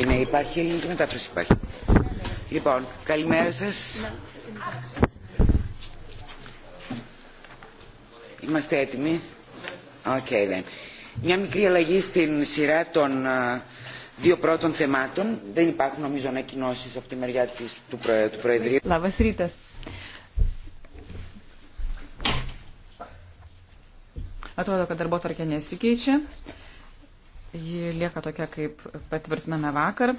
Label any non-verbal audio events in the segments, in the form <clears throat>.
Είναι, υπάρχει ελληνική μετάφραση υπάρχει. Λοιπόν, καλημέρα σας. Είμαστε έτοιμοι. Οκ, okay, then. Μια μικρή αλλαγή στην σειρά των uh, δύο πρώτων θεμάτων. Δεν υπάρχουν νομίζω ανακοινώσεις από τη μεριά της, του, προε, του Προεδρείου. Labas rytas. Atrodo, kad darbo tarkė nesikeičia. Ji lieka tokia, kaip patvirtiname vakar.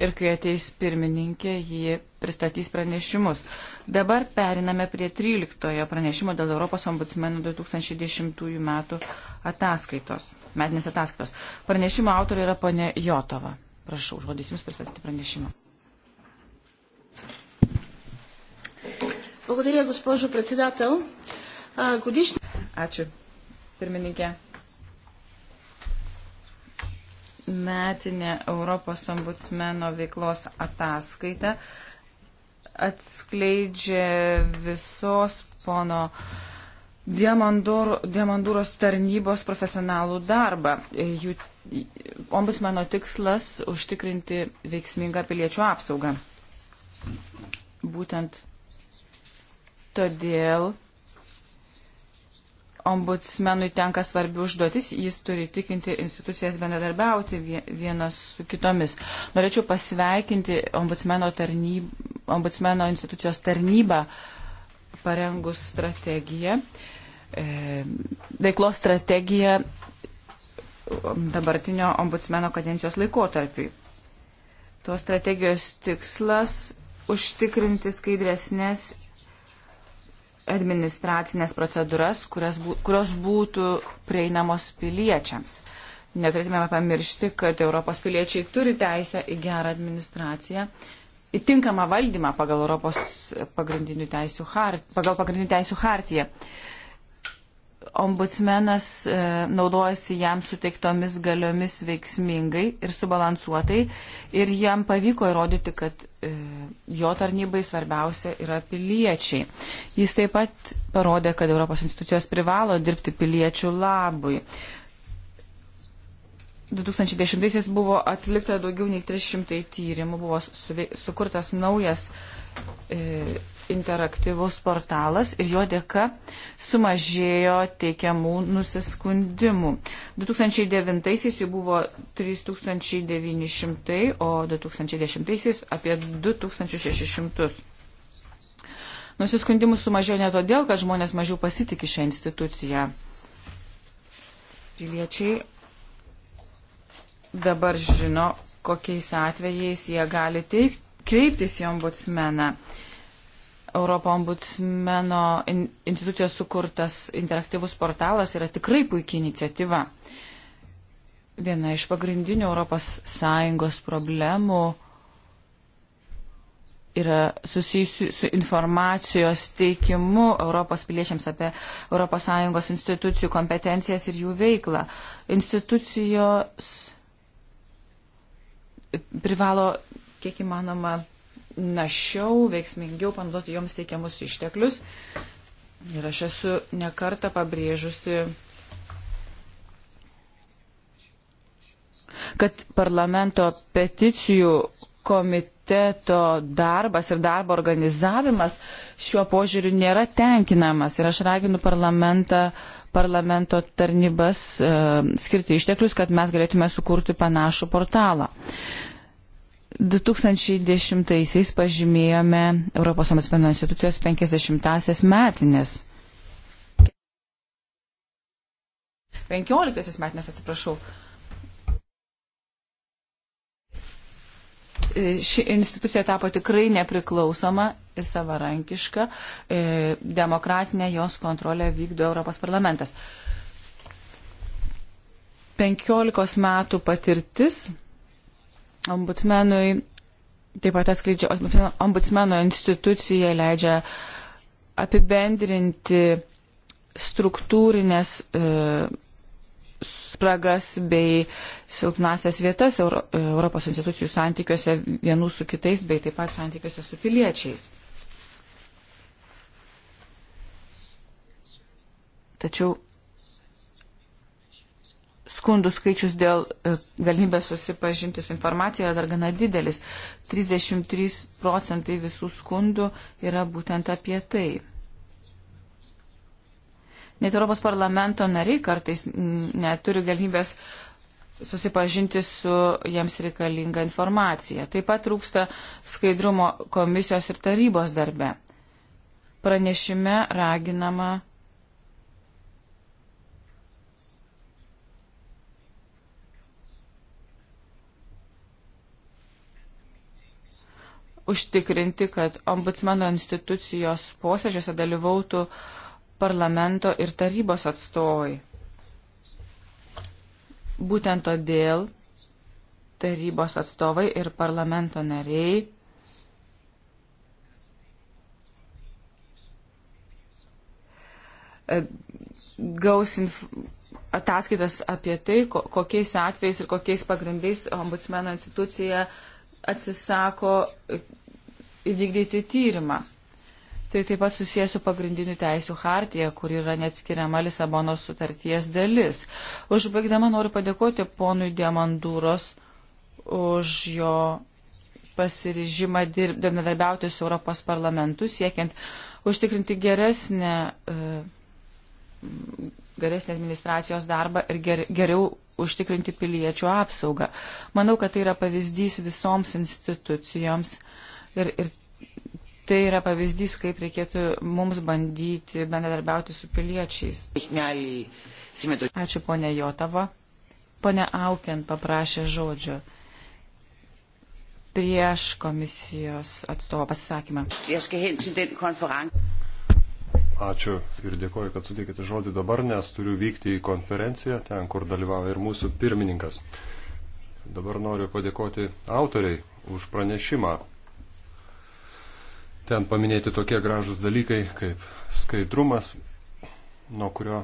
Ir kai ateis pirmininkė, ji pristatys pranešimus. Dabar periname prie 13 pranešimo dėl Europos ombudsmenų 2010 metų ataskaitos, metinės ataskaitos. Pranešimo autorė yra ponė Jotova. Prašau, žodis Jums pristatyti pranešimą. Благодаря, госпожо председател. Годишно... Ačiū, pirmininkė. Metinė Europos ombudsmeno veiklos ataskaita atskleidžia visos pono Diamandūros tarnybos profesionalų darbą. Jų ombudsmeno tikslas - užtikrinti veiksmingą piliečių apsaugą. Būtent todėl ombudsmenui tenka svarbi užduotis, jis turi tikinti institucijas bendradarbiauti vienas su kitomis. Norėčiau pasveikinti ombudsmeno, tarnyb, ombudsmeno institucijos tarnybą parengus strategiją, e, veiklos strategiją dabartinio ombudsmeno kadencijos laikotarpiui. Tuos strategijos tikslas užtikrinti skaidresnės administracinės procedūras, bū, kurios būtų prieinamos piliečiams. Neturėtume pamiršti, kad Europos piliečiai turi teisę į gerą administraciją, į tinkamą valdymą pagal Europos pagrindinių teisų, hart, pagal pagrindinių teisų hartiją. Uh, ombudsmenas e, naudojasi jam suteiktomis galiomis veiksmingai ir subalansuotai ir jam pavyko įrodyti, kad e, jo tarnybai svarbiausia yra piliečiai. Jis taip pat parodė, kad Europos institucijos privalo dirbti piliečių labui. 2010-aisiais buvo atlikta daugiau nei 300 tyrimų, buvo sukurtas naujas e, interaktyvus portalas ir jo dėka sumažėjo teikiamų nusiskundimų. 2009-aisiais jų buvo 3900, o 2010-aisiais apie 2600. Nusiskundimų sumažėjo ne todėl, kad žmonės mažiau pasitikė šią instituciją. Piliečiai dabar žino, kokiais atvejais jie gali teikti, kreiptis į ombudsmeną. Uh, Europo ombudsmeno institucijos sukurtas interaktyvus portalas yra tikrai puikia iniciatyva. Viena iš pagrindinių ES problemų yra susijusi su informacijos teikimu Europos piliečiams apie ES institucijų kompetencijas ir jų veiklą. Institucijos privalo, kiek įmanoma, našiau, veiksmingiau panaudoti joms teikiamus išteklius. Ir aš esu nekarta pabrėžusi, kad parlamento peticijų komiteto darbas ir darbo organizavimas šiuo požiūriu nėra tenkinamas. Ir aš raginu parlamento tarnybas e, skirti išteklius, kad mes galėtume sukurti panašų portalą. E, 2010-aisiais pažymėjome Europos ombudsmeno institucijos 50-asias metinės. 15-asias metinės, atsiprašau. E, ši institucija tapo tikrai nepriklausoma ir savarankiška. E, demokratinę jos kontrolę vykdo Europos parlamentas. 15 metų patirtis Ombudsmenui, taip pat atskleidžia, ombudsmeno institucija leidžia apibendrinti struktūrinės e, spragas bei silpnasias vietas Euro, e, Europos institucijų santykiuose vienų su kitais, bei taip pat santykiuose su piliečiais. Tačiau skundų skaičius dėl e, galimybės susipažinti su informacija yra dar gana didelis. 33 procentai visų skundų yra būtent apie tai. Net Europos parlamento nariai kartais neturi galimybės susipažinti su jiems reikalinga informacija. Taip pat trūksta skaidrumo komisijos ir tarybos darbe. Pranešime raginama užtikrinti, kad ombudsmano institucijos posėdžiuose dalyvautų parlamento ir tarybos atstovai. Būtent todėl tarybos atstovai ir parlamento nariai e, gaus inf ataskaitas apie tai, kokiais atvejais ir kokiais pagrindais ombudsmeno institucija atsisako įvykdyti tyrimą. Tai taip pat susijęs su pagrindiniu teisų hartija, kur yra neatskiriama Lisabonos sutarties dalis. Užbaigdama noriu padėkoti ponui Diamandūros už jo pasirižimą bendradarbiauti su Europos parlamentu, siekiant užtikrinti geresnę, e, geresnę administracijos darbą ir ger, geriau užtikrinti piliečių apsaugą. Manau, kad tai yra pavyzdys visoms institucijoms Ir, ir tai yra pavyzdys, kaip reikėtų mums bandyti bendradarbiauti su piliečiais. Ačiū ponė Jotava. Pone Aukent paprašė žodžio prieš komisijos atstovo pasisakymą. Ačiū ir dėkoju, kad sutikite žodį dabar, nes turiu vykti į konferenciją, ten, kur dalyvauja ir mūsų pirmininkas. Dabar noriu padėkoti autoriai už pranešimą. Ten paminėti tokie gražus dalykai kaip skaidrumas, nuo kurio,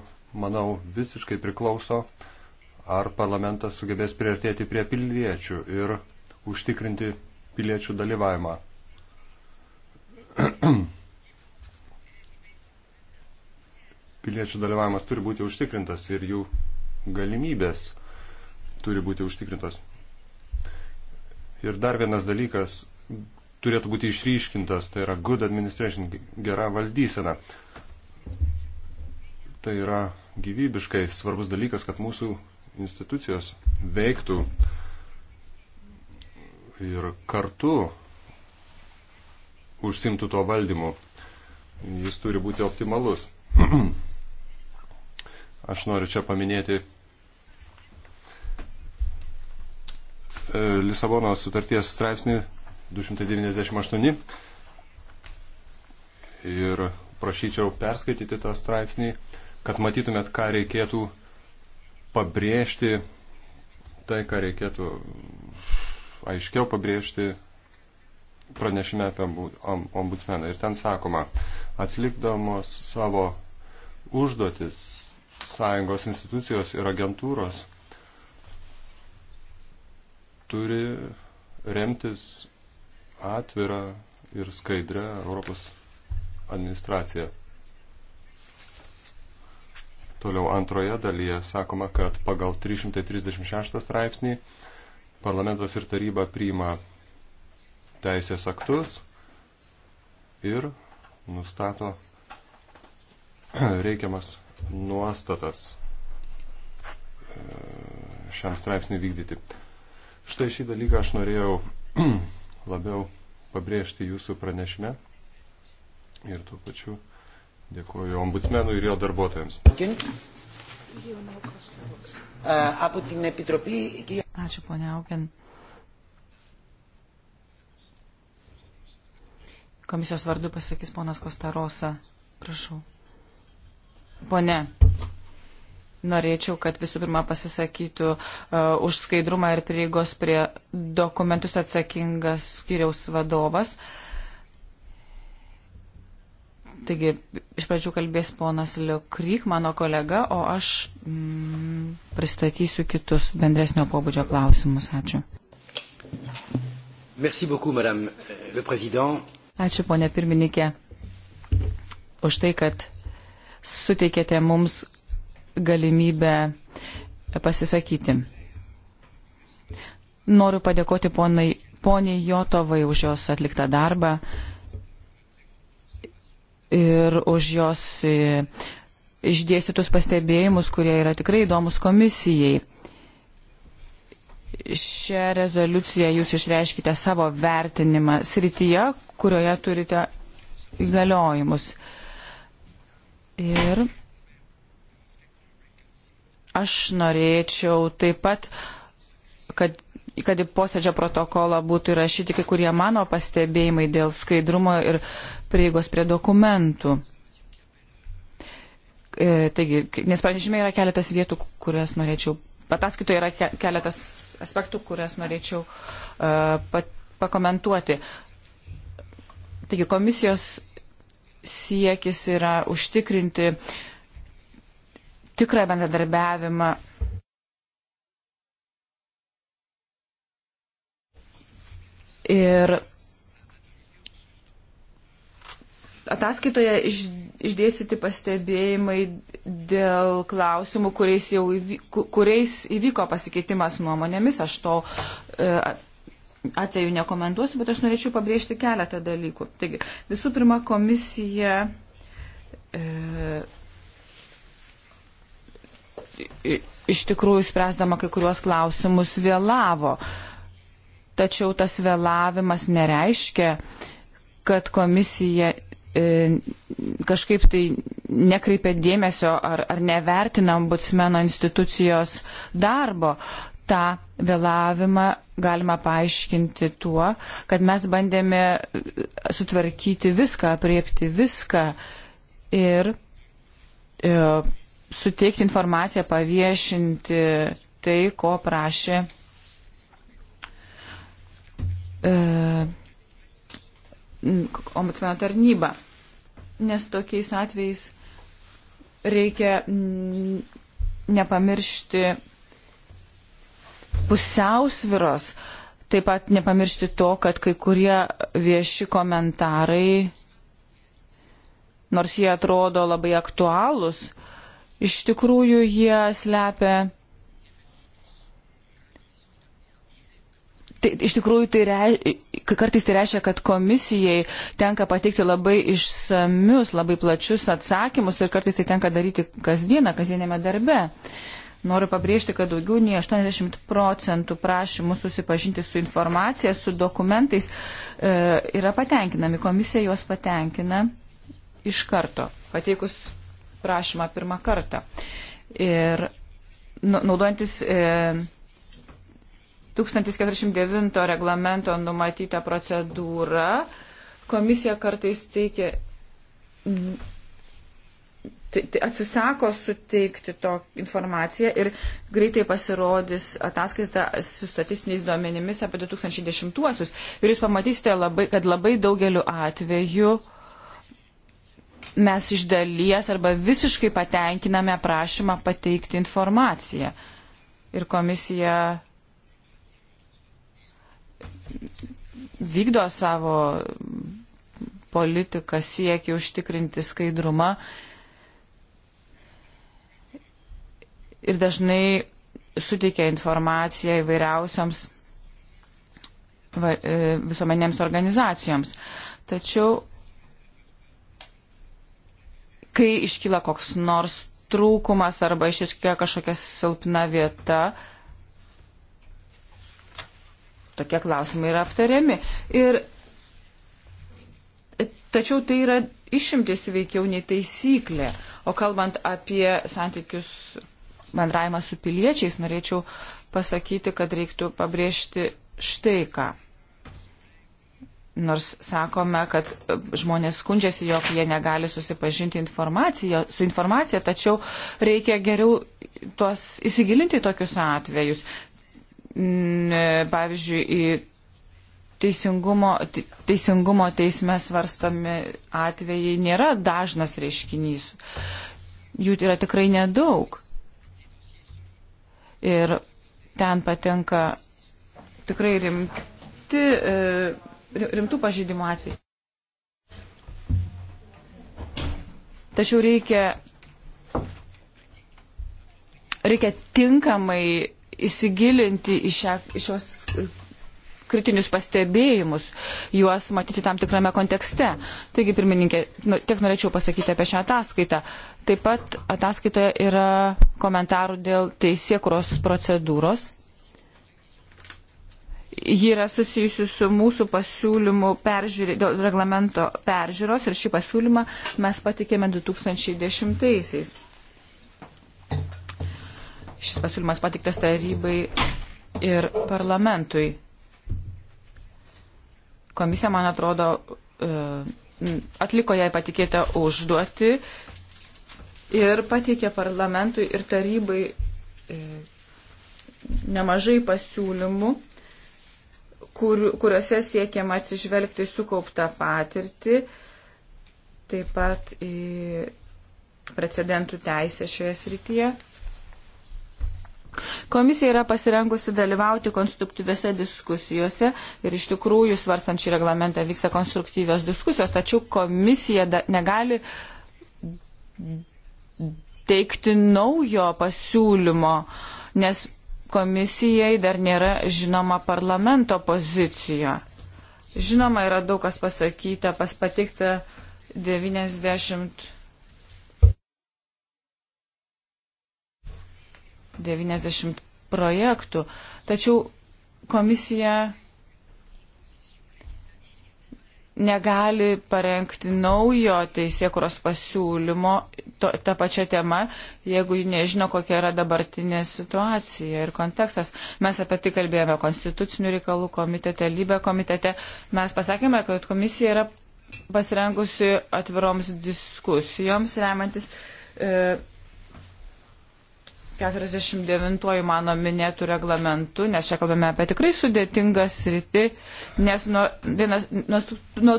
manau, visiškai priklauso, ar parlamentas sugebės priartėti prie piliečių ir užtikrinti piliečių dalyvavimą. <clears throat> piliečių dalyvavimas turi būti užtikrintas ir jų galimybės turi būti užtikrintos. Ir dar vienas dalykas turėtų būti išryškintas, tai yra good administration, gera valdysena. Tai yra gyvybiškai svarbus dalykas, kad mūsų institucijos veiktų ir kartu užsimtų tuo valdymu. Jis turi būti optimalus. <clears throat> Aš noriu čia paminėti e, Lisabonos sutarties straipsnį 298. Ir prašyčiau perskaityti tą straipsnį, kad matytumėt, ką reikėtų pabrėžti, tai, ką reikėtų aiškiau pabrėžti pranešime apie ombudsmeną. Ir ten sakoma, atlikdamos savo užduotis sąjungos institucijos ir agentūros turi remtis atvirą ir skaidrę Europos administraciją. Toliau antroje dalyje sakoma, kad pagal 336 straipsnį parlamentas ir taryba priima teisės aktus ir nustato <clears throat> reikiamas nuostatas e, šiam straipsniui vykdyti. Štai šį dalyką aš norėjau <clears throat> labiau pabrėžti jūsų pranešime. Ir tuo pačiu dėkoju ombudsmenui ir jo darbuotojams. Ačiū, ponia Auken. Komisijos vardu pasakys ponas Kostarosa. Prašau. Pone norėčiau, kad visų pirma pasisakytų uh, už skaidrumą ir prieigos prie dokumentus atsakingas skiriaus vadovas. Taigi, iš pradžių kalbės ponas Liokryk, mano kolega, o aš mm, pristatysiu kitus bendresnio pobūdžio klausimus. Ačiū. Merci beaucoup, madame le président. Ačiū, ponė pirmininkė, už tai, kad suteikėte mums galimybę pasisakyti. Noriu padėkoti ponai, poniai Jotovai už jos atliktą darbą ir už jos e, išdėstytus pastebėjimus, kurie yra tikrai įdomus komisijai. Šią rezoliuciją jūs išreiškite savo vertinimą srityje, kurioje turite įgaliojimus. Ir Aš norėčiau taip pat, kad kad į posėdžio protokolą būtų įrašyti kai kurie mano pastebėjimai dėl skaidrumo ir prieigos prie dokumentų. E, taigi, nes pranešime yra keletas vietų, kurias norėčiau ataskaitoje yra keletas aspektų, kurias norėčiau uh, pat, pakomentuoti. Taigi komisijos siekis yra užtikrinti tikrą bendradarbiavimą. Ir ataskaitoje iš, išdėstyti pastebėjimai dėl klausimų, kuriais, jau, įvyko, kuriais įvyko pasikeitimas nuomonėmis. Aš to e, atveju nekomentuosiu, bet aš norėčiau pabrėžti keletą dalykų. Taigi, visų pirma, komisija. E, iš tikrųjų spręsdama kai kuriuos klausimus vėlavo. Tačiau tas vėlavimas nereiškia, kad komisija e, kažkaip tai nekreipia dėmesio ar, ar nevertina ombudsmeno institucijos darbo. Ta vėlavimą galima paaiškinti tuo, kad mes bandėme sutvarkyti viską, apriepti viską ir e, suteikti informaciją, paviešinti tai, ko prašė e, ombudsmeno tarnyba. Nes tokiais atvejais reikia mm, nepamiršti pusiausviros, taip pat nepamiršti to, kad kai kurie vieši komentarai, nors jie atrodo labai aktualūs, Iš tikrųjų jie slepia. Tai, iš tikrųjų, tai rei, kartais tai reiškia, kad komisijai tenka pateikti labai išsamius, labai plačius atsakymus ir kartais tai tenka daryti kasdieną, kasdienėme darbe. Noriu pabrėžti, kad daugiau nei 80 procentų prašymų susipažinti su informacija, su dokumentais e, yra patenkinami. Komisija juos patenkina iš karto, pateikus prašymą pirmą kartą. Ir nu, naudojantis 1409 e, reglamento numatytą procedūrą, komisija kartais teikia tai, tai atsisako suteikti to informaciją ir greitai pasirodys ataskaita su statistiniais duomenimis apie 2010-uosius. Ir jūs pamatysite, labai, kad labai daugeliu atveju uh, mes iš dalies arba visiškai patenkiname prašymą pateikti informaciją. Ir komisija vykdo savo politiką, siekia užtikrinti skaidrumą. Ir dažnai suteikia informaciją įvairiausiams e, visuomenėms organizacijoms. Tačiau kai iškyla koks nors trūkumas arba išiškia kažkokia silpna vieta, tokie klausimai yra aptariami. Ir, tačiau tai yra išimtis veikiau nei taisyklė. O kalbant apie santykius bendravimą su piliečiais, norėčiau pasakyti, kad reiktų pabrėžti štai ką. Nors sakome, kad e, žmonės skundžiasi, jog jie negali susipažinti su informacija, tačiau reikia geriau tuos įsigilinti į tokius atvejus. E, pavyzdžiui, į teisingumo, teisingumo teisme svarstomi atvejai nėra dažnas reiškinys. Jų yra tikrai nedaug. Ir ten patenka tikrai rimti. E, rimtų pažydimų atveju. Tačiau reikia, reikia tinkamai įsigilinti į, šią, į šios kritinius pastebėjimus, juos matyti tam tikrame kontekste. Taigi, pirmininkė, nu, tiek norėčiau pasakyti apie šią ataskaitą. Taip pat ataskaitoje yra komentarų dėl teisėkuros procedūros. Ji yra susijusi su mūsų pasiūlymu peržiūrė, dėl reglamento peržiūros ir šį pasiūlymą mes patikėme 2010-aisiais. Šis pasiūlymas patiktas tarybai ir parlamentui. Komisija, man atrodo, e, atliko jai patikėtą užduotį ir pateikė parlamentui ir tarybai e, nemažai pasiūlymų kur, kuriuose siekiama atsižvelgti sukauptą patirtį, taip pat į precedentų teisę šioje srityje. Komisija yra pasirengusi dalyvauti konstruktyviuose diskusijose ir iš tikrųjų svarstant šį reglamentą vyksta konstruktyvios diskusijos, tačiau komisija da, negali teikti naujo pasiūlymo, nes komisijai dar nėra žinoma parlamento pozicija. Žinoma, yra daug kas pasakyta, pas patikta 90. 90 projektų. Tačiau komisija negali parengti naujo teisėkuros pasiūlymo to, tą pačią temą, jeigu nežino, kokia yra dabartinė situacija ir kontekstas. Mes apie tai kalbėjome konstitucinių reikalų komitete, lybė komitete. Mes pasakėme, kad komisija yra pasirengusi atviroms diskusijoms, remantis e, 49 mano minėtų reglamentų, nes čia kalbame apie tikrai sudėtingą sritį, nes nuo, vienas, nuo, nuo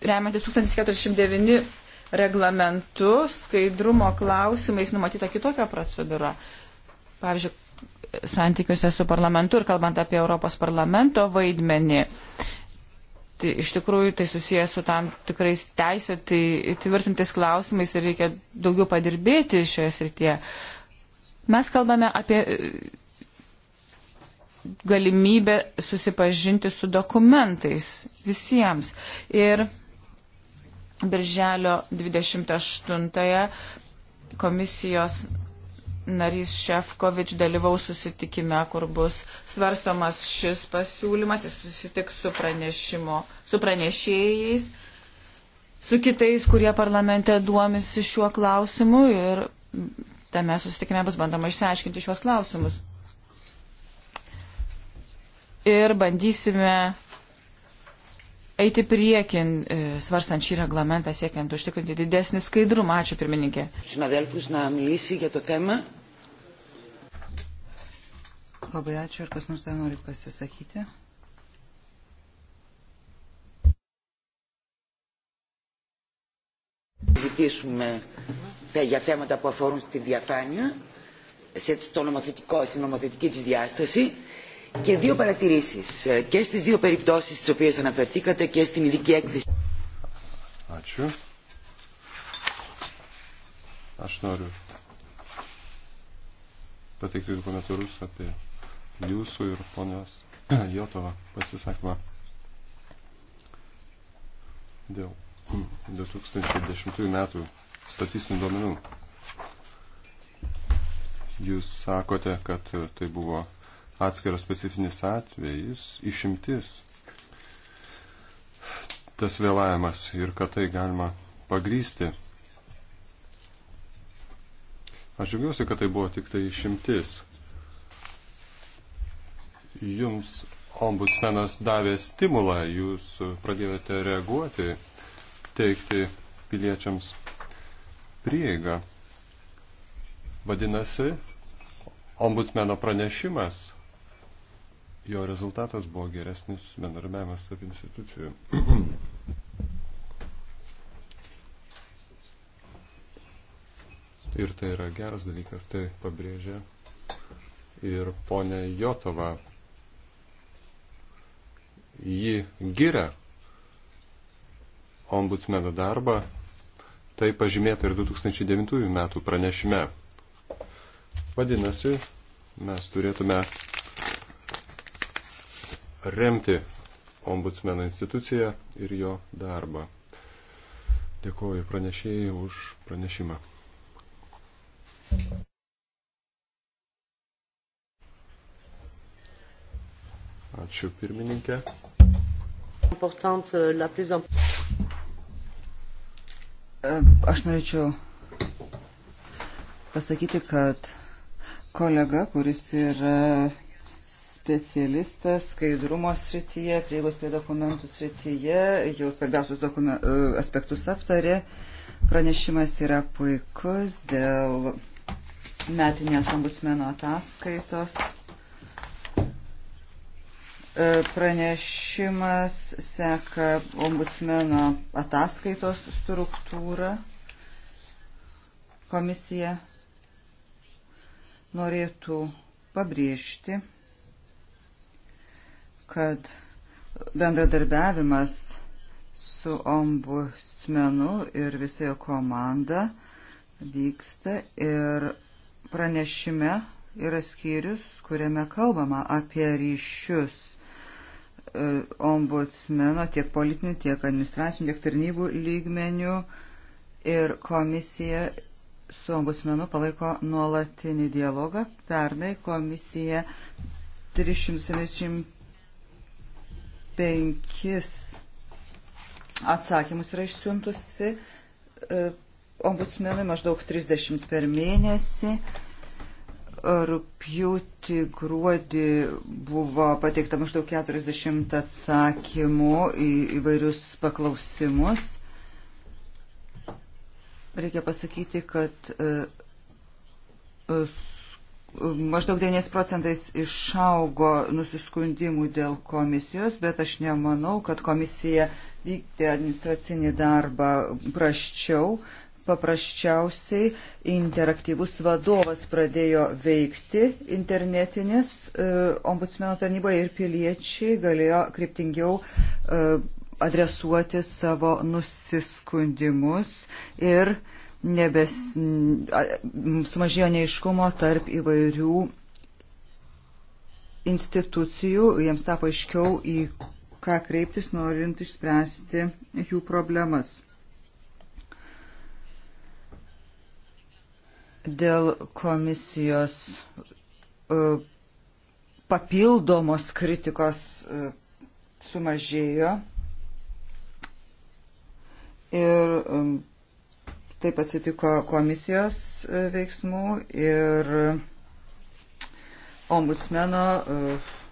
remiantis 1049 reglamentu skaidrumo klausimais numatyta kitokia procedūra. Pavyzdžiui, santykiuose su parlamentu ir kalbant apie Europos parlamento vaidmenį, tai iš tikrųjų tai susijęs su tam tikrais teisėtai įtvirtintais klausimais ir reikia daugiau padirbėti šioje srityje. Tai Mes kalbame apie e, galimybę susipažinti su dokumentais visiems. Ir Birželio 28 komisijos narys Šefkovič dalyvaus susitikime, kur bus svarstomas šis pasiūlymas, jis susitiks su, su pranešėjais, su kitais, kurie parlamente duomisi šiuo klausimu ir Tame susitikime bus bandoma išsiaiškinti šiuos klausimus. Ir bandysime eiti priekin, e, svarstant šį reglamentą, siekiant užtikrinti didesnį skaidrumą. Ačiū, pirmininkė. Labai ačiū ir kas nors ten nori pasisakyti. Žudysime για θέματα που αφορούν στη διαφάνεια, σε, στο νομοθετικό, στην νομοθετική της διάσταση και δύο παρατηρήσεις και στις δύο περιπτώσεις τις οποίες αναφερθήκατε και στην ειδική έκθεση. Ačiū. Aš noriu pateikti komentarus apie jūsų ir ponios Jotovą pasisakymą dėl 2010 metų statistinių duomenų. Jūs sakote, kad tai buvo atskiras specifinis atvejis, išimtis, tas vėlavimas ir kad tai galima pagrysti. Aš žiūrėjusi, kad tai buvo tik tai išimtis. Jums ombudsmenas davė stimulą, jūs pradėjote reaguoti, teikti piliečiams prieigą. Vadinasi, ombudsmeno pranešimas, jo rezultatas buvo geresnis bendarbiavimas tarp institucijų. <clears throat> Ir tai yra geras dalykas, tai pabrėžia ir ponė Jotova. Ji giria ombudsmeno darbą Tai pažymėta ir 2009 metų pranešime. Vadinasi, mes turėtume remti ombudsmeno instituciją ir jo darbą. Dėkuoju pranešėjai už pranešimą. Ačiū pirmininkė. Importante, euh, la plus importante. Aš norėčiau pasakyti, kad kolega, kuris yra specialistas skaidrumo srityje, prieigos prie dokumentų srityje, jau svarbiausius e, aspektus aptarė. Pranešimas yra puikus dėl metinės ombudsmeno ataskaitos. E, pranešimas seka ombudsmeno ataskaitos struktūrą. Komisija norėtų pabrėžti, kad bendradarbiavimas su ombudsmenu ir visa jo komanda vyksta ir pranešime yra skyrius, kuriame kalbama apie ryšius E, ombudsmeno tiek politinių, tiek administracinių, tiek tarnybų lygmenių ir komisija su ombudsmenu palaiko nuolatinį dialogą. Pernai komisija 375 atsakymus yra išsiuntusi e, ombudsmenui maždaug 30 per mėnesį Rūpjūti gruodį buvo pateikta maždaug 40 atsakymų į įvairius paklausimus. Reikia pasakyti, kad e, e, maždaug 9 procentais išaugo nusiskundimų dėl komisijos, bet aš nemanau, kad komisija vykdė administracinį darbą praščiau. Uh, paprasčiausiai interaktyvus vadovas pradėjo veikti internetinės e, ombudsmeno tarnyboje ir piliečiai galėjo kryptingiau e, adresuoti savo nusiskundimus ir nebes, sumažėjo neiškumo tarp įvairių institucijų, jiems tapo aiškiau į ką kreiptis, norint išspręsti jų problemas. dėl komisijos e, papildomos kritikos e, sumažėjo ir um, taip atsitiko komisijos e, veiksmų ir ombudsmeno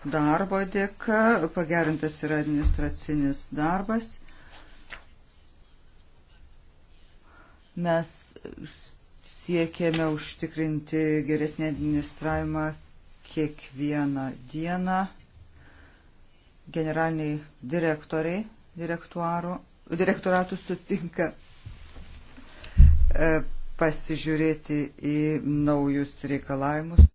darbo dėka pagerintas yra administracinis darbas. Mes Siekėme užtikrinti geresnį administravimą kiekvieną dieną. Generaliniai direktoriai direktoratų sutinka e, pasižiūrėti į naujus reikalavimus.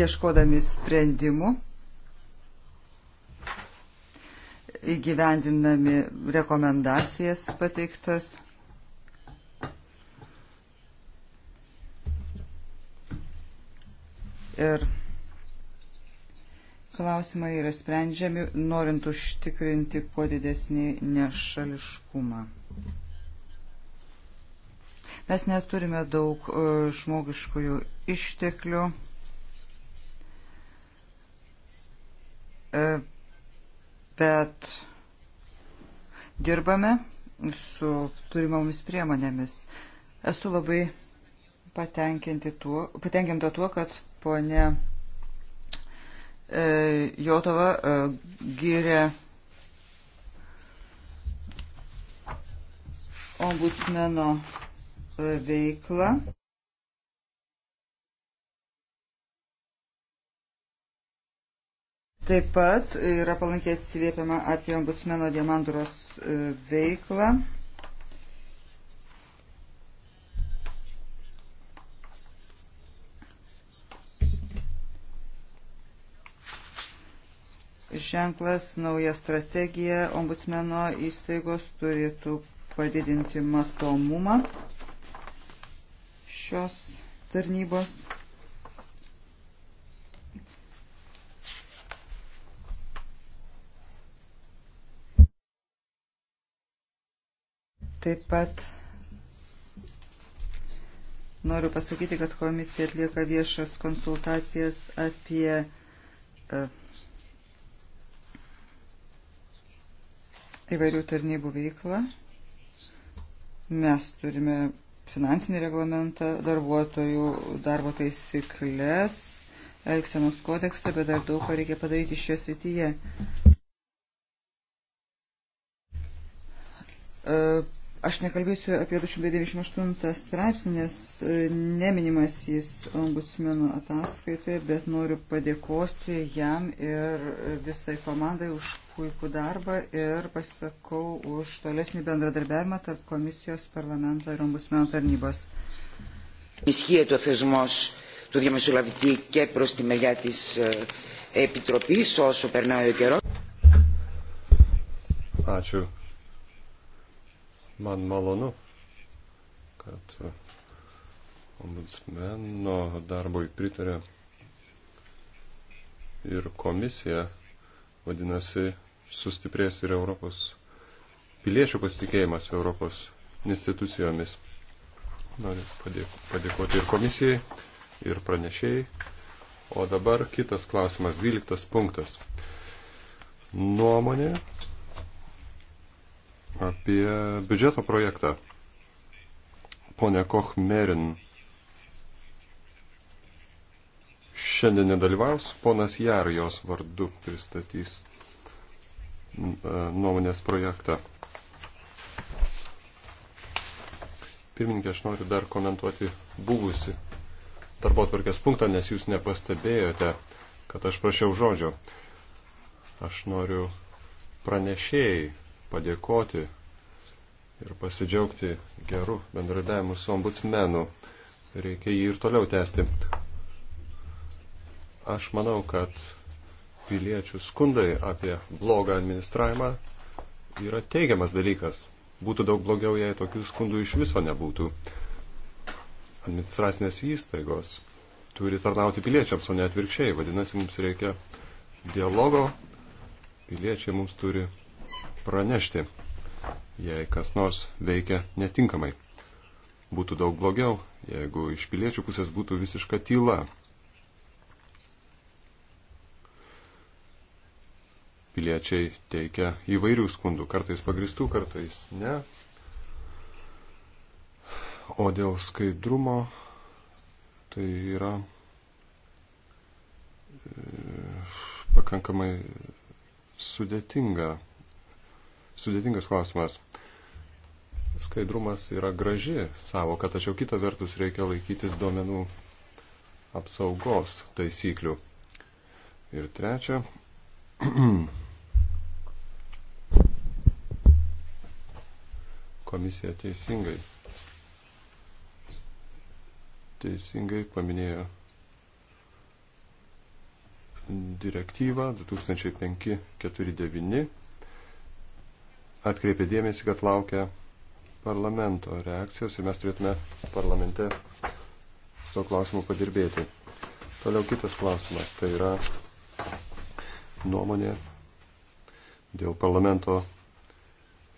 Ieškodami sprendimų įgyvendinami rekomendacijas pateiktas. Ir klausimai yra sprendžiami, norint užtikrinti kuo didesnį nešališkumą. Mes neturime daug e, žmogiškųjų išteklių. E, bet dirbame su turimomis priemonėmis. Esu labai tuo, patenkinta tuo, kad ponė e, Jotova e, gyrė ombudsmeno e, veiklą. Taip pat yra palankiai atsiliepiama apie ombudsmeno Diamanduros e, veiklą. ženklas, nauja strategija ombudsmeno įstaigos turėtų padidinti matomumą šios tarnybos. Taip pat noriu pasakyti, kad komisija atlieka viešas konsultacijas apie e, įvairių tarnybų veiklą. Mes turime finansinį reglamentą, darbuotojų darbo taisyklės, Elksenos kodeksą, bet dar daug ką reikia padaryti šioje srityje. E, Aš nekalbėsiu apie 298 straipsnį, nes e, neminimas jis ombudsmeno ataskaitoje, bet noriu padėkoti jam ir visai komandai už puikų darbą ir pasisakau už tolesnį bendradarbiavimą tarp komisijos, parlamento ir ombudsmeno tarnybos. Ισχύει το θεσμός του διαμεσολαβητή και προς τη μεριά της Επιτροπής όσο περνάει ο καιρός. Ačiū Man malonu, kad ombudsmeno darbui pritarė ir komisija, vadinasi, sustiprės ir Europos piliečių pasitikėjimas Europos institucijomis. Noriu padėk padėkoti ir komisijai, ir pranešėjai. O dabar kitas klausimas, dvyliktas punktas. Nuomonė apie biudžeto projektą. Pone Kochmerin šiandien nedalyvaus, ponas Jar jos vardu pristatys e, nuomonės projektą. Pirmininkė, aš noriu dar komentuoti buvusi darbo atvarkės punktą, nes jūs nepastebėjote, kad aš prašiau žodžio. Aš noriu pranešėjai padėkoti ir pasidžiaugti geru bendradavimu su ombudsmenu. Reikia jį ir toliau tęsti. Aš manau, kad piliečių skundai apie blogą administravimą yra teigiamas dalykas. Būtų daug blogiau, jei tokių skundų iš viso nebūtų. Administracinės įstaigos turi tarnauti piliečiams, o ne atvirkščiai. Vadinasi, mums reikia dialogo, piliečiai mums turi pranešti, jei kas nors veikia netinkamai. Būtų daug blogiau, jeigu iš piliečių pusės būtų visiška tyla. Piliečiai teikia įvairių skundų, kartais pagristų, kartais ne. O dėl skaidrumo tai yra e, pakankamai sudėtinga sudėtingas klausimas. Skaidrumas yra graži savoka, tačiau kita vertus reikia laikytis duomenų apsaugos taisyklių. Ir trečia. <clears throat> Komisija teisingai. Teisingai paminėjo direktyvą 2005-49 atkreipė dėmesį, kad laukia parlamento reakcijos ir mes turėtume parlamente su to klausimu padirbėti. Toliau kitas klausimas, tai yra nuomonė dėl parlamento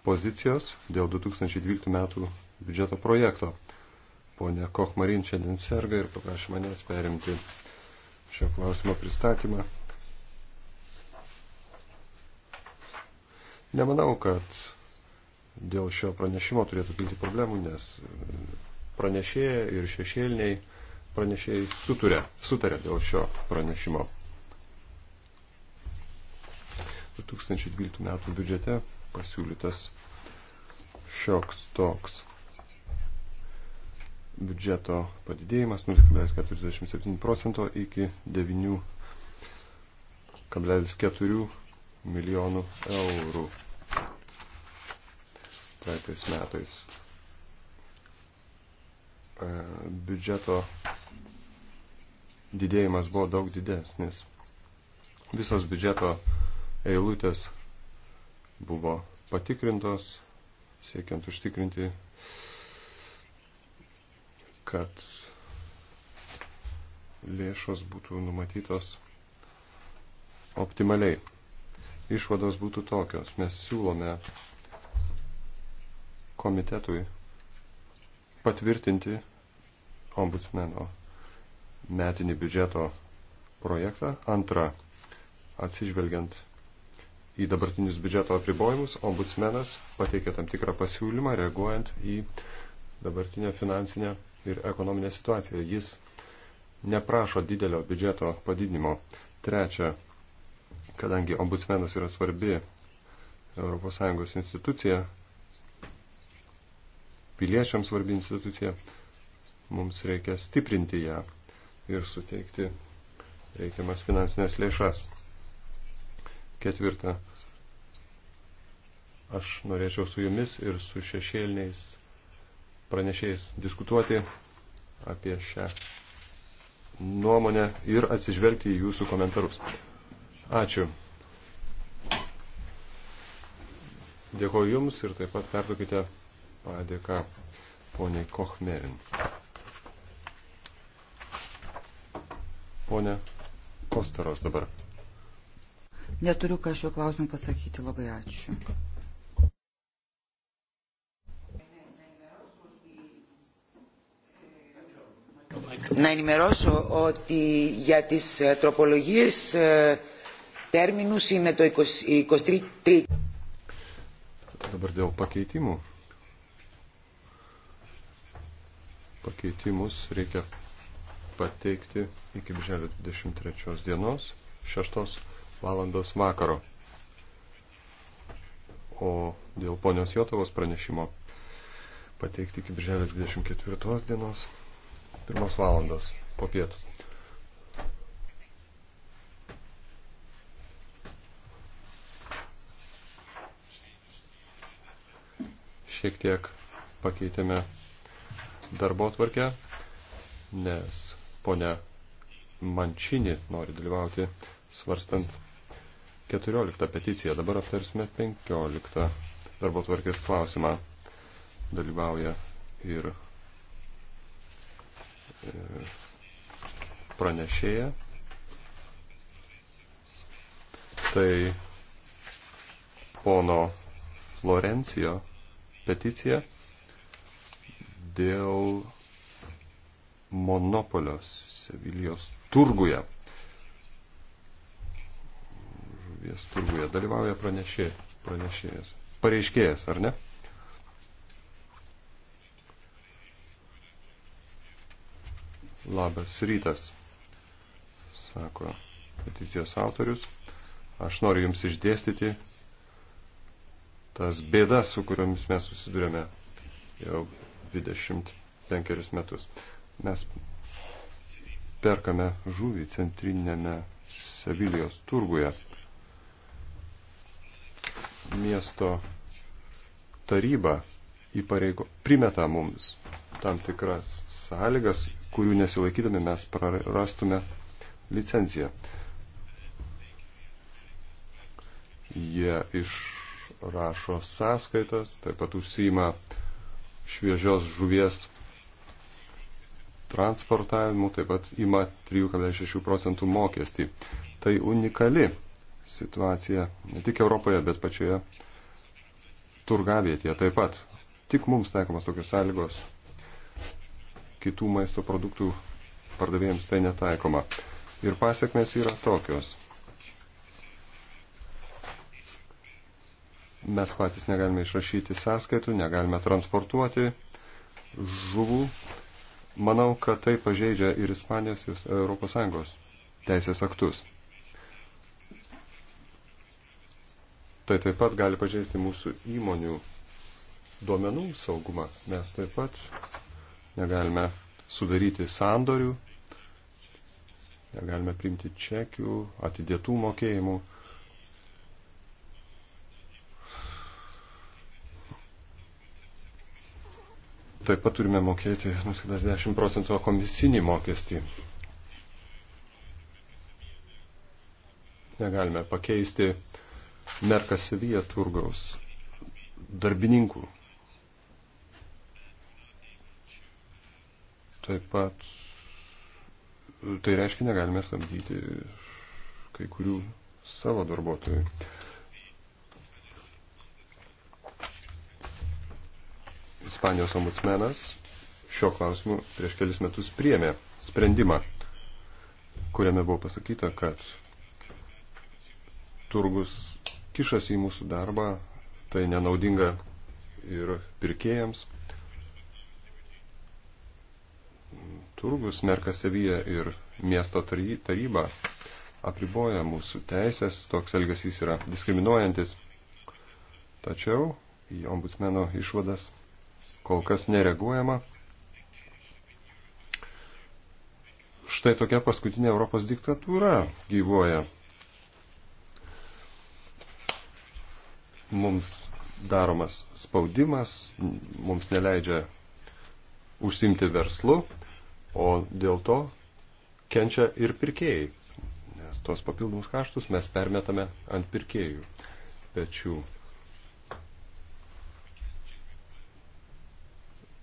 pozicijos, dėl 2012 metų biudžeto projekto. Pone Kochmarin šiandien serga ir paprašė manęs perimti šio klausimo pristatymą. Nemanau, kad dėl šio pranešimo turėtų kilti problemų, nes pranešėjai ir šešėliniai pranešėjai suturė, sutarė dėl šio pranešimo. 2012 metų biudžete pasiūlytas šioks toks biudžeto padidėjimas 0,47 procento iki 9,4 milijonų eurų praeitais metais. E, biudžeto didėjimas buvo daug didesnis. Visos biudžeto eilutės buvo patikrintos, siekiant užtikrinti, kad lėšos būtų numatytos optimaliai išvados būtų tokios. Mes siūlome komitetui patvirtinti ombudsmeno metinį biudžeto projektą. Antra, atsižvelgiant į dabartinius biudžeto apribojimus, ombudsmenas pateikė tam tikrą pasiūlymą reaguojant į dabartinę finansinę ir ekonominę situaciją. Jis neprašo didelio biudžeto padidinimo. Trečia, kadangi ombudsmenas yra svarbi ES institucija, piliečiams svarbi institucija, mums reikia stiprinti ją ir suteikti reikiamas finansinės lėšas. Ketvirta, aš norėčiau su jumis ir su šešėliniais pranešėjais diskutuoti apie šią nuomonę ir atsižvelgti į jūsų komentarus. Ačiū. Dėkoju Jums ir taip pat perduokite padėką poniai Kochmerin. Pone Kostaros dabar. Neturiu ką šiuo klausimu pasakyti. Labai ačiū. Να ενημερώσω ότι για τις τροπολογίες terminus είναι το 23. Dabar dėl pakeitimų. Pakeitimus reikia pateikti iki birželio 23 dienos, 6 valandos vakaro. O dėl ponios Jotovos pranešimo pateikti iki birželio 24 dienos, 1 valandos po pietų. šiek tiek pakeitėme darbo tvarkę, nes ponia Mančinį nori dalyvauti svarstant 14 peticiją. Dabar aptarsime 15 darbo tvarkės klausimą. Dalyvauja ir e, pranešėja. Tai pono Florencijo peticiją dėl monopolio Sevilijos turguje. Žuvies turguje dalyvauja pranešė, pranešėjas, pareiškėjas, ar ne? Labas rytas, sako peticijos autorius. Aš noriu Jums išdėstyti tas bėdas, su kuriomis mes susidurėme jau 25 metus. Mes perkame žuvį centrinėme Sevilijos turguje. Miesto taryba įpareigo, primeta mums tam tikras sąlygas, kurių nesilaikydami mes prarastume licenciją. Jie iš rašo sąskaitas, taip pat užsima šviežios žuvies transportavimu, taip pat ima 3,6 procentų mokestį. Tai unikali situacija ne tik Europoje, bet pačioje turgavietėje taip pat. Tik mums taikomas tokios sąlygos, kitų maisto produktų pardavėjams tai netaikoma. Ir pasiekmes yra tokios. Mes patys negalime išrašyti sąskaitų, negalime transportuoti žuvų. Manau, kad tai pažeidžia ir Ispanijos, ir ES teisės aktus. Tai taip pat gali pažeisti mūsų įmonių duomenų saugumą. Mes taip pat negalime sudaryti sandorių, negalime priimti čekių, atidėtų mokėjimų. Taip pat turime mokėti 10 procentų komisinį mokestį. Negalime pakeisti Merkasevyje turgaus darbininkų. Taip pat tai reiškia negalime samdyti kai kurių savo darbuotojų. Ispanijos ombudsmenas šio klausimu prieš kelis metus priėmė sprendimą, kuriame buvo pasakyta, kad turgus kišas į mūsų darbą, tai nenaudinga ir pirkėjams. Turgus merka savyje ir miesto taryba apriboja mūsų teisės, toks elgesys yra diskriminuojantis. Tačiau į ombudsmeno išvadas kol kas nereaguojama. Štai tokia paskutinė Europos diktatūra gyvoja. Mums daromas spaudimas, mums neleidžia užsimti verslu, o dėl to kenčia ir pirkėjai, nes tos papildomus kaštus mes permetame ant pirkėjų pečių.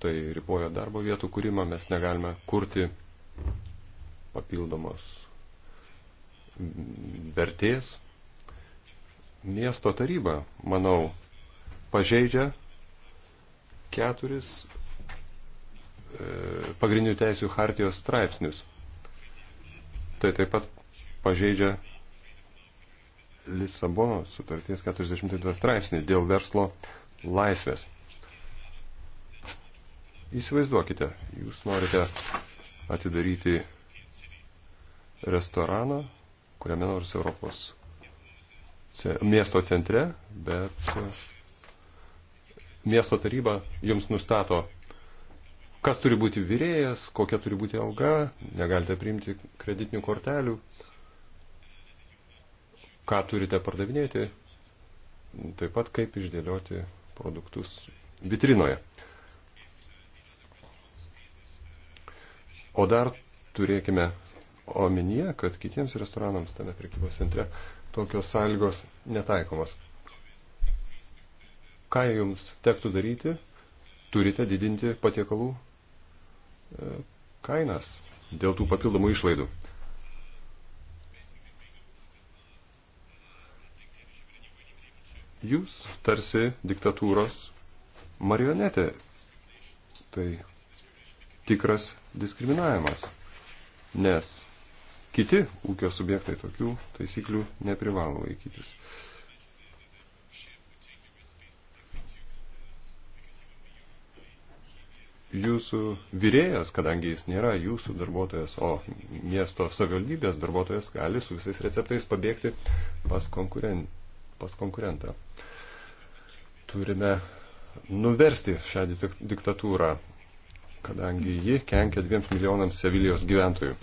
tai riboja darbo vietų kūrimą, mes negalime kurti papildomos vertės. Miesto taryba, manau, pažeidžia keturis e, pagrindinių teisų hartijos straipsnius. Tai taip pat pažeidžia Lisabonos sutarties 42 straipsnį dėl verslo laisvės. Įsivaizduokite, jūs norite atidaryti restoraną kuriame nors Europos miesto centre, bet e, miesto taryba jums nustato, kas turi būti vyrėjas, kokia turi būti alga, negalite priimti kreditinių kortelių, ką turite pardavinėti, taip pat kaip išdėlioti produktus vitrinoje. O dar turėkime omenyje, kad kitiems restoranams tame prekybos centre tokios sąlygos netaikomos. Ką jums tektų daryti? Turite didinti patiekalų e, kainas dėl tų papildomų išlaidų. Jūs tarsi diktatūros marionetė. Tai tikras diskriminavimas, nes kiti ūkio subjektai tokių taisyklių neprivalo laikytis. Jūsų vyrėjas, kadangi jis nėra jūsų darbuotojas, o miesto savivaldybės darbuotojas, gali su visais receptais pabėgti pas, konkuren... pas konkurentą. Turime nuversti šią diktatūrą kadangi ji kenkia dviems milijonams Sevilijos gyventojų.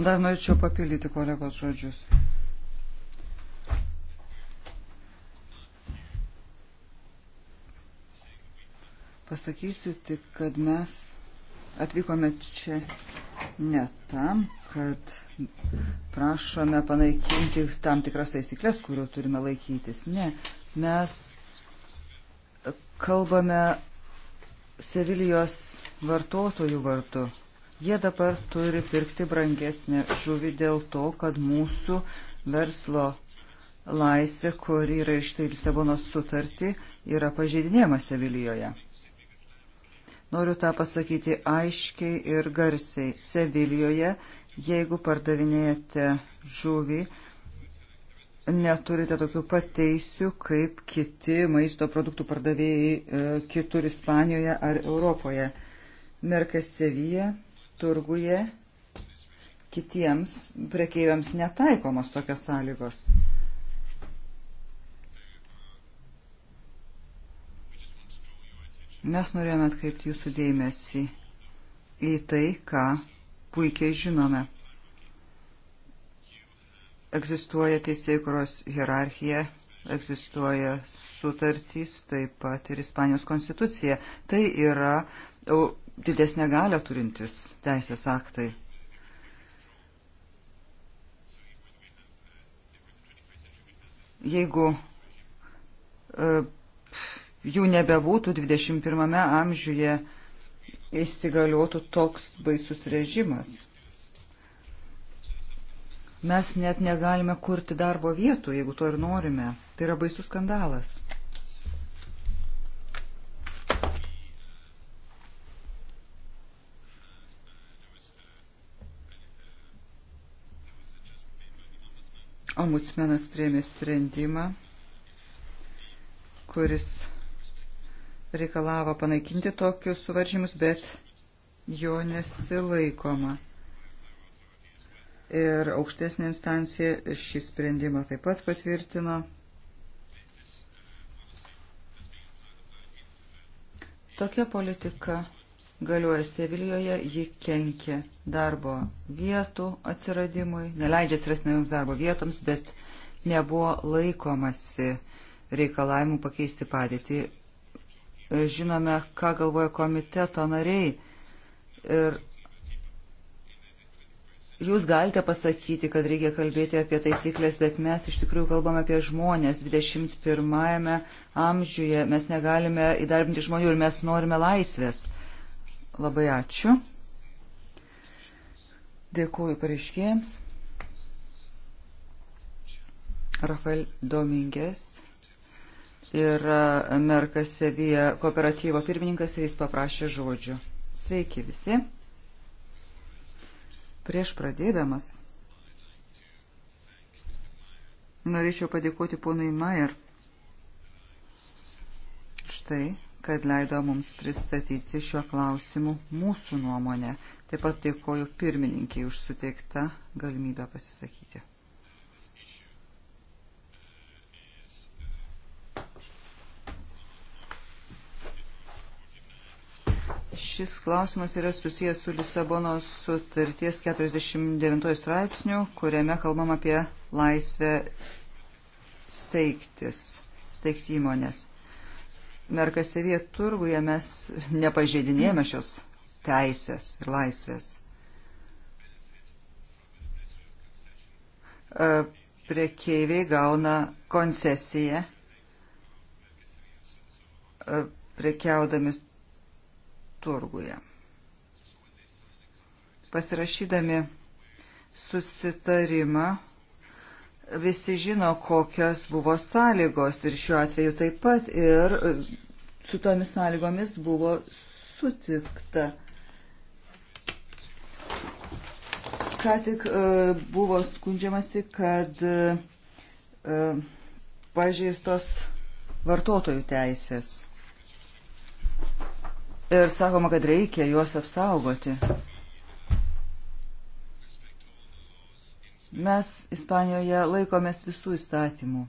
Dar norėčiau papildyti kolegos žodžius. Pasakysiu tik, kad mes atvykome čia ne tam, kad prašome panaikinti tam tikras taisyklės, kurių turime laikytis. Ne, mes kalbame Sevilijos vartotojų vardu. Jie dabar turi pirkti brangesnę žuvį dėl to, kad mūsų verslo laisvė, kuri yra ištai Lisabonos sutartį, yra pažeidinėjama Sevilijoje. Noriu tą pasakyti aiškiai ir garsiai. Sevilijoje, jeigu pardavinėjate žuvį, neturite tokių pateisių kaip kiti maisto produktų pardavėjai e, kitur Ispanijoje ar Europoje. Merkasevyje, turguje kitiems prekeiviams netaikomos tokios sąlygos. Mes norėjome atkreipti jūsų dėmesį į tai, ką puikiai žinome. Egzistuoja teisėkuros hierarchija, egzistuoja sutartys, taip pat ir Ispanijos konstitucija. Tai yra didesnė galia turintis teisės aktai. Jeigu e, jų nebebūtų 21 amžiuje įsigaliotų toks baisus režimas. Mes net negalime kurti darbo vietų, jeigu to ir norime. Tai yra baisus skandalas. Ombudsmenas priemė sprendimą, kuris reikalavo panaikinti tokius suvaržymus, bet jo nesilaikoma ir aukštesnė instancija šį sprendimą taip pat patvirtino. Tokia politika galioja Sevilijoje, ji kenkia darbo vietų atsiradimui, neleidžia atsirasti naujoms darbo vietoms, bet nebuvo laikomasi reikalavimų pakeisti padėtį. Žinome, ką galvoja komiteto nariai ir Jūs galite pasakyti, kad reikia kalbėti apie taisyklės, bet mes iš tikrųjų kalbame apie žmonės. 21-ame amžiuje mes negalime įdarbinti žmonių ir mes norime laisvės. Labai ačiū. Dėkuoju pareiškėjams. Rafael Domingės ir e, Merkas Sevija kooperatyvo pirmininkas ir jis paprašė žodžių. Sveiki visi. Prieš pradėdamas norėčiau padėkoti ponui Mayer štai, kad leido mums pristatyti šiuo klausimu mūsų nuomonę. Taip pat dėkoju pirmininkiai už suteiktą galimybę pasisakyti. Šis klausimas yra susijęs su Lisabonos sutarties 49 straipsniu, kuriame kalbam apie laisvę steigtis, steigti įmonės. Merkasevie turguje mes nepažeidinėjame šios teisės ir laisvės. E, Prekeiviai gauna koncesiją e, prekiaudami turguje. Pasirašydami susitarimą visi žino, kokios buvo sąlygos ir šiuo atveju taip pat ir e, su tomis sąlygomis buvo sutikta. Ką tik e, buvo skundžiamasi, kad e, pažeistos vartotojų teisės ir sakoma, kad reikia juos apsaugoti. Mes Ispanijoje laikomės visų įstatymų.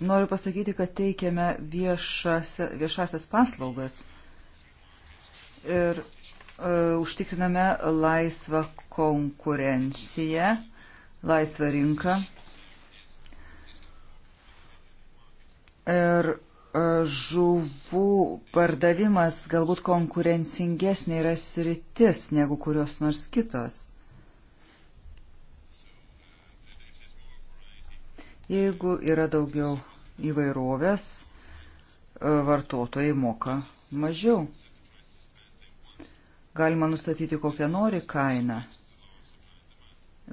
Noriu pasakyti, kad teikiame viešas, viešasias paslaugas. Ir E, užtikriname laisvą konkurenciją, laisvą rinką. Ir e, žuvų pardavimas galbūt konkurencingesnė yra sritis negu kurios nors kitos. Jeigu yra daugiau įvairovės, e, vartotojai moka mažiau. Galima nustatyti kokią nori kainą.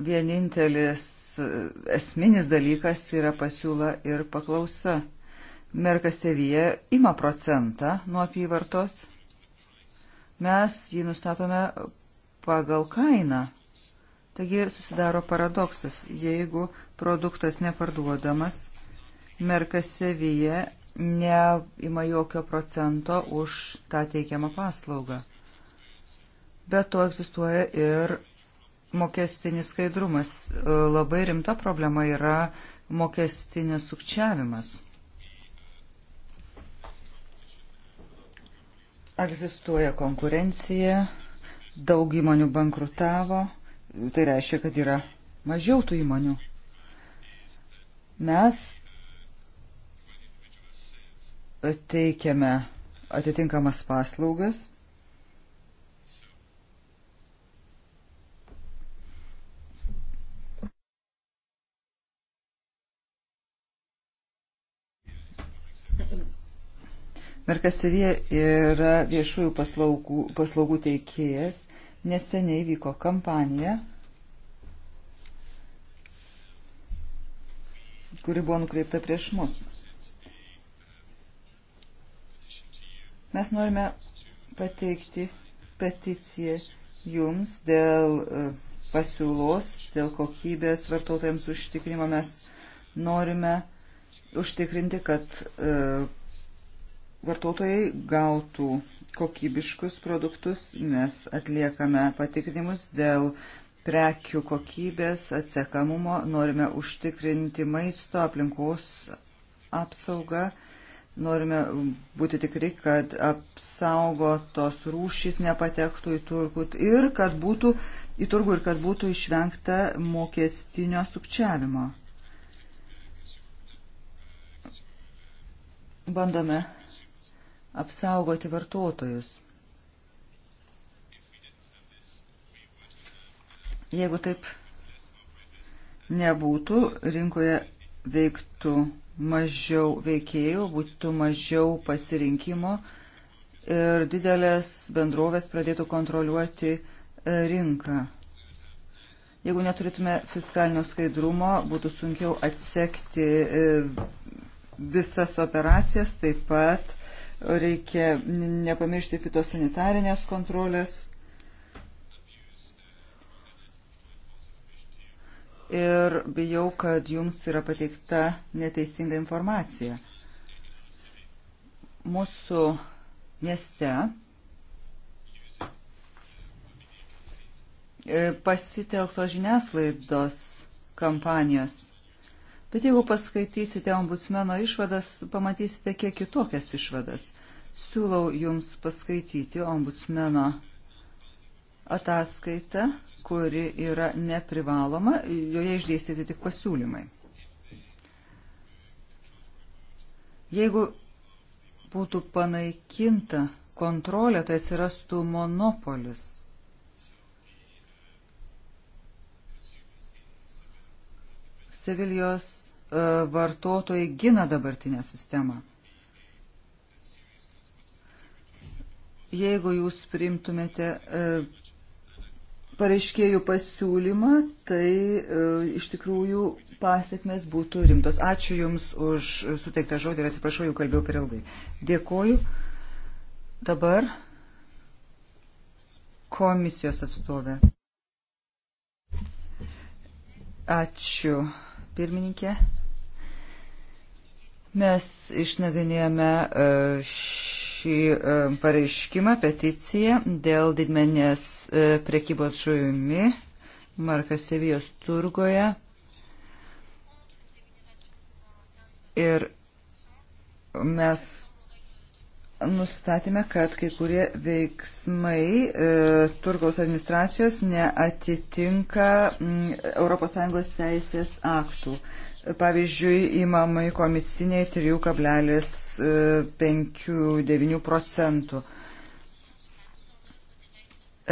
Vienintelis e, esminis dalykas yra pasiūla ir paklausa. Merkasevija ima procentą nuo apyvartos. Mes jį nustatome pagal kainą. Taigi susidaro paradoksas, jeigu produktas neparduodamas, Merkasevija neima jokio procento už tą teikiamą paslaugą bet to egzistuoja ir mokestinis skaidrumas. E, labai rimta problema yra mokestinis sukčiavimas. Egzistuoja konkurencija, daug įmonių bankrutavo, tai reiškia, kad yra mažiau tų įmonių. Mes teikiame atitinkamas paslaugas Merkasivė yra viešųjų paslaugų, paslaugų teikėjas. Neseniai vyko kampanija, kuri buvo nukreipta prieš mus. Mes norime pateikti peticiją jums dėl e, pasiūlos, dėl kokybės vartotojams užtikrinimo. Mes norime užtikrinti, kad e, vartotojai gautų kokybiškus produktus, mes atliekame patikrinimus dėl prekių kokybės, atsekamumo, norime užtikrinti maisto aplinkos apsaugą, norime būti tikri, kad apsaugotos rūšys nepatektų į turgų ir kad būtų į turgų ir kad būtų išvengta mokestinio sukčiavimo. Bandome apsaugoti vartotojus. Jeigu taip nebūtų, rinkoje veiktų mažiau veikėjų, būtų mažiau pasirinkimo ir didelės bendrovės pradėtų kontroliuoti e, rinką. Jeigu neturėtume fiskalinio skaidrumo, būtų sunkiau atsekti e, visas operacijas, taip pat Reikia nepamiršti fitosanitarinės kontrolės. Ir bijau, kad jums yra pateikta neteisinga informacija. Mūsų mieste e, pasitelktos žiniasklaidos kampanijos. Bet jeigu paskaitysite ombudsmeno išvadas, pamatysite kiek kitokias išvadas. Siūlau jums paskaityti ombudsmeno ataskaitą, kuri yra neprivaloma, joje išdėstyti tik pasiūlymai. Jeigu būtų panaikinta kontrolė, tai atsirastų monopolis Sevilijos e, vartotojai gina dabartinę sistemą. Jeigu jūs priimtumėte e, pareiškėjų pasiūlymą, tai e, iš tikrųjų pasiekmes būtų rimtos. Ačiū Jums už suteiktą žodį ir atsiprašau, jau kalbėjau per ilgai. Dėkoju. Dabar komisijos atstovė. Ačiū pirmininkė. Mes išnagrinėjome e, šį e, pareiškimą, peticiją dėl didmenės e, prekybos žuvimi Markas Sevijos turgoje. Ir mes nustatėme, kad kai kurie veiksmai e, Turkaus administracijos neatitinka m, mm, ES teisės aktų. Pavyzdžiui, įmamai komisiniai 3,59 e, procentų.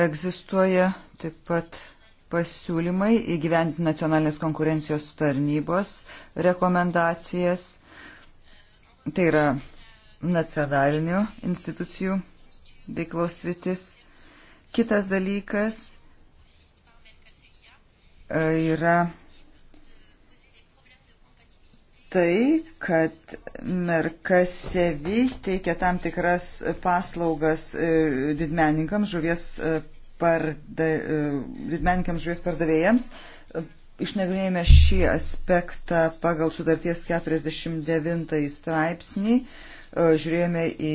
Egzistuoja taip pat pasiūlymai įgyventi nacionalinės konkurencijos tarnybos rekomendacijas. Tai yra nacionalinių institucijų veiklos rytis. Kitas dalykas e, yra tai, kad Merkasevi teikia tam tikras paslaugas e, didmeninkams žuvies, e, parda, didmeninkams žuvies pardavėjams. Išnagrinėjame šį aspektą pagal sutarties 49 straipsnį. E, žiūrėjome į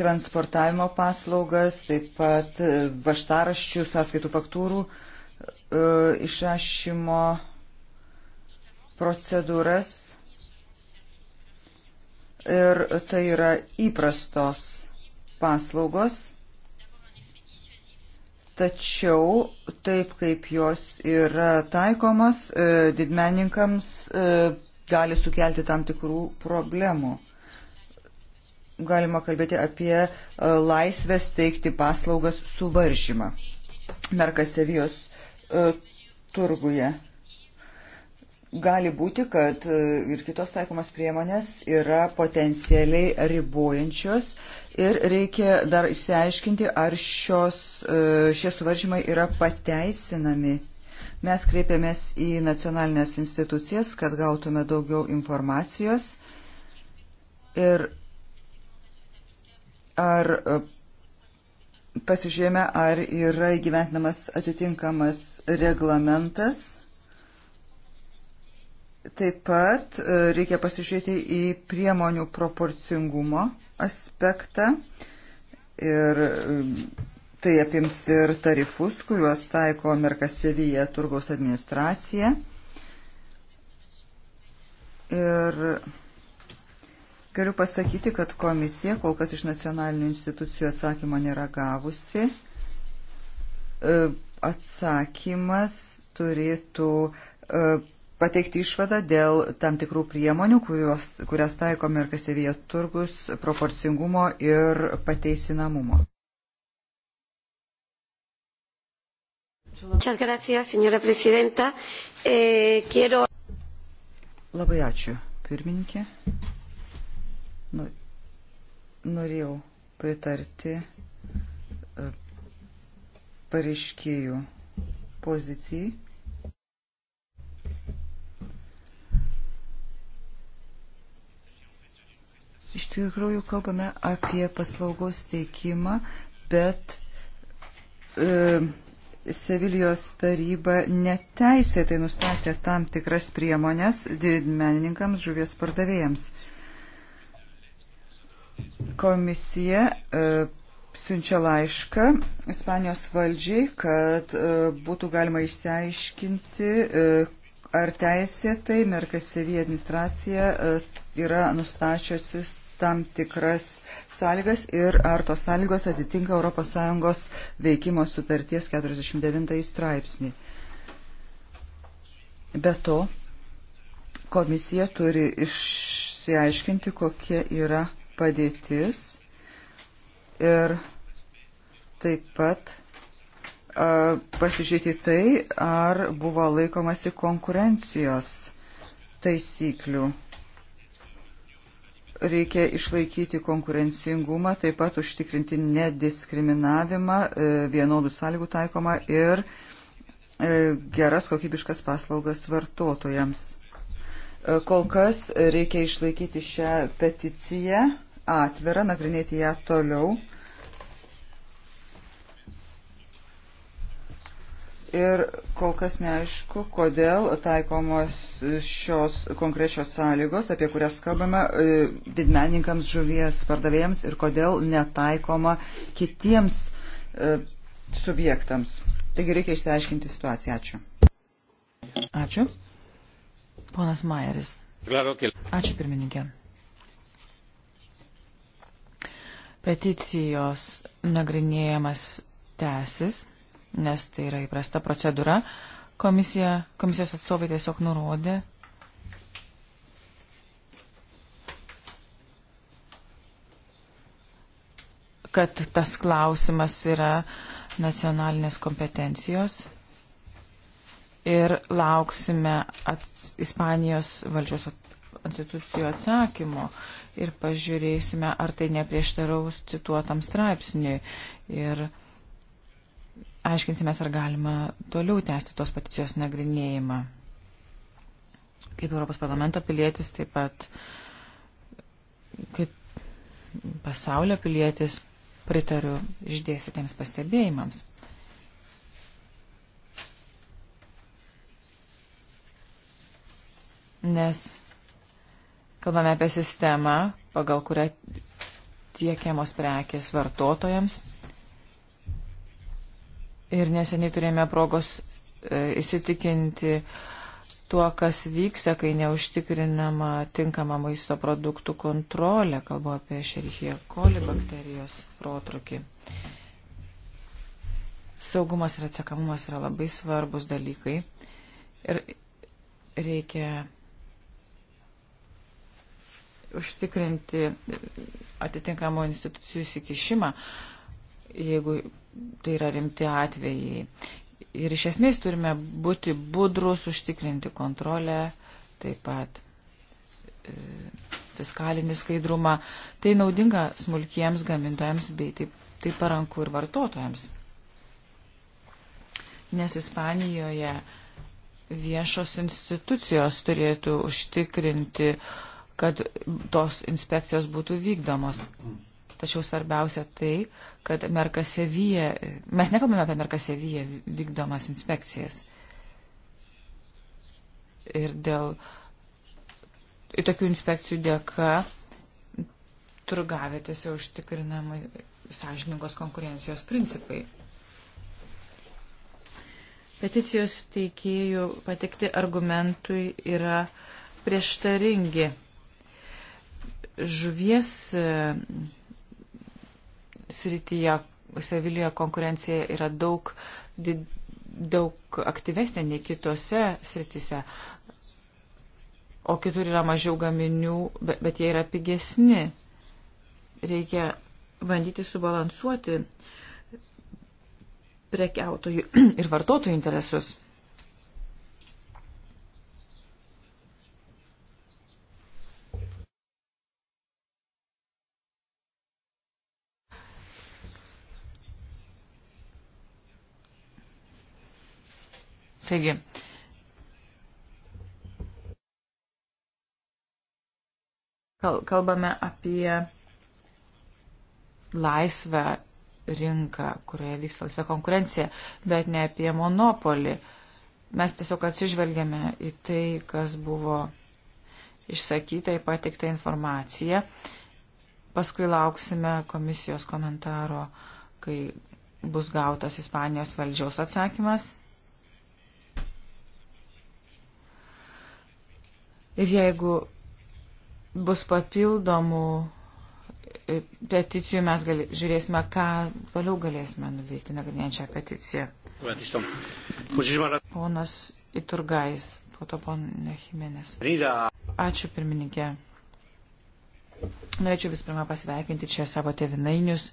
transportavimo paslaugas, taip pat e, vaštaraščių, sąskaitų faktūrų e, išrašymo procedūras. Ir tai yra įprastos paslaugos tačiau taip kaip jos yra taikomos, didmeninkams gali sukelti tam tikrų problemų galima kalbėti apie e, laisvės teikti paslaugas suvaržymą Merkasevijos e, turguje. Gali būti, kad e, ir kitos taikomos priemonės yra potencialiai ribojančios ir reikia dar išsiaiškinti, ar šios, šie suvaržymai yra pateisinami mes kreipėmės į nacionalinės institucijas, kad gautume daugiau informacijos ir ar e, pasižiūrėjome, ar yra įgyventinamas atitinkamas reglamentas. Taip pat e, reikia pasižiūrėti į priemonių proporcingumo aspektą ir e, tai apims ir tarifus, kuriuos taiko Merkasevyje turgaus administracija. Ir Galiu pasakyti, kad komisija kol kas iš nacionalinių institucijų atsakymo nėra gavusi. E, atsakymas turėtų e, pateikti išvadą dėl tam tikrų priemonių, kurios, kurias taikome ir kasėvėje turgus, proporcingumo ir pateisinamumo. Muchas gracias, señora presidenta. Eh, quiero... Labai ačiū, pirmininkė norėjau pritarti e, pareiškėjų pozicijai. Iš tikrųjų kalbame apie paslaugos teikimą, bet e, Sevilijos taryba neteisėtai nustatė tam tikras priemonės didmenininkams žuvies pardavėjams. E, Komisija e, siunčia laišką Ispanijos valdžiai, kad e, būtų galima išsiaiškinti, e, ar teisėtai Merkasevi administracija yra nustačiusis tam tikras sąlygas ir ar tos sąlygos atitinka ES veikimo sutarties 49 straipsnį. Be to, komisija turi išsiaiškinti, kokie yra padėtis ir taip pat pasižiūrėti tai, ar buvo laikomasi konkurencijos taisyklių. Reikia išlaikyti konkurencingumą, taip pat užtikrinti nediskriminavimą, e, vienodų sąlygų taikomą ir e, geras kokybiškas paslaugas vartotojams. E, kol kas reikia išlaikyti šią peticiją atvirą, nagrinėti ją toliau. Ir kol kas neaišku, kodėl taikomos šios konkrečios sąlygos, apie kurias kalbame, didmenininkams žuvies pardavėjams ir kodėl netaikoma kitiems e, subjektams. Taigi reikia išsiaiškinti situaciją. Ačiū. Ačiū. Ponas Majeris. Ačiū pirmininkė. peticijos nagrinėjimas tęsis, nes tai yra įprasta procedūra. Komisija, komisijos atstovai tiesiog nurodė, kad tas klausimas yra nacionalinės kompetencijos ir lauksime ats, Ispanijos valdžios institucijų atsakymo ir pažiūrėsime, ar tai neprieštaraus cituotam straipsniui. Ir aiškinsime, ar galima toliau tęsti tos peticijos nagrinėjimą. Kaip Europos parlamento pilietis, taip pat kaip pasaulio pilietis pritariu išdėstytiems pastebėjimams. Nes Kalbame apie sistemą, pagal kurią tiekiamos prekės vartotojams. Ir neseniai turėjome progos e, įsitikinti tuo, kas vyksta, kai neužtikrinama tinkama maisto produktų kontrolė. Kalbu apie šerchie koli bakterijos protrukį. Saugumas ir atsakamumas yra labai svarbus dalykai. Ir reikia užtikrinti atitinkamų institucijų įsikišimą, jeigu tai yra rimti atvejai. Ir iš esmės turime būti budrus, užtikrinti kontrolę, taip pat e, fiskalinį skaidrumą. Tai naudinga smulkiems gamintojams bei taip, taip paranku ir vartotojams. Nes Ispanijoje viešos institucijos turėtų užtikrinti uh, kad tos inspekcijos būtų vykdomos. Tačiau svarbiausia tai, kad Merkasevyje, mes nekalbame apie Merkasevyje vykdomas inspekcijas. Ir dėl ir tokių inspekcijų dėka turgavėtėse užtikrinamai sąžiningos konkurencijos principai. Peticijos teikėjų patikti argumentui yra prieštaringi žuvies e, srityje Sevilijoje konkurencija yra daug, did, daug aktyvesnė nei kitose srityse, o kitur yra mažiau gaminių, bet, bet jie yra pigesni. Reikia bandyti subalansuoti prekiautojų <clears throat> ir vartotojų interesus. Taigi, kalbame apie laisvę rinką, kurioje vyks laisvė konkurencija, bet ne apie monopolį. Mes tiesiog atsižvelgiame į tai, kas buvo išsakyta, į patiktą informaciją. Paskui lauksime komisijos komentaro, kai bus gautas Ispanijos valdžiaus atsakymas. Ir jeigu bus papildomų e, peticijų, mes gali, žiūrėsime, ką toliau galėsime nuveikti nagrinėjančią peticiją. Ponas Iturgais, po to ponė Jimenez. Ačiū pirmininkė. Norėčiau vis pirma pasveikinti čia savo tevinainius,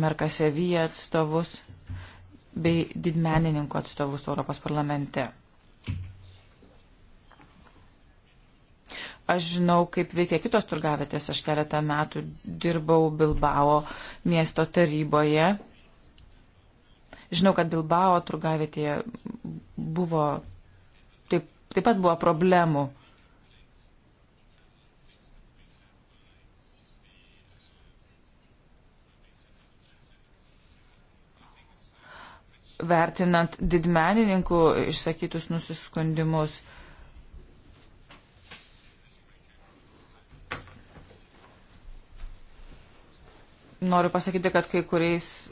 Merkasevyje atstovus bei didmenininkų atstovus Europos parlamente. Aš žinau, kaip veikia kitos turgavietės. Aš keletą metų dirbau Bilbao miesto taryboje. Žinau, kad Bilbao turgavietėje buvo, taip, taip pat buvo problemų. vertinant didmenininkų išsakytus nusiskundimus. Uh, noriu pasakyti, kad kai kuriais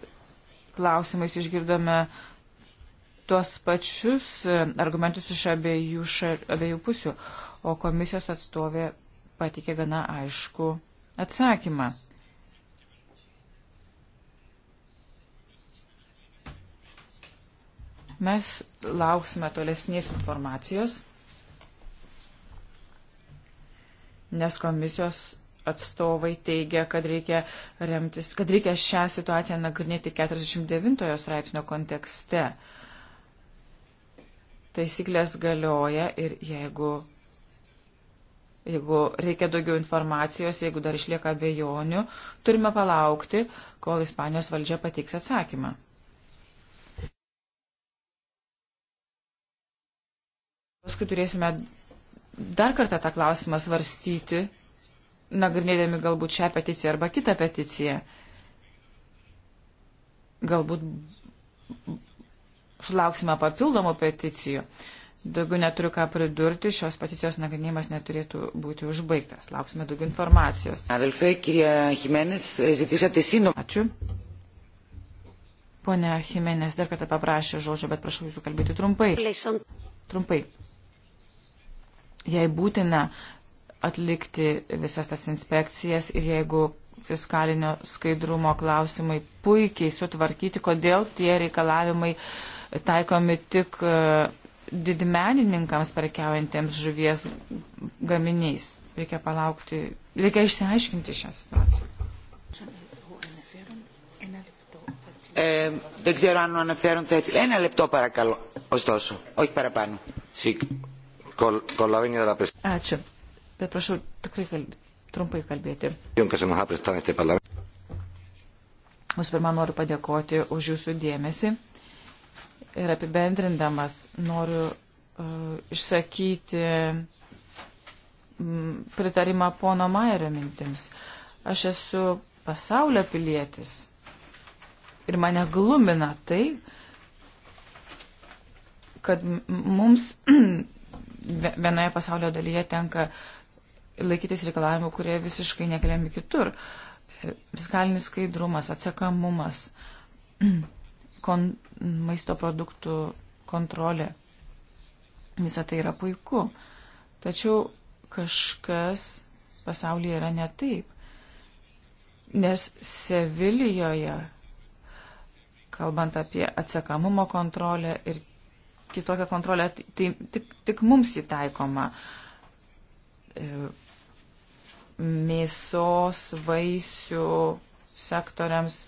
klausimais išgirdome tuos pačius e, argumentus iš abiejų, šal, abiejų pusių, o komisijos atstovė patikė gana aišku atsakymą. Mes lauksime tolesnės informacijos, nes komisijos atstovai teigia, kad reikia, remtis, kad reikia šią situaciją nagrinėti 49 straipsnio kontekste. Taisyklės galioja ir jeigu, jeigu reikia daugiau informacijos, jeigu dar išlieka abejonių, turime palaukti, kol Ispanijos valdžia pateiks atsakymą. Paskui turėsime dar kartą tą klausimą svarstyti nagrinėdami galbūt šią peticiją arba kitą peticiją. Galbūt sulauksime papildomų peticijų. Daugiau neturiu ką pridurti, šios peticijos nagrinėjimas neturėtų būti užbaigtas. Lauksime daugiau informacijos. Ačiū. Pone Jimenez dar kartą paprašė žodžio, bet prašau jūsų kalbėti trumpai. Trumpai. Jei būtina, atlikti visas tas inspekcijas ir jeigu fiskalinio skaidrumo klausimai puikiai sutvarkyti, kodėl tie reikalavimai taikomi tik e, didmenininkams prekiaujantiems žuvies gaminiais. Reikia palaukti, reikia išsiaiškinti šią situaciją. Ε, δεν ξέρω αν ο αναφέρον θα ήθελε. Ένα λεπτό παρακαλώ, ωστόσο, όχι παραπάνω. Ačiū. Bet prašau tikrai kalb... trumpai kalbėti. Mūsų pirmą noriu padėkoti už jūsų dėmesį ir apibendrindamas noriu uh, išsakyti mm, pritarimą pono Mairio mintims. Aš esu pasaulio pilietis ir mane glumina tai, kad mums <clears throat> vienoje pasaulio dalyje tenka uh, laikytis reikalavimų, kurie visiškai nekeliami kitur. Fiskalinis skaidrumas, atsekamumas, <clears throat> kon, maisto produktų kontrolė. Visa tai yra puiku. Tačiau kažkas pasaulyje yra ne taip. Nes Sevilijoje, kalbant apie atsekamumo kontrolę ir kitokią kontrolę, tai, tai tik, tik mums įtaikoma. E, mėsos, vaisių sektoriams.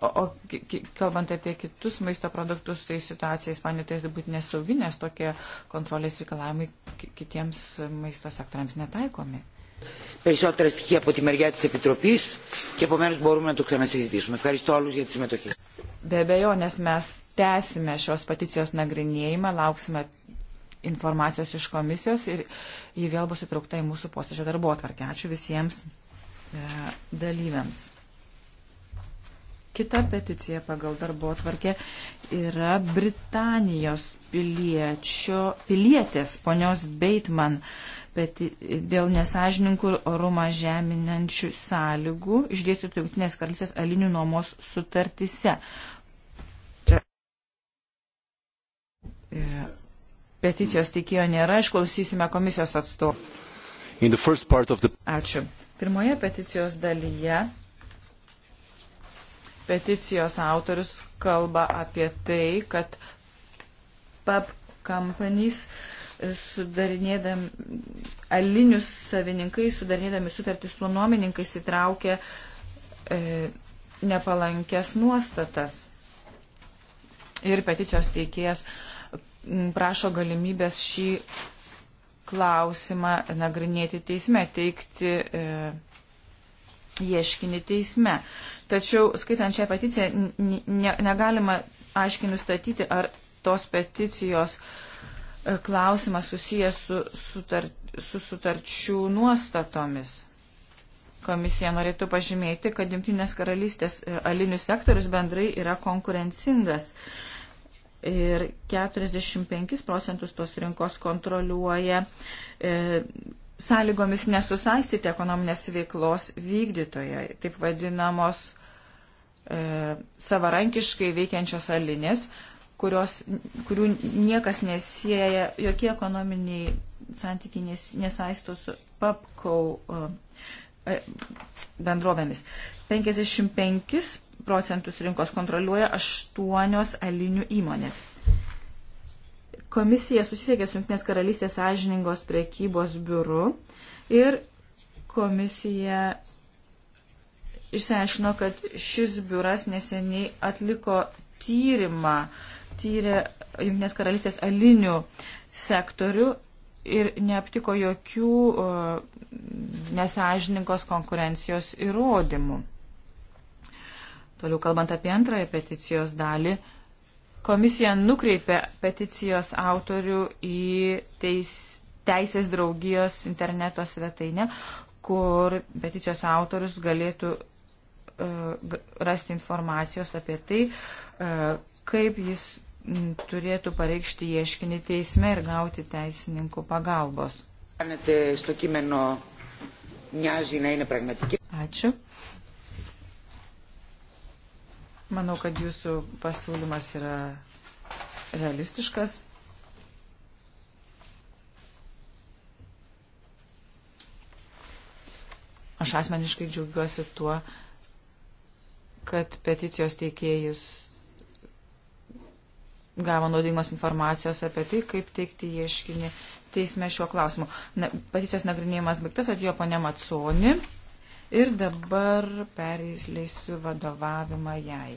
O, o kalbant apie kitus maisto produktus, tai situacija Ispanijoje turėtų būti nesaugi, nes tokie kontrolės reikalavimai kitiems maisto sektoriams netaikomi. Περισσότερα στοιχεία από τη μεριά της Επιτροπής και επομένως μπορούμε να το ξανασυζητήσουμε. Ευχαριστώ όλους για τη συμμετοχή. Be abejonės mes tęsime šios peticijos nagrinėjimą, lauksime informacijos iš komisijos ir ji vėl bus įtraukta į mūsų posėdžio darbo atvarkę. Ačiū visiems e, dalyviams. Kita peticija pagal darbo atvarkę yra Britanijos piliečio, pilietės ponios Beitman peti, dėl nesažininkų orumą žeminančių sąlygų išdėstytų Junktinės karalystės alinių nuomos sutartise. Čia. E, yeah peticijos teikėjo nėra, išklausysime komisijos atstovų. The... Ačiū. Pirmoje peticijos dalyje peticijos autorius kalba apie tai, kad pub companies sudarinėdami, alinius savininkai sudarinėdami sutartį su nuomininkais įtraukė e, nepalankęs nuostatas. Ir peticijos teikėjas e, prašo galimybės šį klausimą nagrinėti teisme, teikti e, ieškinį teisme. Tačiau, skaitant šią peticiją, ne, negalima aiškiai nustatyti, ar tos peticijos e, klausimas susijęs su, sutar, su sutarčių nuostatomis. Komisija norėtų pažymėti, kad Junktinės karalystės e, alinių sektorius bendrai yra konkurencingas. E, ir 45 procentus tos rinkos kontroliuoja e, sąlygomis nesusaistyti ekonominės veiklos vykdytojai, taip vadinamos e, savarankiškai veikiančios alinės, kurios, kurių niekas nesieja, jokie ekonominiai santykiai nesaisto su papkau e, bendrovėmis. 55 procentus rinkos kontroliuoja aštuonios alinių įmonės. Komisija susisiekė su Junktinės karalystės sąžiningos priekybos biuru ir komisija išsiaiškino, kad šis biuras neseniai atliko tyrimą, tyrė Junktinės karalystės alinių sektorių ir neaptiko jokių nesažininkos konkurencijos įrodymų. Toliau kalbant apie antrąją peticijos dalį, komisija nukreipė peticijos autorių į teis, Teisės draugijos interneto svetainę, kur peticijos autorius galėtų uh, rasti informacijos apie tai, uh, kaip jis turėtų pareikšti ieškinį teisme ir gauti teisininkų pagalbos. Ačiū. Manau, kad jūsų pasiūlymas yra realistiškas. Aš asmeniškai džiaugiuosi tuo, kad peticijos teikėjus gavo naudingos informacijos apie tai, kaip teikti ieškinį teisme šiuo klausimu. Na, peticijos nagrinėjimas baigtas, atėjo ponė Matsoni ir dabar pereis leisiu vadovavimą jai.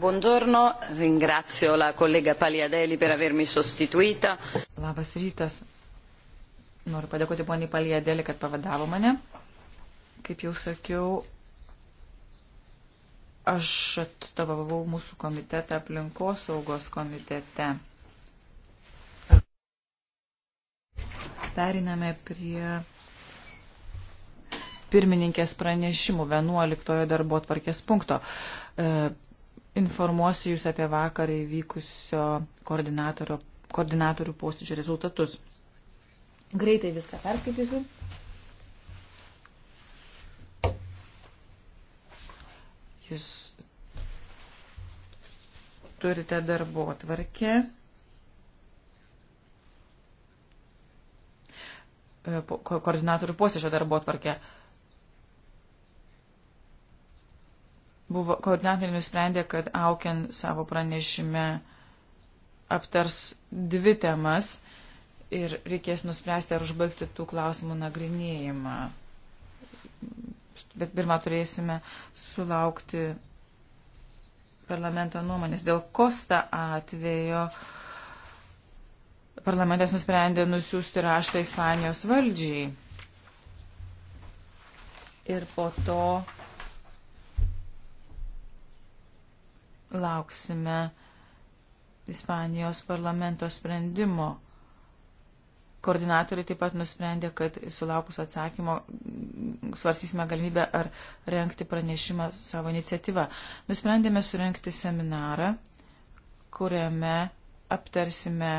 Buongiorno, ringrazio la collega Paliadeli per avermi sostituita. Labas rytas. Noriu padėkoti poniai Paliadeli, kad pavadavo mane. Kaip jau sakiau, aš atstovavau mūsų komitetą aplinkosaugos komitete. Periname prie pirmininkės pranešimų 11 darbo tvarkės punkto. E, informuosiu Jūs apie vakar įvykusio koordinatorių posėdžio rezultatus. Greitai viską perskaitysiu. Jūs turite darbo atvarkę. E, koordinatorių posėdžio darbo atvarkę. buvo, koordinatoriai nusprendė, kad Auken savo pranešime aptars dvi temas ir reikės nuspręsti, ar užbaigti tų klausimų nagrinėjimą. Bet pirmą turėsime sulaukti parlamento nuomonės. Dėl Kosta atvejo parlamentas nusprendė nusiųsti raštą Ispanijos valdžiai. Ir po to lauksime Ispanijos parlamento sprendimo. Koordinatoriai taip pat nusprendė, kad sulaukus atsakymo svarstysime galimybę ar renkti pranešimą savo iniciatyvą. Nusprendėme surenkti seminarą, kuriame aptarsime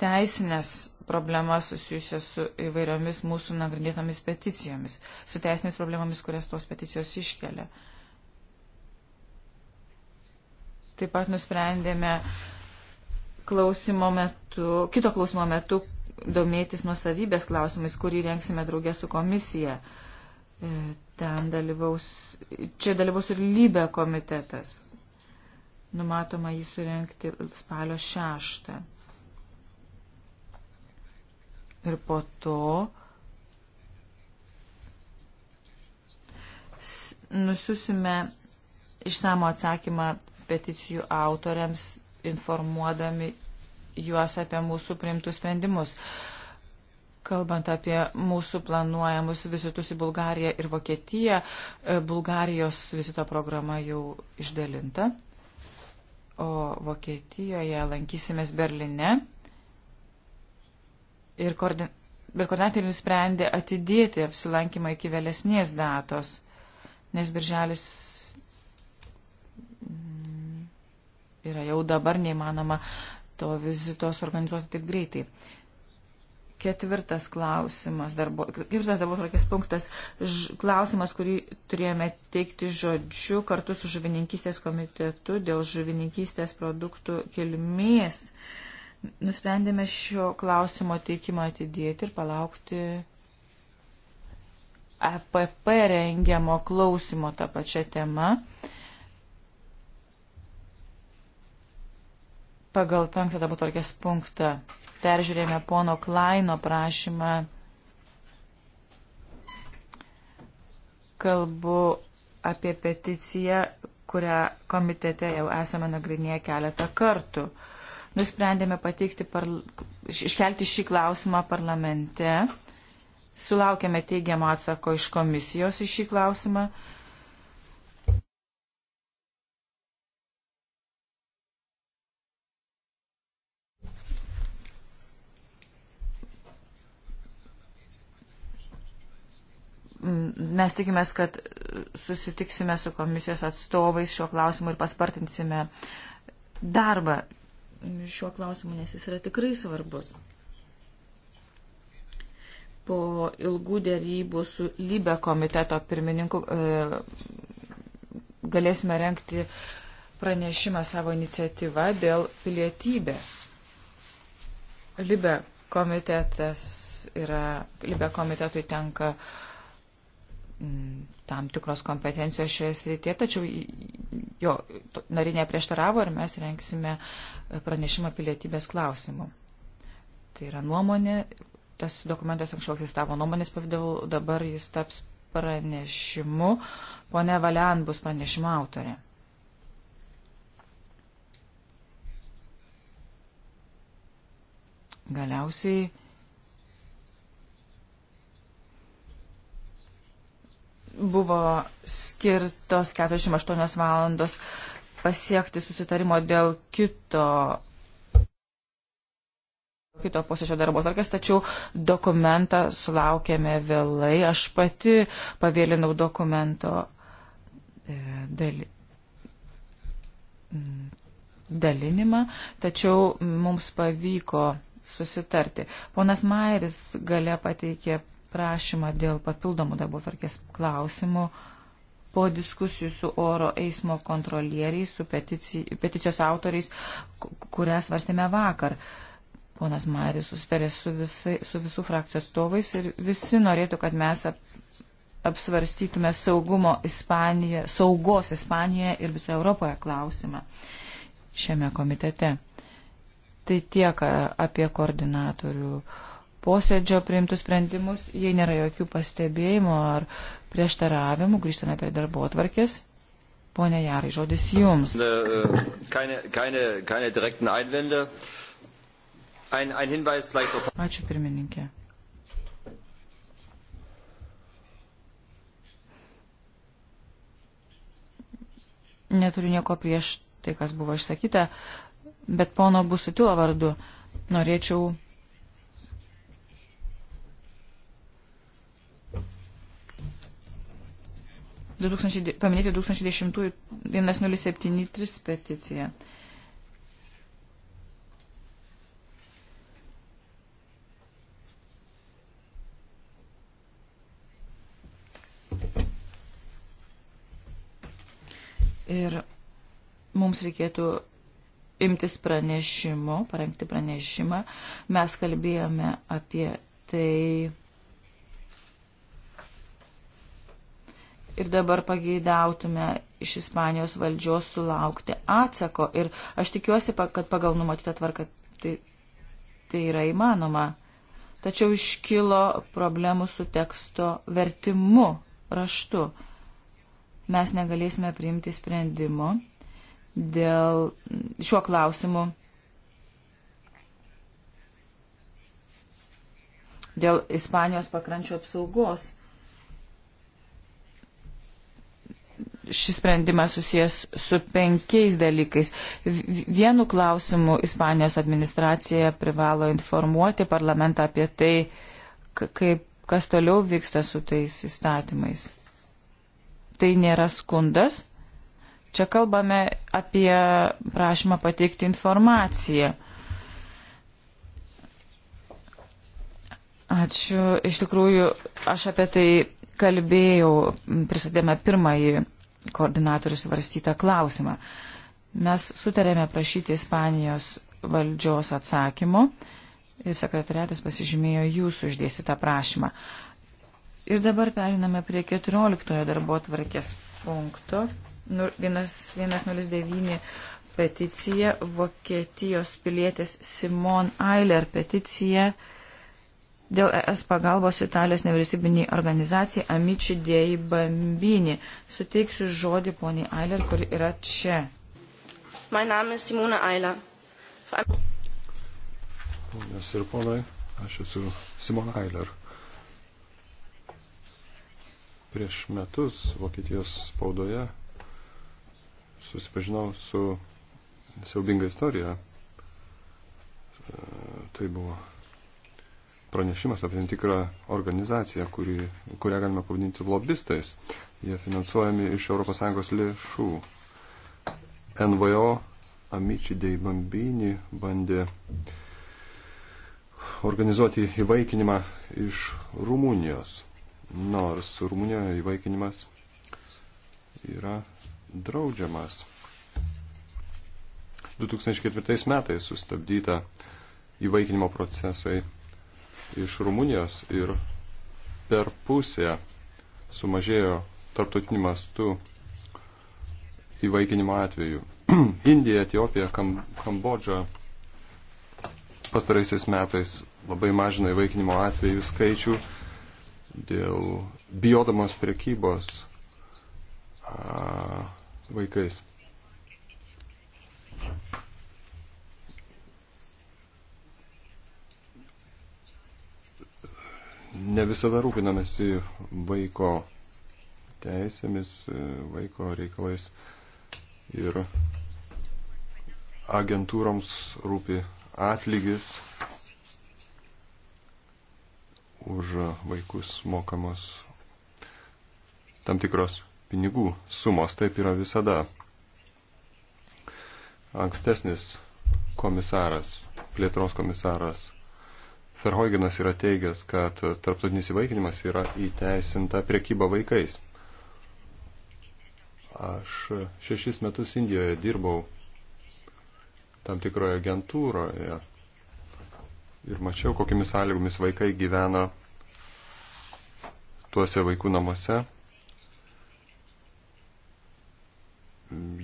teisinės problemas susijusias su įvairiomis mūsų nagrinėtomis peticijomis, su teisinės problemomis, kurias tos peticijos iškelia. Taip pat nusprendėme klausimo metu, kito klausimo metu domėtis nuosavybės klausimais, kurį renksime draugė su komisija. E, ten dalyvaus, čia dalyvaus ir lybė komitetas. Numatoma jį surenkti spalio šeštą ir po to nusiusime išsamo atsakymą peticijų autoriams, informuodami juos apie mūsų priimtus sprendimus. Kalbant apie mūsų planuojamus vizitus į Bulgariją ir Vokietiją, e, Bulgarijos vizito programa jau išdalinta, o Vokietijoje lankysimės Berline ir koordin... bet koordinatoriai nusprendė atidėti apsilankymą iki vėlesnės datos, nes birželis yra jau dabar neįmanoma to vizito suorganizuoti taip greitai. Ketvirtas klausimas, darbo, ketvirtas darbo tvarkės punktas, ž, klausimas, kurį turėjome teikti žodžiu kartu su žuvininkystės komitetu dėl žuvininkystės produktų kilmės. Uh, Nusprendėme šio klausimo teikimą atidėti ir palaukti APP e rengiamo klausimo tą pačią temą. Pagal penktą dabar tvarkės punktą peržiūrėjome pono Klaino prašymą. Kalbu apie peticiją, kurią komitete jau esame nagrinėję keletą kartų nusprendėme pateikti, parl... iškelti šį klausimą parlamente. Sulaukėme teigiamą atsako iš komisijos į šį klausimą. mes tikimės, kad susitiksime su komisijos atstovais šiuo klausimu ir paspartinsime darbą šiuo klausimu, nes jis yra tikrai svarbus. Po ilgų dėrybų su Lybe komiteto pirmininku e, galėsime renkti pranešimą savo iniciatyvą dėl pilietybės. Libe komitetas yra, Libe komitetui tenka uh, Mm, tam tikros kompetencijos šioje srityje, tačiau jo nariai neprieštaravo ir mes renksime e, pranešimą pilietybės klausimų. Tai yra nuomonė, tas dokumentas anksčiau egzistavo nuomonės pavydalu, dabar jis taps pranešimu. Pone Valian bus pranešimo autorė. Galiausiai buvo skirtos 48 valandos pasiekti susitarimo dėl kito kito posėdžio darbo tvarkės, tačiau dokumentą sulaukėme vėlai. Aš pati pavėlinau dokumento e, dali, dalinimą, tačiau mums pavyko susitarti. Ponas Mairis gale pateikė prašymą dėl papildomų darbo tvarkės klausimų po diskusijų su oro eismo kontrolieriais, su petici, peticijos autoriais, kurią svarstėme vakar. Ponas Maris susitarė su, visai, su visų frakcijų atstovais ir visi norėtų, kad mes ap, apsvarstytume saugumo Ispanijoje, saugos Ispanijoje ir visoje Europoje klausimą šiame komitete. Tai tiek apie koordinatorių uh, posėdžio priimtus sprendimus, jei nėra jokių pastebėjimų ar prieštaravimų, grįžtame prie darbo atvarkės. Pone Jarai, žodis jums. Äh, keine, keine, keine direkten Einwände. Ein, ein Hinweis vielleicht auch. Ačiū pirmininkė. Neturiu nieko prieš tai, kas buvo išsakyta, bet pono Busutilo vardu norėčiau 2000, paminėti 2010-1073 peticiją. Ir mums reikėtų imtis pranešimo, parengti pranešimą. Mes kalbėjome apie tai Ir dabar pageidautume iš Ispanijos valdžios sulaukti atsako. Ir aš tikiuosi, kad pagal numatytą tvarką tai, tai yra įmanoma. Tačiau iškilo problemų su teksto vertimu raštu. Mes negalėsime priimti sprendimo dėl šiuo klausimu. Dėl Ispanijos pakrančio apsaugos šis sprendimas susijęs su penkiais dalykais. Vienu klausimu Ispanijos administracija privalo informuoti parlamentą apie tai, kaip, kas toliau vyksta su tais įstatymais. Tai nėra skundas. Čia kalbame apie prašymą pateikti informaciją. Ačiū. Iš tikrųjų, aš apie tai kalbėjau, pristatėme pirmąjį koordinatorių svarstytą klausimą. Mes sutarėme prašyti Ispanijos valdžios atsakymo ir sekretariatas pasižymėjo jūsų išdėstytą prašymą. Ir dabar periname prie 14 darbo tvarkės punkto. 109 nu, peticija Vokietijos pilietės Simon Eiler peticija 109 dėl ES pagalbos Italijos nevyriausybiniai organizacijai Amici Dei Bambini. Suteiksiu žodį poniai Ailer, kuri yra čia. Mein Name ist Simone Ailer. Ponios ir ponai, aš esu Simona Ailer. Prieš metus Vokietijos spaudoje susipažinau su siaubinga istorija. E, tai buvo pranešimas apie tikrą organizaciją, kuri, kurią galime pavadinti lobistais. Jie finansuojami iš ES lėšų. NVO Amici dei Bambini bandė organizuoti įvaikinimą iš Rumunijos. Nors Rumunijoje įvaikinimas yra draudžiamas. 2004 metais sustabdyta įvaikinimo procesai iš Rumunijos ir per pusę sumažėjo tarptautiniu mastu įvaikinimo atveju. <clears throat> Indija, Etiopija, Kam Kambodža pastaraisiais metais labai mažino įvaikinimo atvejų skaičių dėl bijodamos priekybos a, vaikais. ne visada rūpinamėsi vaiko teisėmis, vaiko reikalais ir agentūroms rūpi atlygis už vaikus mokamos tam tikros pinigų sumos. Taip yra visada. Ankstesnis komisaras, plėtros komisaras Ferhoigenas yra teigęs, kad tarptautinis įvaikinimas yra įteisinta priekyba vaikais. Aš šešis metus Indijoje dirbau tam tikroje agentūroje ir mačiau, kokiamis sąlygomis vaikai gyvena tuose vaikų namuose.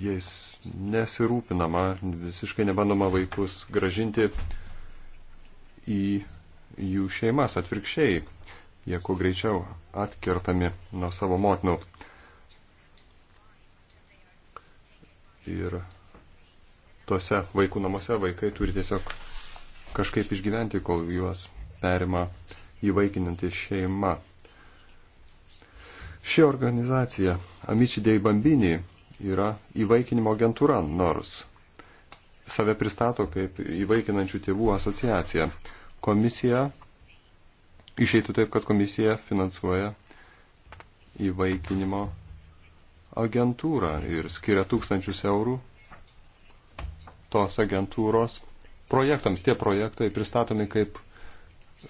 Jais nesirūpinama, visiškai nebandoma vaikus gražinti į jų šeimas atvirkščiai. Jie kuo greičiau atkertami nuo savo motinų. Ir tuose vaikų namuose vaikai turi tiesiog kažkaip išgyventi, kol juos perima įvaikinanti šeima. Ši organizacija Amicidei Bambini yra įvaikinimo agentūra, nors save pristato kaip įvaikinančių tėvų asociacija komisija išeitų taip, kad komisija finansuoja įvaikinimo agentūrą ir skiria tūkstančius eurų tos agentūros projektams. Tie projektai pristatomi kaip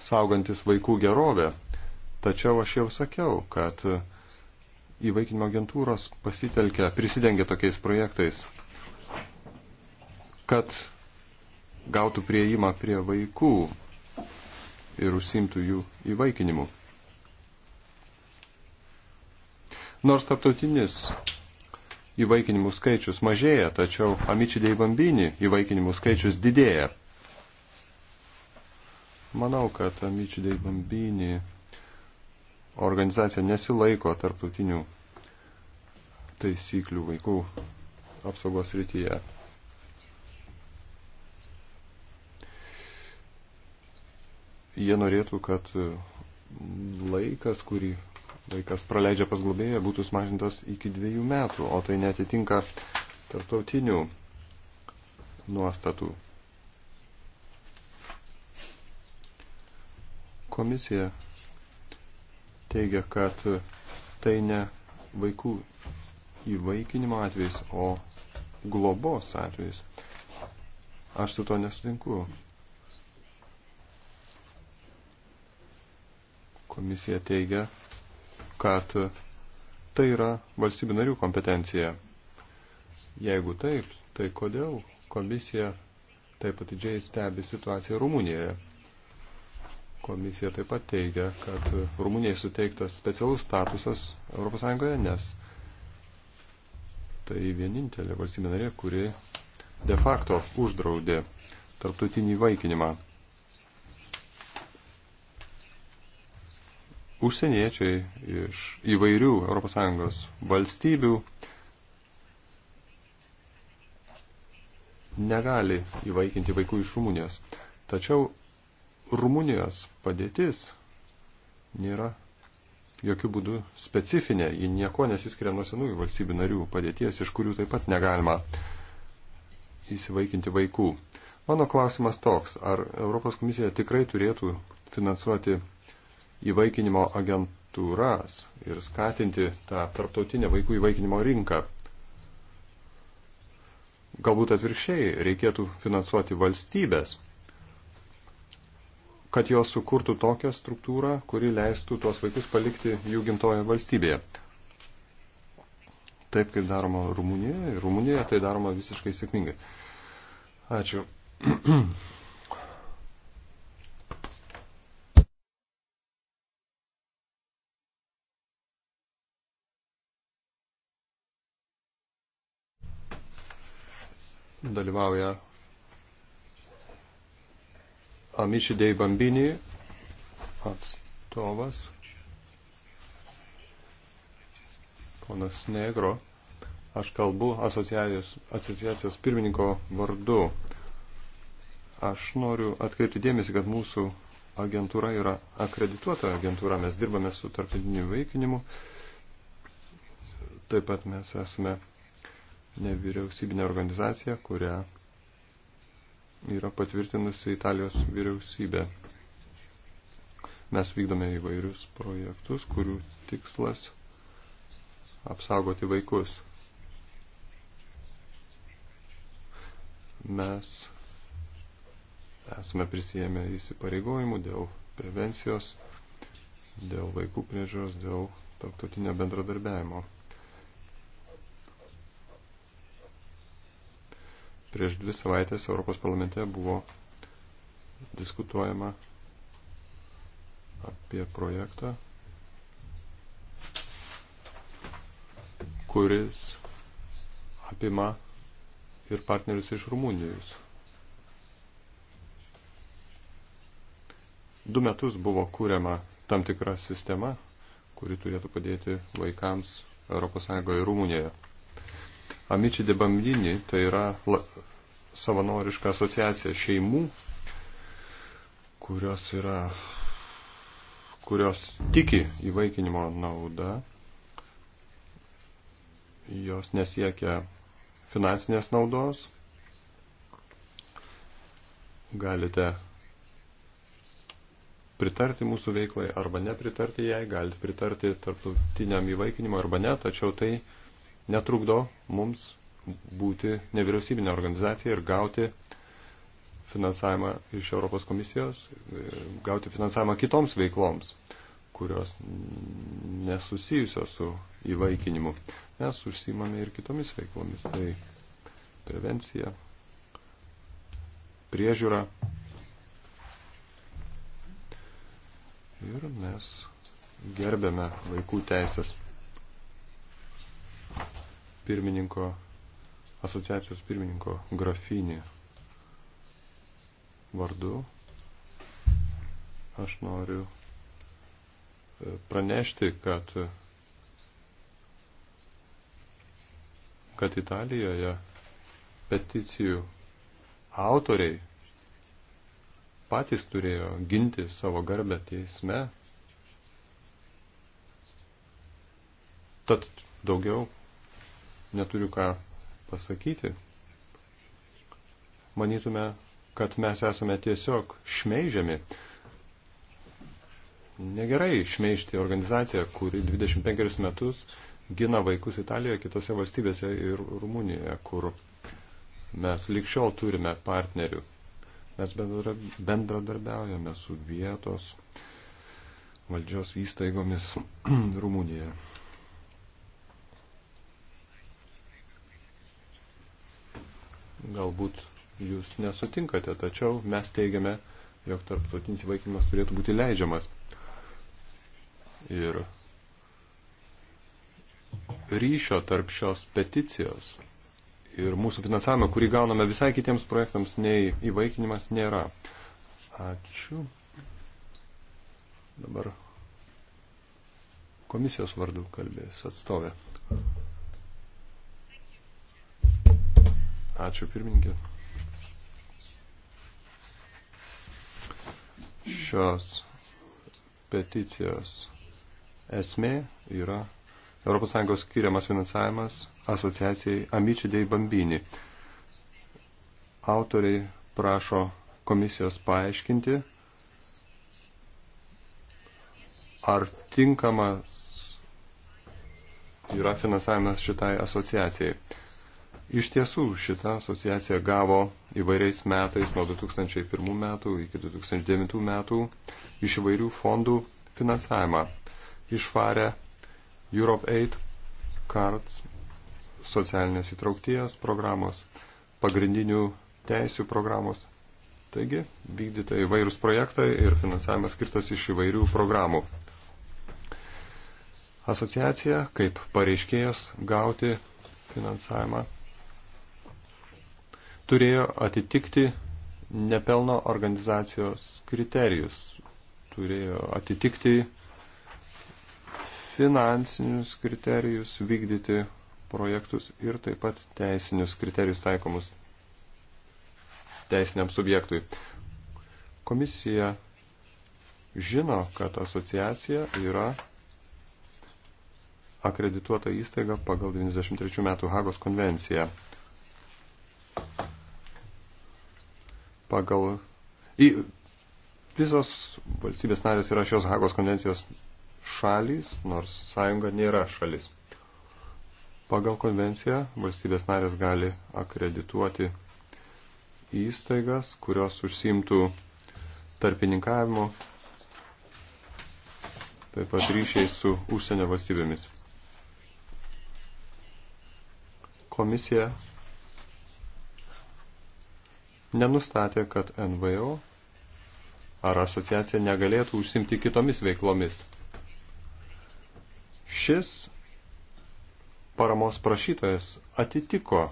saugantis vaikų gerovę. Tačiau aš jau sakiau, kad įvaikinimo agentūros pasitelkia, prisidengia tokiais projektais, kad gautų prieimą prie vaikų ir užsimtų jų įvaikinimu. Nors tarptautinis įvaikinimų skaičius mažėja, tačiau amičidė į bambinį įvaikinimų skaičius didėja. Manau, kad amičidė į bambinį organizacija nesilaiko tarptautinių taisyklių vaikų apsaugos rytyje. jie norėtų, kad e, laikas, kurį vaikas praleidžia pas globėją, būtų sumažintas iki dviejų metų, o tai netitinka tarptautinių nuostatų. Komisija teigia, kad tai ne vaikų įvaikinimo atvejs, o globos atvejs. Aš su to nesutinku. Komisija teigia, kad tai yra valstybių narių kompetencija. Jeigu taip, tai kodėl komisija taip atidžiai stebi situaciją Rumunijoje? Komisija taip pat teigia, kad Rumunijai suteiktas specialus statusas ES, nes tai vienintelė valstybė narė, kuri de facto uždraudė tarptautinį vaikinimą. užsieniečiai iš įvairių ES valstybių negali įvaikinti vaikų iš Rumunijos. Tačiau Rumunijos padėtis nėra jokių būdų specifinė, ji nieko nesiskiria nuo senųjų valstybių narių padėties, iš kurių taip pat negalima įsivaikinti vaikų. Mano klausimas toks, ar Europos komisija tikrai turėtų finansuoti įvaikinimo agentūras ir skatinti tą tarptautinę vaikų įvaikinimo rinką. Galbūt atvirkščiai reikėtų finansuoti valstybės, kad jos sukurtų tokią struktūrą, kuri leistų tuos vaikus palikti jų gimtoje valstybėje. Taip kaip daroma Rumunijoje, Rumunijoje tai daroma visiškai sėkmingai. Ačiū. <clears throat> dalyvauja Amici dei Bambini atstovas, ponas Negro. Aš kalbu asociacijos, asociacijos pirmininko vardu. Aš noriu atkreipti dėmesį, kad mūsų agentūra yra akredituota agentūra. Mes dirbame su tarptautiniu veikinimu. Taip pat mes esame nevyriausybinė organizacija, kurią yra patvirtinusi Italijos vyriausybė. Mes vykdome įvairius projektus, kurių tikslas apsaugoti vaikus. Mes esame prisijėmę įsipareigojimų dėl prevencijos, dėl vaikų priežiūros, dėl tarptautinio bendradarbiavimo. Prieš dvi savaitės Europos parlamente buvo diskutuojama apie projektą, kuris apima ir partnerius iš Rumunijos. Du metus buvo kūriama tam tikra sistema, kuri turėtų padėti vaikams ES ir Rumunijoje. Amici de Bambini, tai yra la, savanoriška asociacija šeimų, kurios yra, kurios tiki įvaikinimo nauda, jos nesiekia finansinės naudos. Galite pritarti mūsų veiklai arba nepritarti jai, galite pritarti tarptautiniam įvaikinimui arba ne, tačiau tai netrukdo mums būti nevyriausybinė organizacija ir gauti finansavimą iš Europos komisijos, e, gauti finansavimą kitoms veikloms, kurios nesusijusios su įvaikinimu. Mes užsimame ir kitomis veiklomis. Tai prevencija, priežiūra. Ir mes gerbėme vaikų teisės pirmininko, asociacijos pirmininko grafinį vardu. Aš noriu e, pranešti, kad, kad Italijoje peticijų autoriai patys turėjo ginti savo garbę teisme. Tad daugiau neturiu ką pasakyti. Manytume, kad mes esame tiesiog šmeižiami. Negerai šmeižti organizaciją, kuri 25 metus gina vaikus Italijoje, kitose valstybėse ir Rumunijoje, kur mes likščiau turime partnerių. Mes bendradarbiaujame su vietos valdžios įstaigomis <clears throat> Rumunijoje. Galbūt jūs nesutinkate, tačiau mes teigiame, jog tarptautinis įvaikimas turėtų būti leidžiamas. Ir ryšio tarp šios peticijos ir mūsų finansavimo, kurį gauname visai kitiems projektams, nei įvaikinimas nėra. Ačiū. Dabar komisijos vardu kalbės atstovė. Ačiū pirmininkė. Šios peticijos esmė yra ES skiriamas finansavimas asociacijai Amici dei Bambini. Autoriai prašo komisijos paaiškinti, ar tinkamas yra finansavimas šitai asociacijai. Iš tiesų, šita asociacija gavo įvairiais metais, nuo 2001 metų iki 2009 metų, iš įvairių fondų finansavimą. Išvarė Europe Aid, CARDS, socialinės įtraukties programos, pagrindinių teisių programos. Taigi, vykdyta įvairūs projektai ir finansavimas skirtas iš įvairių programų. Asociacija, kaip pareiškėjas, gauti finansavimą turėjo atitikti nepelno organizacijos kriterijus, turėjo atitikti finansinius kriterijus, vykdyti projektus ir taip pat teisinius kriterijus taikomus teisiniam subjektui. Komisija žino, kad asociacija yra akredituota įstaiga pagal 93 metų Hagos konvenciją. pagal. Į, visos valstybės narės yra šios Hagos konvencijos šalys, nors sąjunga nėra šalis. Pagal konvenciją valstybės narės gali akredituoti įstaigas, kurios užsimtų tarpininkavimu, taip pat ryšiais su užsienio valstybėmis. Komisija nenustatė, kad NVO ar asociacija negalėtų užsimti kitomis veiklomis. Šis paramos prašytojas atitiko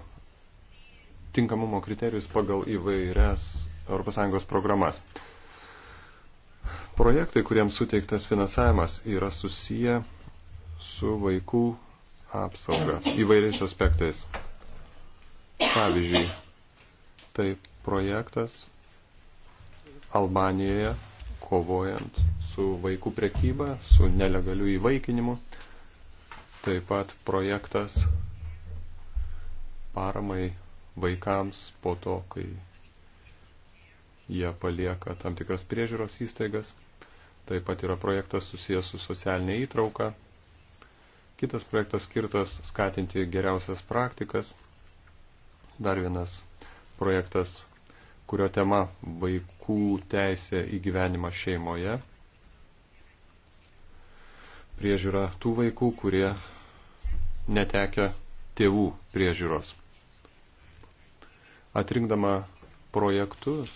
tinkamumo kriterijus pagal įvairias ES programas. Projektai, kuriems suteiktas finansavimas, yra susiję su vaikų apsauga įvairiais aspektais. Pavyzdžiui, taip projektas Albanijoje, kovojant su vaikų prekyba, su nelegaliu įvaikinimu. Taip pat projektas paramai vaikams po to, kai jie palieka tam tikras priežiūros įstaigas. Taip pat yra projektas susijęs su socialinė įtrauka. Kitas projektas skirtas skatinti geriausias praktikas. Dar vienas projektas kurio tema vaikų teisė į gyvenimą šeimoje, priežiūra tų vaikų, kurie netekia tėvų priežiūros. Atrinkdama projektus,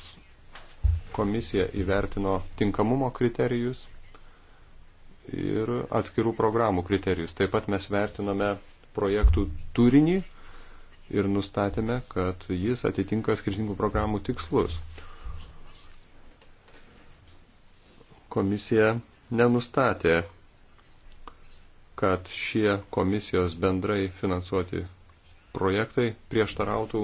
komisija įvertino tinkamumo kriterijus ir atskirų programų kriterijus. Taip pat mes vertiname projektų turinį, ir nustatėme, kad jis atitinka skirtingų programų tikslus. Komisija nenustatė, kad šie komisijos bendrai finansuoti projektai prieštarautų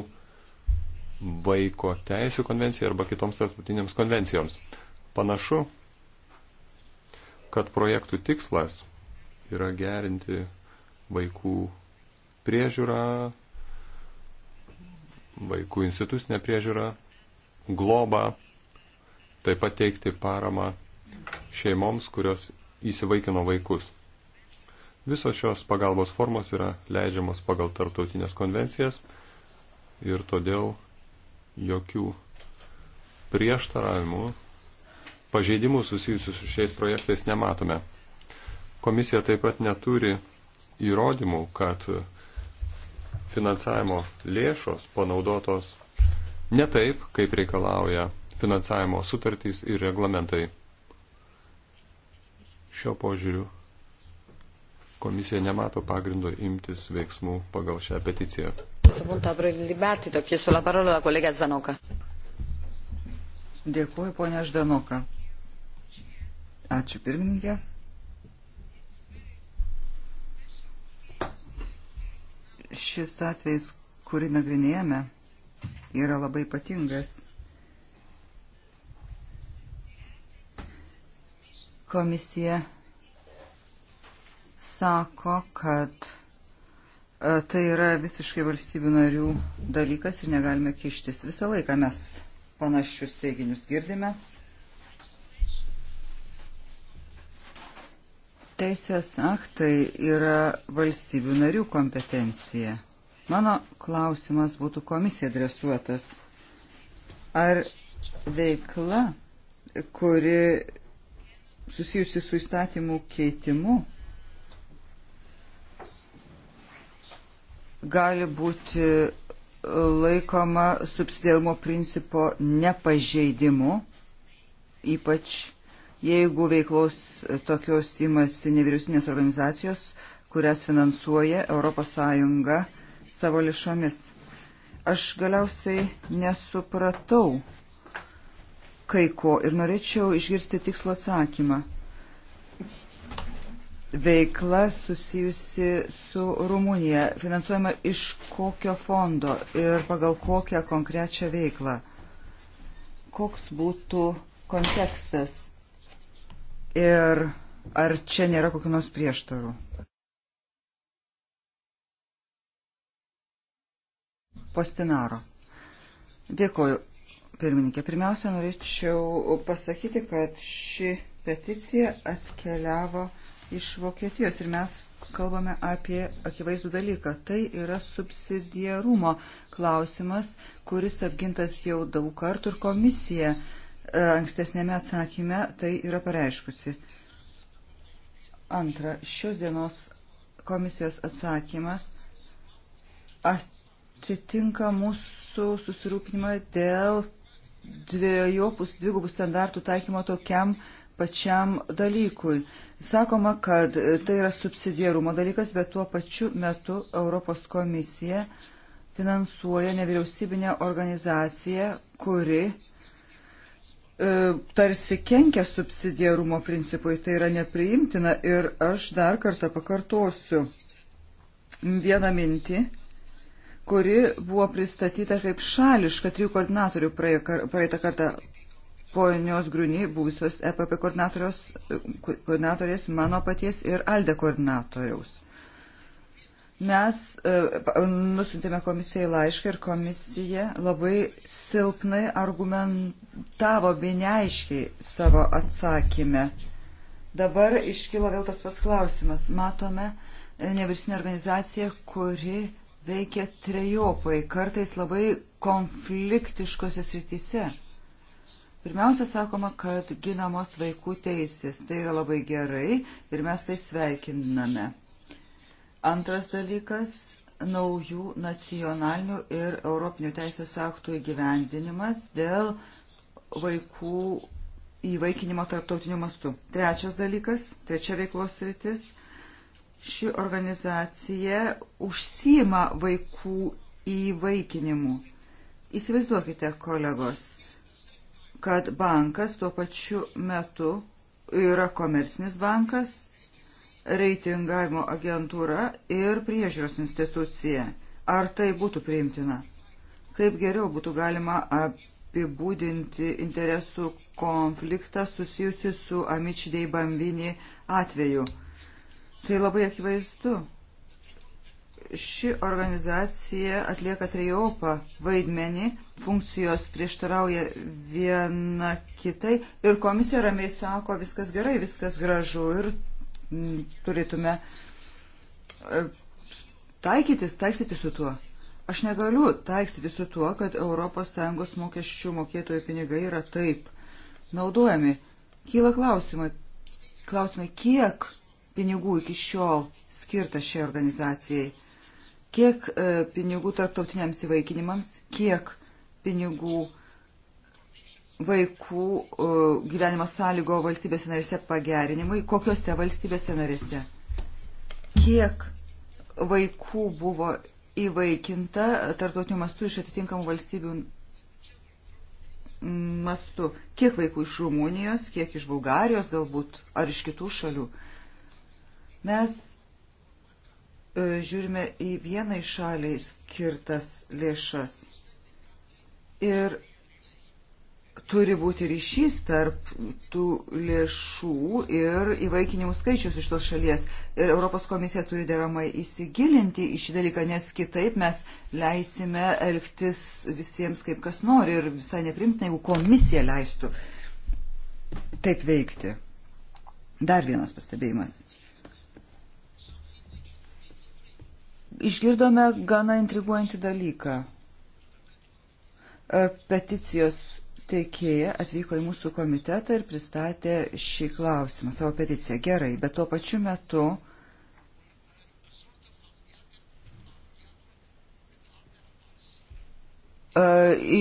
vaiko teisų konvencijai arba kitoms tarptautinėms konvencijoms. Panašu, kad projektų tikslas yra gerinti vaikų priežiūrą, vaikų institucinę priežiūrą, globą, taip pat teikti paramą šeimoms, kurios įsivaikino vaikus. Visos šios pagalbos formos yra leidžiamos pagal tarptautinės konvencijas ir todėl jokių prieštaravimų, pažeidimų susijusių su šiais projektais nematome. Komisija taip pat neturi įrodymų, kad finansavimo lėšos panaudotos ne taip, kaip reikalauja finansavimo sutartys ir reglamentai. Šio požiūriu komisija nemato pagrindo imtis veiksmų pagal šią peticiją. Dėkuoju, ponia Ždanoka. Ačiū pirmininkė. Šis atvejs, kurį nagrinėjame, yra labai ypatingas. Komisija sako, kad e, tai yra visiškai valstybių narių dalykas ir negalime kištis. Visą laiką mes panašius teiginius girdime. Teisės aktai yra valstybių narių kompetencija. Mano klausimas būtų komisija adresuotas. Ar veikla, kuri susijusi su įstatymų keitimu, gali būti laikoma subsidiarumo principo nepažeidimu, ypač Jeigu veiklos tokios imasi nevyriausinės organizacijos, kurias finansuoja ES savo lėšomis. Aš galiausiai nesupratau kai ko ir norėčiau išgirsti tikslo atsakymą. Veikla susijusi su Rumunija, finansuojama iš kokio fondo ir pagal kokią konkrečią veiklą. Koks būtų kontekstas Ir ar čia nėra kokių nors prieštarų? Postinaro. Dėkoju, pirmininkė. Pirmiausia, norėčiau pasakyti, kad ši peticija atkeliavo iš Vokietijos ir mes kalbame apie akivaizdų dalyką. Tai yra subsidiarumo klausimas, kuris apgintas jau daug kartų ir komisija uh, E, ankstesnėme atsakyme tai yra pareiškusi. Antra, šios dienos komisijos atsakymas atitinka mūsų susirūpinimą dėl dviejopus dvigubų standartų taikymo tokiam pačiam dalykui. Sakoma, kad tai yra subsidierumo dalykas, bet tuo pačiu metu Europos komisija finansuoja nevyriausybinę organizaciją, kuri E, tarsi kenkia subsidiarumo principui, tai yra nepriimtina ir aš dar kartą pakartosiu vieną mintį, kuri buvo pristatyta kaip šališka trijų koordinatorių praeitą kartą ponios Grūny, buvusios EPP koordinatorės, mano paties ir ALDE koordinatoriaus. Mes e, nusintėme komisijai laišką ir komisija labai silpnai argumentavo bei neaiškiai savo atsakymę. Dabar iškilo vėl tas pats klausimas. Matome e, nevirsinę organizaciją, kuri veikia trejopai, kartais labai konfliktiškose srityse. Pirmiausia, sakoma, kad ginamos vaikų teisės. Tai yra labai gerai ir mes tai sveikiname. Antras dalykas - naujų nacionalinių ir europinių teisės aktų įgyvendinimas dėl vaikų įvaikinimo tarptautiniu mastu. Trečias dalykas - trečia veiklos rytis. Ši organizacija užsima vaikų įvaikinimu. Įsivaizduokite, kolegos, kad bankas tuo pačiu metu yra komersinis bankas reitingavimo agentūra ir priežiūros institucija. Ar tai būtų priimtina? Kaip geriau būtų galima apibūdinti interesų konfliktą susijusi su Amičidei Bambini atveju? Tai labai akivaizdu. Ši organizacija atlieka trijopą vaidmenį, funkcijos prieštarauja viena kitai ir komisija ramiai sako, viskas gerai, viskas gražu ir turėtume e, taikytis, taikstyti su tuo. Aš negaliu taikstyti su tuo, kad ES mokesčių mokėtojų pinigai yra taip naudojami. Kyla klausimai, klausimai kiek pinigų iki šiol skirta šiai organizacijai, kiek e, pinigų tarptautiniams įvaikinimams, kiek pinigų e, vaikų e, gyvenimo sąlygo valstybėse narėse pagerinimui, kokiuose valstybėse narėse, kiek vaikų buvo įvaikinta tarptautiniu mastu iš atitinkamų valstybių mastu, kiek vaikų iš Rumunijos, kiek iš Bulgarijos galbūt, ar iš kitų šalių. Mes e, žiūrime į vienai šaliai skirtas lėšas ir turi būti ryšys tarp tų lėšų ir įvaikinimų skaičius iš tos šalies. Ir Europos komisija turi deramai įsigilinti į šį dalyką, nes kitaip mes leisime elgtis visiems kaip kas nori ir visai neprimtina, jeigu komisija leistų taip veikti. Dar vienas pastebėjimas. Išgirdome gana intriguojantį dalyką. E, peticijos teikėja atvyko į mūsų komitetą ir pristatė šį klausimą, savo peticiją. Gerai, bet tuo pačiu metu e,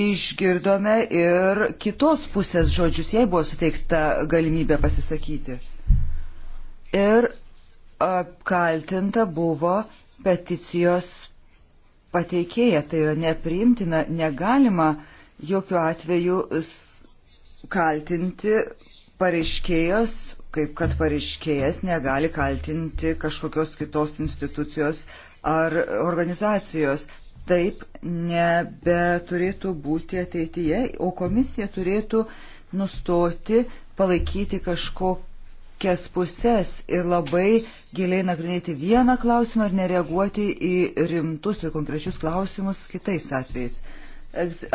išgirdome ir kitos pusės žodžius, jai buvo suteikta galimybė pasisakyti. Ir apkaltinta buvo peticijos pateikėja, tai yra nepriimtina, negalima uh, jokių atvejų kaltinti pareiškėjos, kaip kad pareiškėjas negali kaltinti kažkokios kitos institucijos ar organizacijos. Taip nebeturėtų būti ateityje, o komisija turėtų nustoti palaikyti kažkokias pusės ir labai giliai nagrinėti vieną klausimą ir nereaguoti į rimtus ir konkrečius klausimus kitais atvejais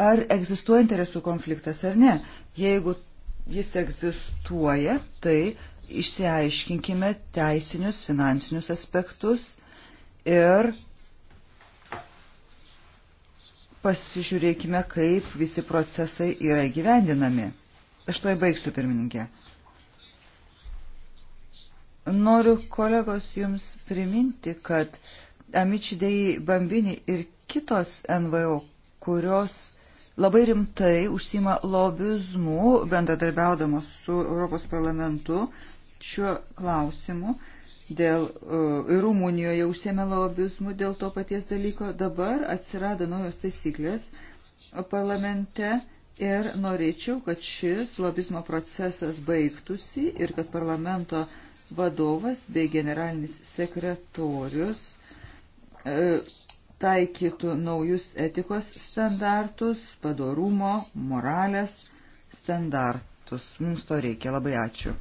ar egzistuoja interesų konfliktas ar ne. Jeigu jis egzistuoja, tai išsiaiškinkime teisinius, finansinius aspektus ir pasižiūrėkime, kaip visi procesai yra gyvendinami. Aš to įbaigsiu, pirmininkė. Noriu kolegos jums priminti, kad Amičidėjai Bambini ir kitos NVO kurios labai rimtai užsima lobizmu, bendradarbiaudamos su Europos parlamentu šiuo klausimu. Dėl, e, ir Rumunijoje užsėmė lobizmu dėl to paties dalyko. Dabar atsirado naujos taisyklės parlamente ir norėčiau, kad šis lobizmo procesas baigtųsi ir kad parlamento vadovas bei generalinis sekretorius e, taikytų naujus etikos standartus, padorumo, moralės standartus. Mums to reikia. Labai ačiū.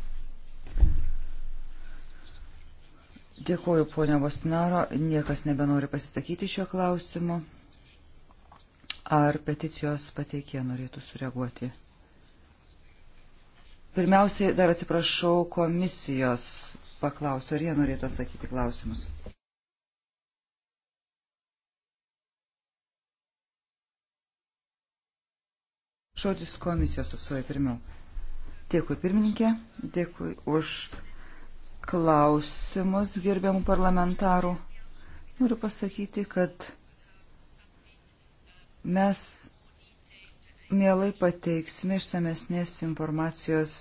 Dėkuoju, ponia Bostinaro. Niekas nebenori pasisakyti šio klausimu. Ar peticijos pateikė norėtų sureaguoti? Pirmiausiai dar atsiprašau komisijos paklausiu, ar jie norėtų atsakyti klausimus. Žodis komisijos atstovai pirmiau. Dėkui pirmininkė, dėkui už klausimus gerbiamų parlamentarų. Noriu pasakyti, kad mes mielai pateiksime išsamesnės informacijos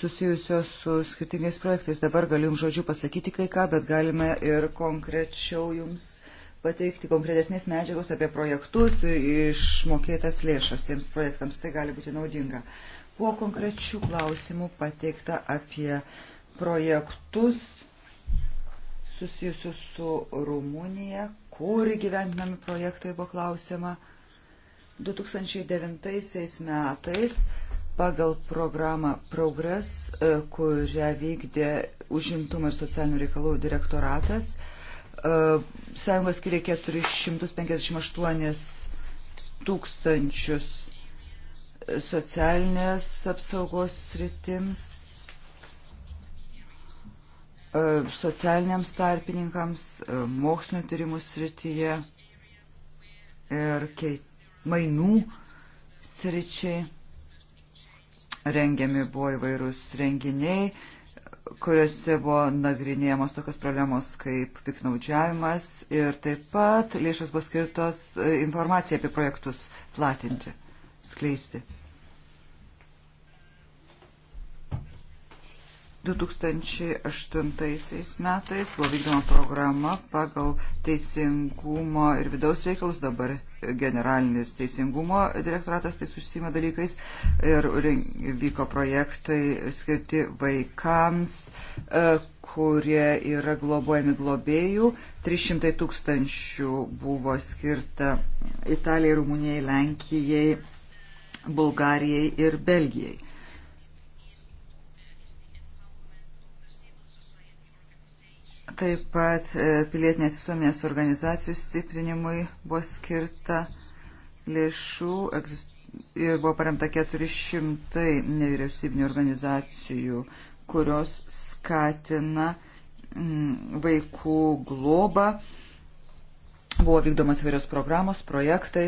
susijusios su skirtingais projektais. Dabar galim žodžiu pasakyti kai ką, bet galime ir konkrečiau jums pateikti konkretesnės medžiagos apie projektus ir išmokėtas lėšas tiems projektams. Tai gali būti naudinga. Buvo konkrečių klausimų pateikta apie projektus susijusius su Rumunija, kur gyventinami projektai buvo klausima. 2009 metais pagal programą Progress, e, kurią vykdė užimtumo ir socialinių reikalų direktoratas, E, sąjunga skiria 458 tūkstančius socialinės apsaugos sritims, e, socialiniams tarpininkams, e, mokslinio tyrimų srityje ir mainų sričiai. Rengiami buvo įvairūs renginiai, kuriuose buvo nagrinėjamos tokios problemos kaip piknaudžiavimas ir taip pat lėšas buvo skirtos e, informacijai apie projektus platinti, skleisti. 2008 metais buvo vykdoma programa pagal teisingumo ir vidaus reikalus dabar generalinis teisingumo direktoratas tais užsima dalykais ir vyko projektai skirti vaikams, e, kurie yra globojami globėjų. 300 tūkstančių buvo skirta Italijai, Rumunijai, Lenkijai, Bulgarijai ir Belgijai. Taip pat e, pilietinės visuomenės organizacijų stiprinimui buvo skirta lėšų ir buvo paremta 400 nevyriausybinių organizacijų, kurios skatina mm, vaikų globą. Buvo vykdomas vairios programos, projektai.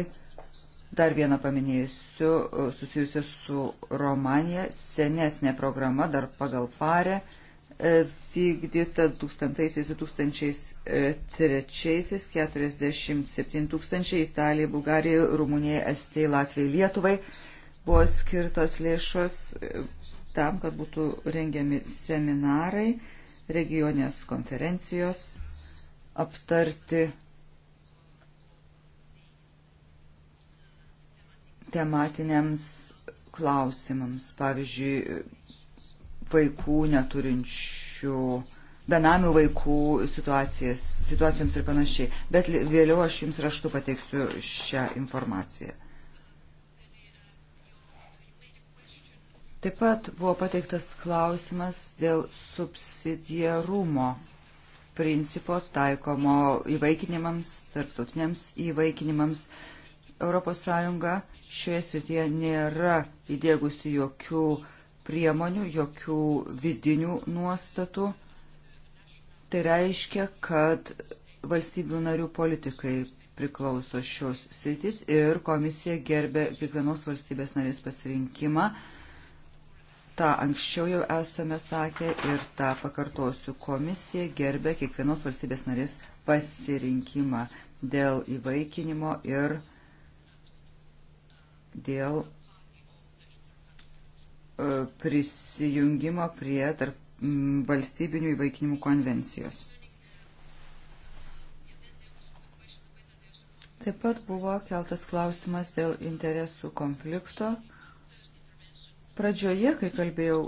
Dar vieną paminėsiu e, susijusiu su Romanija, senesnė programa dar pagal farę e, vykdyta 2000-2003, 47 tūkstančiai Italijai, Bulgarijai, Rumunijai, Estijai, Latvijai, Lietuvai buvo skirtos lėšos e, tam, kad būtų rengiami seminarai, regionės konferencijos, aptarti tematiniams klausimams, pavyzdžiui, vaikų neturinčių tūkstančių benamių vaikų situacijoms ir panašiai. Bet vėliau aš jums raštu pateiksiu šią informaciją. Taip pat buvo pateiktas klausimas dėl subsidiarumo principo taikomo įvaikinimams, tarptautiniams įvaikinimams. ES šioje srityje nėra įdėgusi jokių uh, priemonių, jokių vidinių nuostatų. Tai reiškia, kad valstybių narių politikai priklauso šios sritis ir komisija gerbė kiekvienos valstybės narės pasirinkimą. Ta anksčiau jau esame sakę ir tą pakartosiu. Komisija gerbė kiekvienos valstybės narės pasirinkimą dėl įvaikinimo ir dėl prisijungimo prie tarp mm, valstybinių įvaikinimų konvencijos. Taip pat buvo keltas klausimas dėl interesų konflikto. Pradžioje, kai kalbėjau,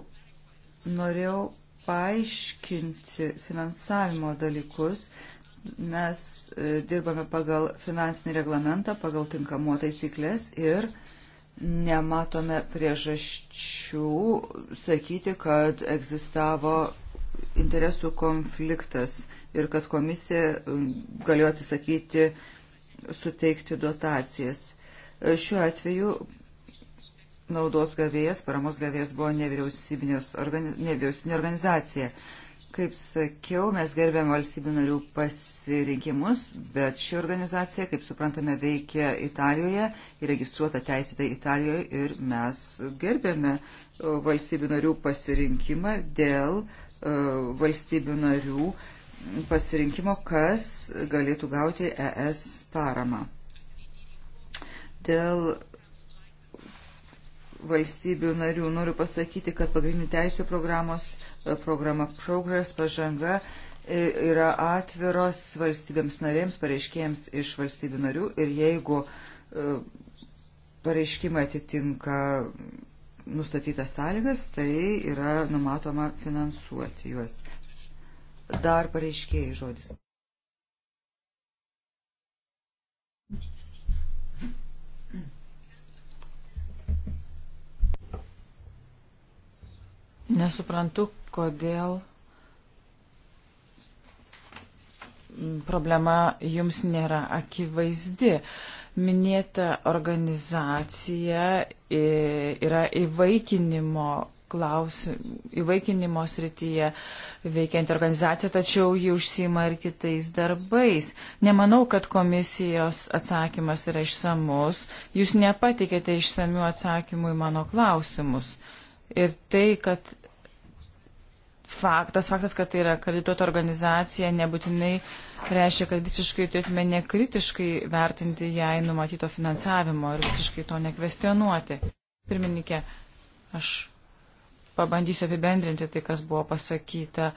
norėjau paaiškinti finansavimo dalykus. Mes e, dirbame pagal finansinį reglamentą, pagal tinkamuo taisyklės ir nematome priežasčių sakyti, kad egzistavo interesų konfliktas ir kad komisija um, galėjo atsisakyti suteikti dotacijas. E, šiuo atveju naudos gavėjas, paramos gavėjas buvo nevyriausybinė organizacija. Kaip sakiau, mes gerbėm valstybių narių pasirinkimus, bet ši organizacija, kaip suprantame, veikia Italijoje, įregistruota teisėtai Italijoje ir mes gerbėme e, valstybių narių pasirinkimą dėl e, valstybių narių pasirinkimo, kas galėtų gauti ES paramą. Dėl valstybių narių noriu pasakyti, kad pagrindinių teisų programos programa Progress pažanga e, yra atviros valstybėms narėms, pareiškėjams iš valstybių narių ir jeigu e, pareiškimai atitinka nustatytas sąlygas, tai yra numatoma finansuoti juos. Dar pareiškėjai žodis. Nesuprantu, kodėl problema jums nėra akivaizdi. Minėta organizacija e, yra įvaikinimo klausim, įvaikinimo srityje veikianti organizacija, tačiau ji užsima ir kitais darbais. Nemanau, kad komisijos atsakymas yra išsamus. Jūs nepatikėte išsamių atsakymų į mano klausimus. Ir tai, kad faktas, faktas, kad tai yra kredituota organizacija, nebūtinai reiškia, kad visiškai turėtume nekritiškai vertinti jai numatyto finansavimo ir visiškai to nekvestionuoti. Pirmininkė, aš pabandysiu apibendrinti tai, kas buvo pasakyta,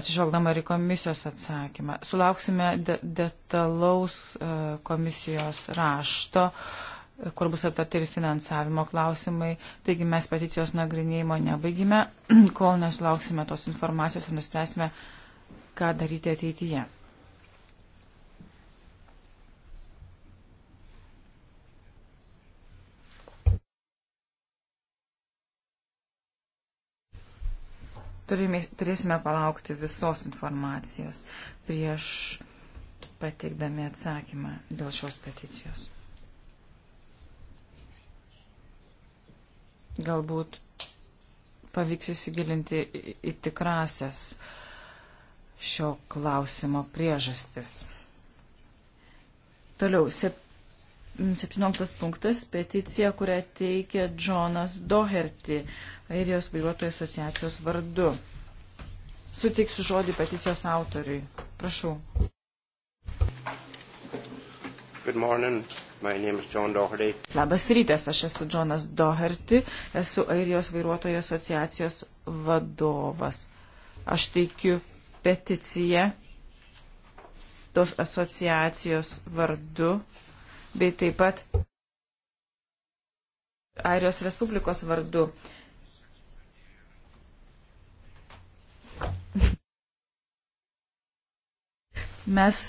atsižvelgdama ir komisijos atsakymą. Sulauksime de detalaus uh, komisijos rašto. Uh, kur bus aptarti ir finansavimo klausimai. Taigi mes peticijos nagrinėjimo nebaigime, <clears throat> kol nesulauksime tos informacijos ir nuspręsime, ką daryti ateityje. Turime, turėsime palaukti visos informacijos prieš pateikdami atsakymą dėl šios peticijos. galbūt pavyks įsigilinti į tikrasias šio klausimo priežastis. Toliau, 17 punktas - peticija, kurią teikia Džonas Doherty, Airijos vairuotojų asociacijos vardu. Suteiksiu žodį peticijos autoriui. Prašau. Good morning. Labas rytas, aš esu Džonas Doherty, esu Airijos vairuotojų asociacijos vadovas. Aš teikiu peticiją tos asociacijos vardu, bei taip pat Airijos Respublikos vardu. Mes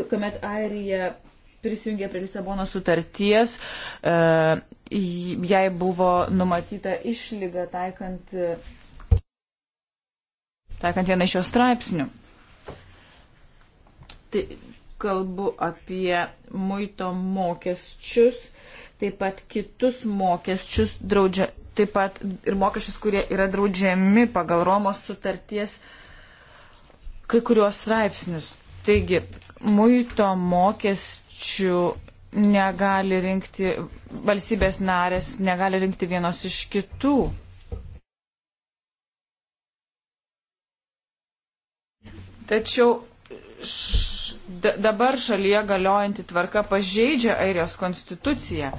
kuomet Airija prisijungė prie Lisabono sutarties, e, jai buvo numatyta išlyga taikant, taikant vieną iš jos straipsnių. Tai kalbu apie muito mokesčius, taip pat kitus mokesčius, draudžia, taip pat ir mokesčius, kurie yra draudžiami pagal Romos sutarties kai kuriuos straipsnius. Taigi, muito mokesčių negali rinkti, valstybės narės negali rinkti vienos iš kitų. Tačiau š, dabar šalyje galiojanti tvarka pažeidžia Airijos konstituciją.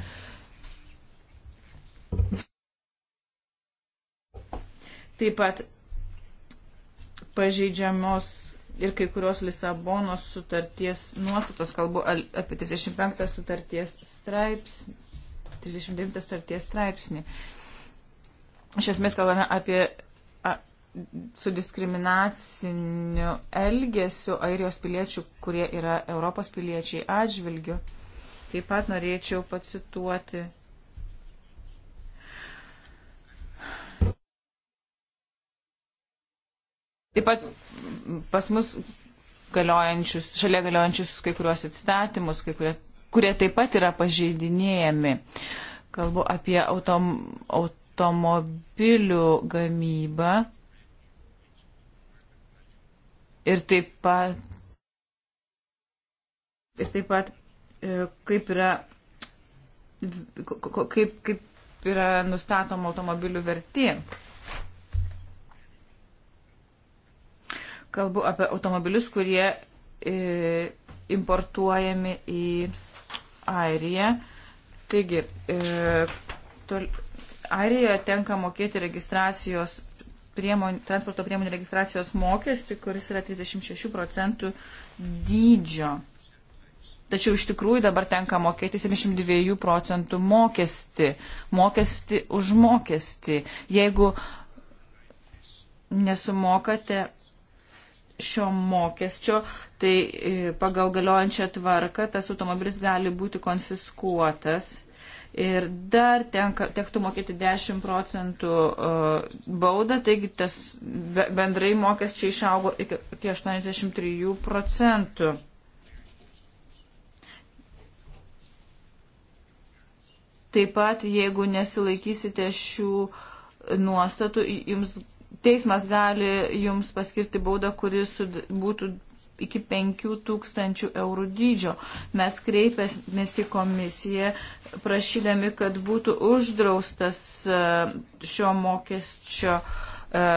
Taip pat pažeidžiamos ir kai kurios Lisabonos sutarties nuostatos, kalbu apie 35 sutarties straipsnį. 39 sutarties straipsnį. Iš esmės kalbame apie a, su diskriminaciniu elgesiu airijos piliečių, kurie yra Europos piliečiai atžvilgiu. Taip pat norėčiau pacituoti taip pat pas mus galiojančius, šalia galiojančius kai kuriuos atstatymus, kai kurie, kurie taip pat yra pažeidinėjami. Kalbu apie autom, automobilių gamybą ir taip pat, ir taip pat e, kaip yra, kaip, kaip yra nustatoma automobilių vertė. Kalbu apie automobilius, kurie e, importuojami į Airiją. Taigi, e, tol, Airijoje tenka mokėti registracijos priemon, transporto priemonių registracijos mokestį, kuris yra 36 procentų dydžio. Tačiau iš tikrųjų dabar tenka mokėti 72 procentų mokestį. Mokestį už mokestį. Jeigu nesumokate šio mokesčio, tai e, pagal galiojančią tvarką tas automobilis gali būti konfiskuotas. Ir dar tenka, tektų mokėti 10 procentų e, baudą, taigi tas bendrai mokesčiai išaugo iki 83 procentų. Taip pat, jeigu nesilaikysite šių nuostatų, jums teismas gali jums paskirti baudą, kuris būtų iki 5000 eurų dydžio. Mes kreipėmės į komisiją, prašydami, kad būtų uždraustas e, šio mokesčio e,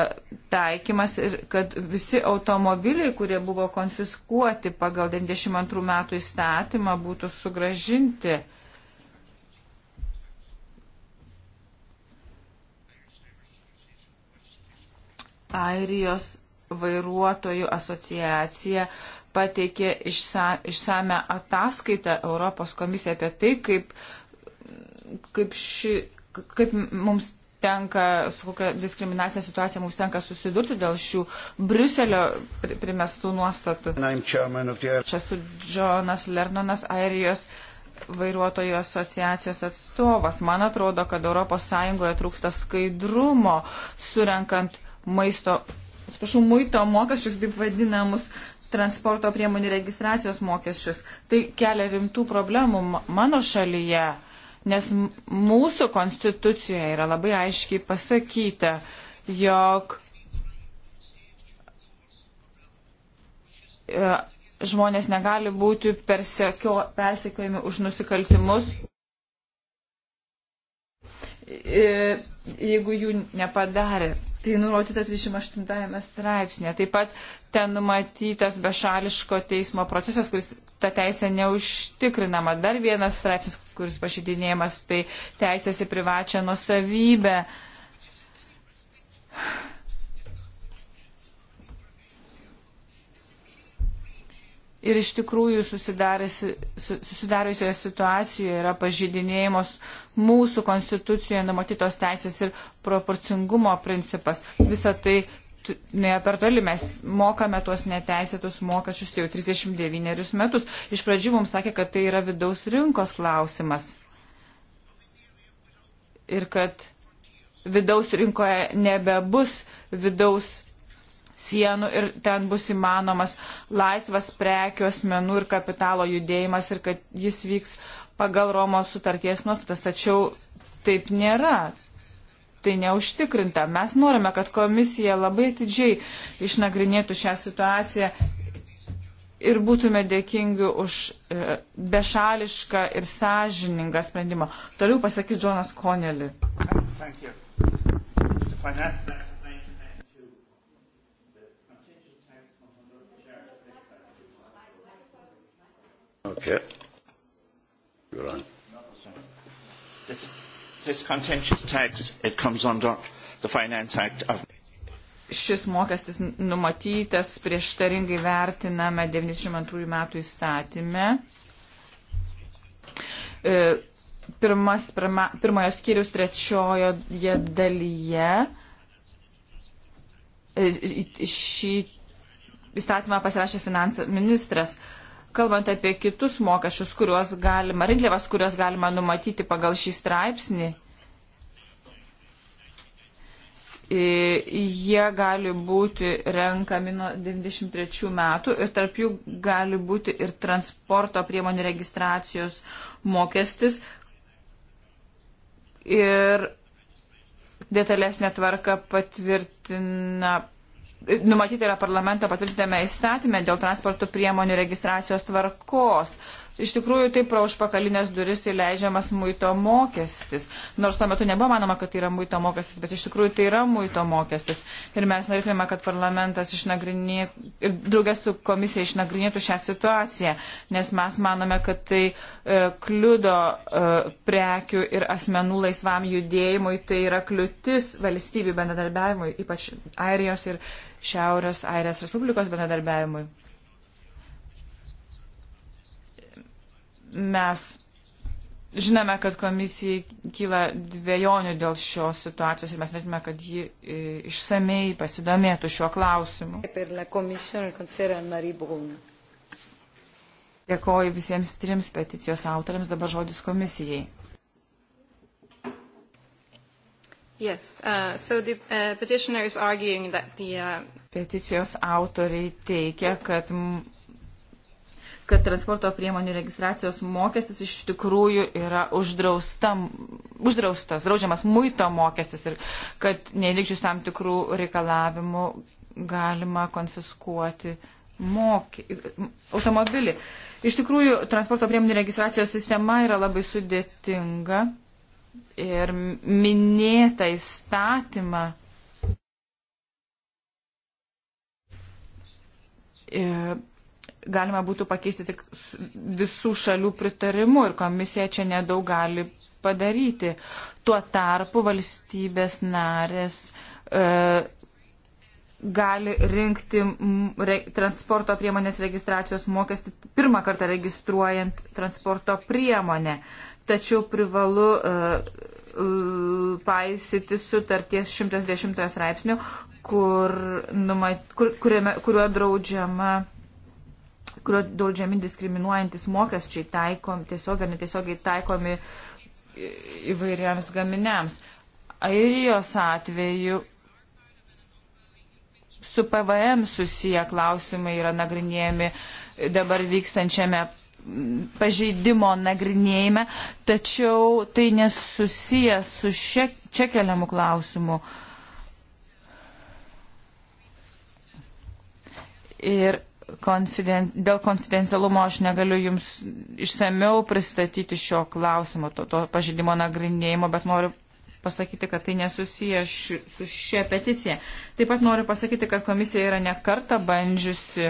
taikymas ir kad visi automobiliai, kurie buvo konfiskuoti pagal 92 metų įstatymą, būtų sugražinti. Airijos vairuotojų asociacija pateikė išsame ataskaitą Europos komisija apie tai, kaip, kaip, ši, kaip mums tenka, su kokia diskriminacinė situacija mums tenka susidurti dėl šių Briuselio primestų nuostatų. Čia su Džonas Lernonas, Airijos vairuotojų asociacijos atstovas. Man atrodo, kad ES trūksta skaidrumo, surenkant maisto, atsiprašau, muito mokesčius, taip vadinamus transporto priemonių registracijos mokesčius. Tai kelia rimtų problemų mano šalyje, nes mūsų konstitucijoje yra labai aiškiai pasakyta, jog e, žmonės negali būti persekio, persekiojami už nusikaltimus, e, jeigu jų nepadarė. Tai nurodyta 38 straipsnė. Taip pat ten numatytas bešališko teismo procesas, kuris ta teisė neužtikrinama. Dar vienas straipsnis, kuris pašydinėjimas, tai teisės į privačią nusavybę. ir iš tikrųjų susidariusioje situacijoje yra pažydinėjimos mūsų konstitucijoje numatytos teisės ir proporcingumo principas. Visą tai nuėjo per toli, mes mokame tuos neteisėtus mokesčius jau 39 metus. Iš pradžių mums sakė, kad tai yra vidaus rinkos klausimas. Ir kad vidaus rinkoje nebebus vidaus sienų ir ten bus įmanomas laisvas prekių asmenų ir kapitalo judėjimas ir kad jis vyks pagal Romos sutarties nuostatas. Tačiau taip nėra. Tai neužtikrinta. Mes norime, kad komisija labai atidžiai išnagrinėtų šią situaciją ir būtume dėkingi už e, bešališką ir sąžiningą sprendimą. Toliau pasakys Džonas Konelį. Thank you. Thank you. Okay. You're on. This, this contentious tax, it comes under the Finance Act of Šis mokestis numatytas prieštaringai vertiname 92 metų įstatymę. E, pirmas, pirma, pirmojo skyrius trečiojoje dalyje e, šį įstatymą pasirašė finansų ministras kalbant apie kitus mokesčius, kuriuos galima, rinkliavas, kuriuos galima numatyti pagal šį straipsnį, jie gali būti renkami nuo 93 metų ir tarp jų gali būti ir transporto priemonių registracijos mokestis ir detalesnė tvarka patvirtina numatyta yra parlamento patvirtintame įstatymė dėl transporto priemonių registracijos tvarkos iš tikrųjų taip pro užpakalinės duris įleidžiamas tai muito mokestis. Nors tuo metu nebuvo manoma, kad tai yra muito mokestis, bet iš tikrųjų tai yra muito mokestis. Ir mes norėtume, kad parlamentas išnagrinėtų ir draugės su komisija išnagrinėtų šią situaciją, nes mes manome, kad tai e, kliudo e, prekių ir asmenų laisvam judėjimui, tai yra kliūtis valstybių bendradarbiavimui, ypač Airijos ir Šiaurės Airijos Respublikos bendradarbiavimui. Mes žinome, kad komisijai kyla dviejonių dėl šios situacijos ir mes norėtume, kad ji e, išsamei pasidomėtų šiuo klausimu. E Dėkoju visiems trims peticijos autoriams, dabar žodis komisijai. Yes, uh, so the uh, petitioner is arguing that the... Uh... Peticijos autoriai teikia, kad kad transporto priemonių registracijos mokestis iš tikrųjų yra uždraustas, draudžiamas muito mokestis ir kad neįvykdžius tam tikrų reikalavimų galima konfiskuoti moki, automobilį. Iš tikrųjų, transporto priemonių registracijos sistema yra labai sudėtinga ir minėtą įstatymą galima būtų pakeisti tik visų šalių pritarimu ir komisija čia nedaug gali padaryti. Tuo tarpu valstybės narės e, gali rinkti re, transporto priemonės registracijos mokestį pirmą kartą registruojant transporto priemonę. Tačiau privalu uh, paisyti sutarties 110 straipsnių, kur, numat, kur, kuriame, kuriuo draudžiama kurio draudžiami diskriminuojantis mokesčiai taikom, tiesiog ar netiesiogiai taikomi įvairiems gaminiams. Airijos atveju su PVM susiję klausimai yra nagrinėjami dabar vykstančiame pažeidimo nagrinėjime, tačiau tai nesusiję su šia, čia keliamu klausimu. Ir konfiden, dėl konfidencialumo aš negaliu Jums išsameu pristatyti šio klausimo, to, to pažydimo nagrinėjimo, bet noriu pasakyti, kad tai nesusiję ši, su šia peticija. Taip pat noriu pasakyti, kad komisija yra nekarta bandžiusi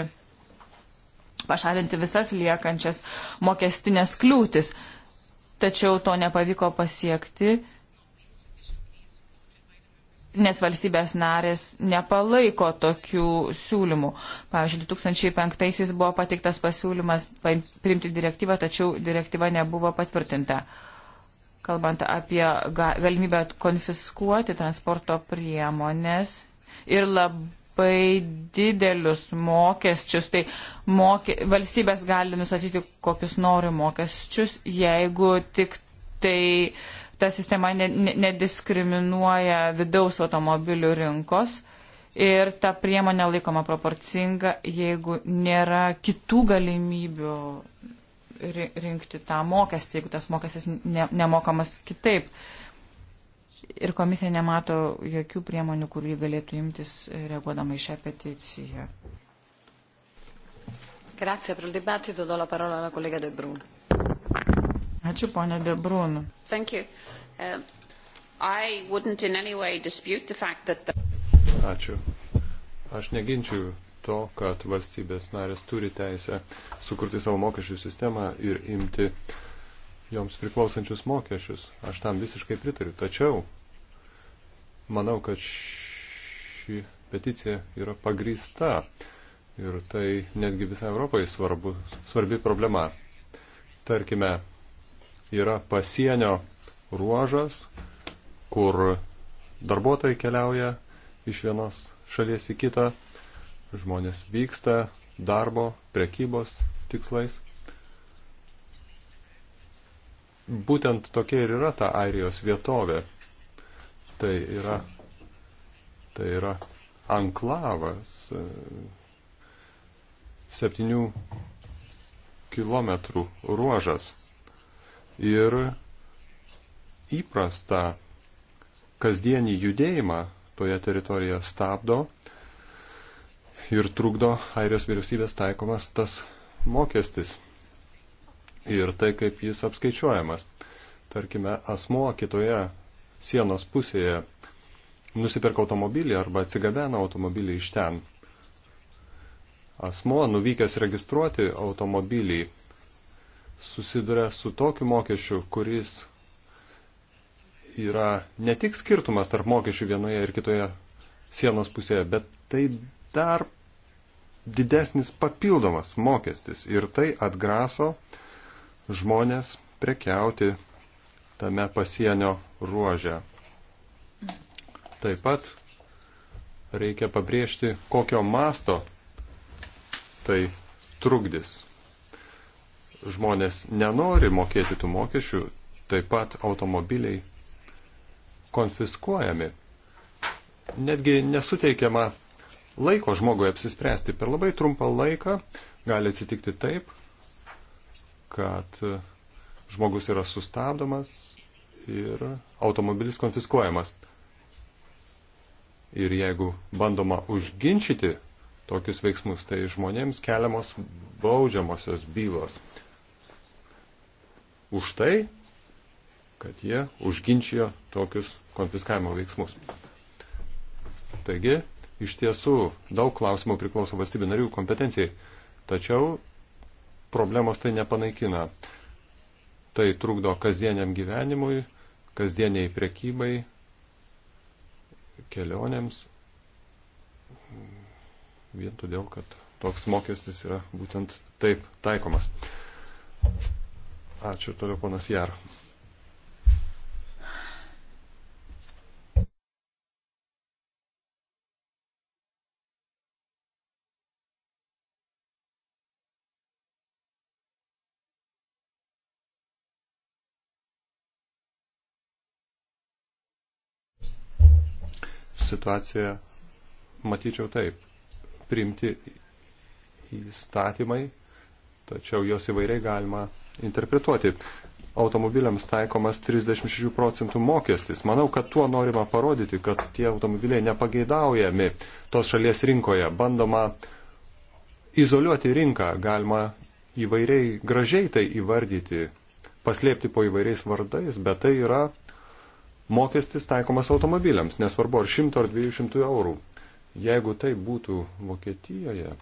pašalinti visas liekančias mokestinės kliūtis, tačiau to nepavyko pasiekti nes valstybės narės nepalaiko tokių siūlymų. Pavyzdžiui, 2005-aisiais buvo pateiktas pasiūlymas priimti direktyvą, tačiau direktyva nebuvo patvirtinta. Kalbant apie galimybę konfiskuoti transporto priemonės ir labai didelius mokesčius, tai mokė, valstybės gali nusatyti kokius nori mokesčius, jeigu tik tai uh, ta sistema nediskriminuoja vidaus automobilių rinkos ir ta priemonė laikoma proporcinga, jeigu nėra kitų galimybių rinkti tą mokestį, jeigu tas mokestis ne, nemokamas kitaip. Ir komisija nemato jokių priemonių, kurių jį galėtų imtis e, reaguodama į šią peticiją. Grazie per il dibattito, do la parola alla collega De Bruno. Ačiū, ponė Debrun. Uh, Ačiū. Aš neginčiu to, kad valstybės narės turi teisę sukurti savo mokesčių sistemą ir imti joms priklausančius mokesčius. Aš tam visiškai pritariu. Tačiau manau, kad ši peticija yra pagrįsta ir tai netgi visai Europai svarbu, svarbi problema. Tarkime, yra pasienio ruožas, kur darbuotojai keliauja iš vienos šalies į kitą, žmonės vyksta darbo, prekybos tikslais. Būtent tokia ir yra ta Airijos vietovė. Tai yra, tai yra anklavas e, septynių kilometrų ruožas ir įprastą kasdienį judėjimą toje teritorijoje stabdo ir trukdo Airijos vyriausybės taikomas tas mokestis ir tai, kaip jis apskaičiuojamas. Tarkime, asmuo kitoje sienos pusėje nusiperka automobilį arba atsigabena automobilį iš ten. Asmuo nuvykęs registruoti automobilį susiduria su tokiu mokesčiu, kuris yra ne tik skirtumas tarp mokesčių vienoje ir kitoje sienos pusėje, bet tai dar didesnis papildomas mokestis ir tai atgraso žmonės prekiauti tame pasienio ruože. Taip pat reikia pabrėžti, kokio masto tai trukdys žmonės nenori mokėti tų mokesčių, taip pat automobiliai konfiskuojami. Netgi nesuteikiama laiko žmogui apsispręsti. Per labai trumpą laiką gali atsitikti taip, kad žmogus yra sustabdomas ir automobilis konfiskuojamas. Ir jeigu bandoma užginčyti tokius veiksmus, tai žmonėms keliamos baudžiamosios bylos už tai, kad jie užginčijo tokius konfiskavimo veiksmus. Taigi, iš tiesų, daug klausimų priklauso valstybių narių kompetencijai, tačiau problemos tai nepanaikina. Tai trukdo kasdieniam gyvenimui, kasdieniai prekybai, kelionėms, vien todėl, kad toks mokestis yra būtent taip taikomas. Ačiū toliau, ponas Jar. situaciją matyčiau taip. Priimti įstatymai tačiau jos įvairiai galima interpretuoti. Automobiliams taikomas 36 procentų mokestis. Manau, kad tuo norima parodyti, kad tie automobiliai nepageidaujami tos šalies rinkoje. Bandoma izoliuoti rinką, galima įvairiai gražiai tai įvardyti, paslėpti po įvairiais vardais, bet tai yra mokestis taikomas automobiliams, nesvarbu ar 100 ar 200 eurų. Jeigu tai būtų Vokietijoje,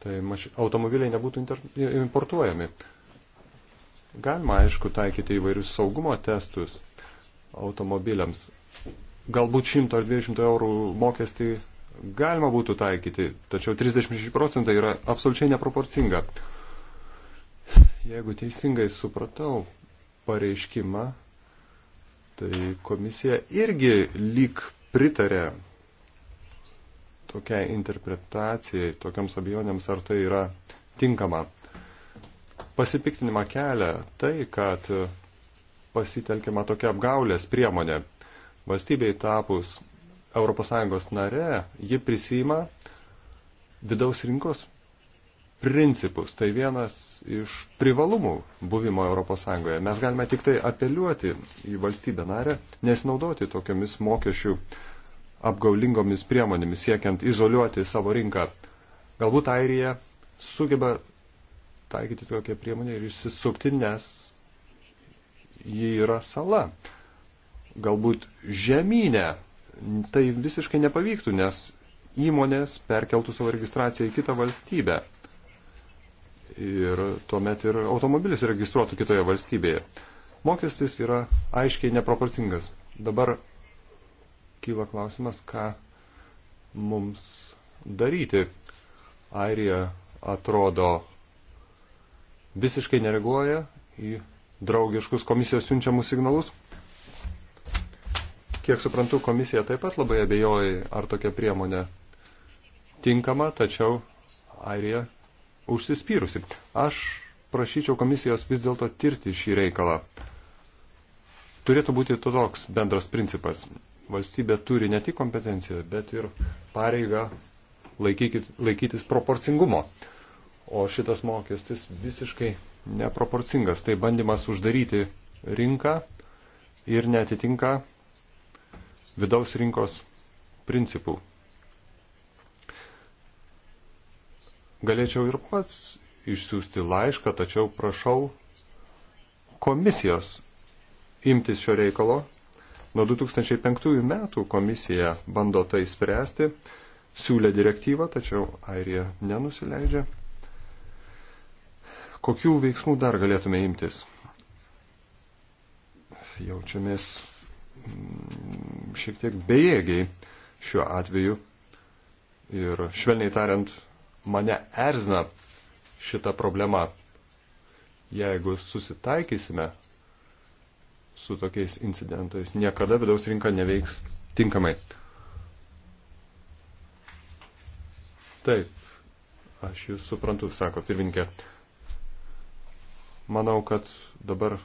tai maž... automobiliai nebūtų inter... importuojami. Galima, aišku, taikyti įvairius saugumo testus automobiliams. Galbūt 100 ar 200 eurų mokestį galima būtų taikyti, tačiau 36 procentai yra absoliučiai neproporcinga. Jeigu teisingai supratau pareiškimą, tai komisija irgi lyg pritarė tokiai interpretacijai, tokiams abejonėms, ar tai yra tinkama. Pasipiktinimą kelia tai, kad pasitelkiama tokia apgaulės priemonė. Valstybei tapus ES nare, ji prisima vidaus rinkos principus. Tai vienas iš privalumų buvimo ES. Mes galime tik tai apeliuoti į valstybę narę, nesinaudoti tokiamis mokesčių uh, apgaulingomis priemonėmis siekiant izoliuoti savo rinką. Galbūt Airija sugeba taikyti tokią priemonę ir išsisukti, nes ji yra sala. Galbūt žemynė tai visiškai nepavyktų, nes įmonės perkeltų savo registraciją į kitą valstybę. Ir tuomet ir automobilis registruotų kitoje valstybėje. Mokestis yra aiškiai neproporcingas. Dabar kyla klausimas, ką mums daryti. Airija atrodo visiškai nereaguoja į draugiškus komisijos siunčiamus signalus. Kiek suprantu, komisija taip pat labai abejoja, ar tokia priemonė tinkama, tačiau Airija užsispyrusi. Aš prašyčiau komisijos vis dėlto tirti šį reikalą. Turėtų būti toks bendras principas valstybė turi ne tik kompetenciją, bet ir pareigą laikykit, laikytis proporcingumo. O šitas mokestis visiškai neproporcingas. Tai bandymas uždaryti rinką ir netitinka vidaus rinkos principų. Galėčiau ir pats išsiųsti laišką, tačiau prašau komisijos imtis šio reikalo Nuo 2005 metų komisija bando tai spręsti, siūlė direktyvą, tačiau Airija nenusileidžia. Kokių veiksmų dar galėtume imtis? Jaučiamės mm, šiek tiek bejėgiai šiuo atveju ir švelniai tariant, mane erzina šita problema. Jeigu susitaikysime su tokiais incidentais. Niekada vidaus rinka neveiks tinkamai. Taip, aš jūs suprantu, sako pirmininkė. Manau, kad dabar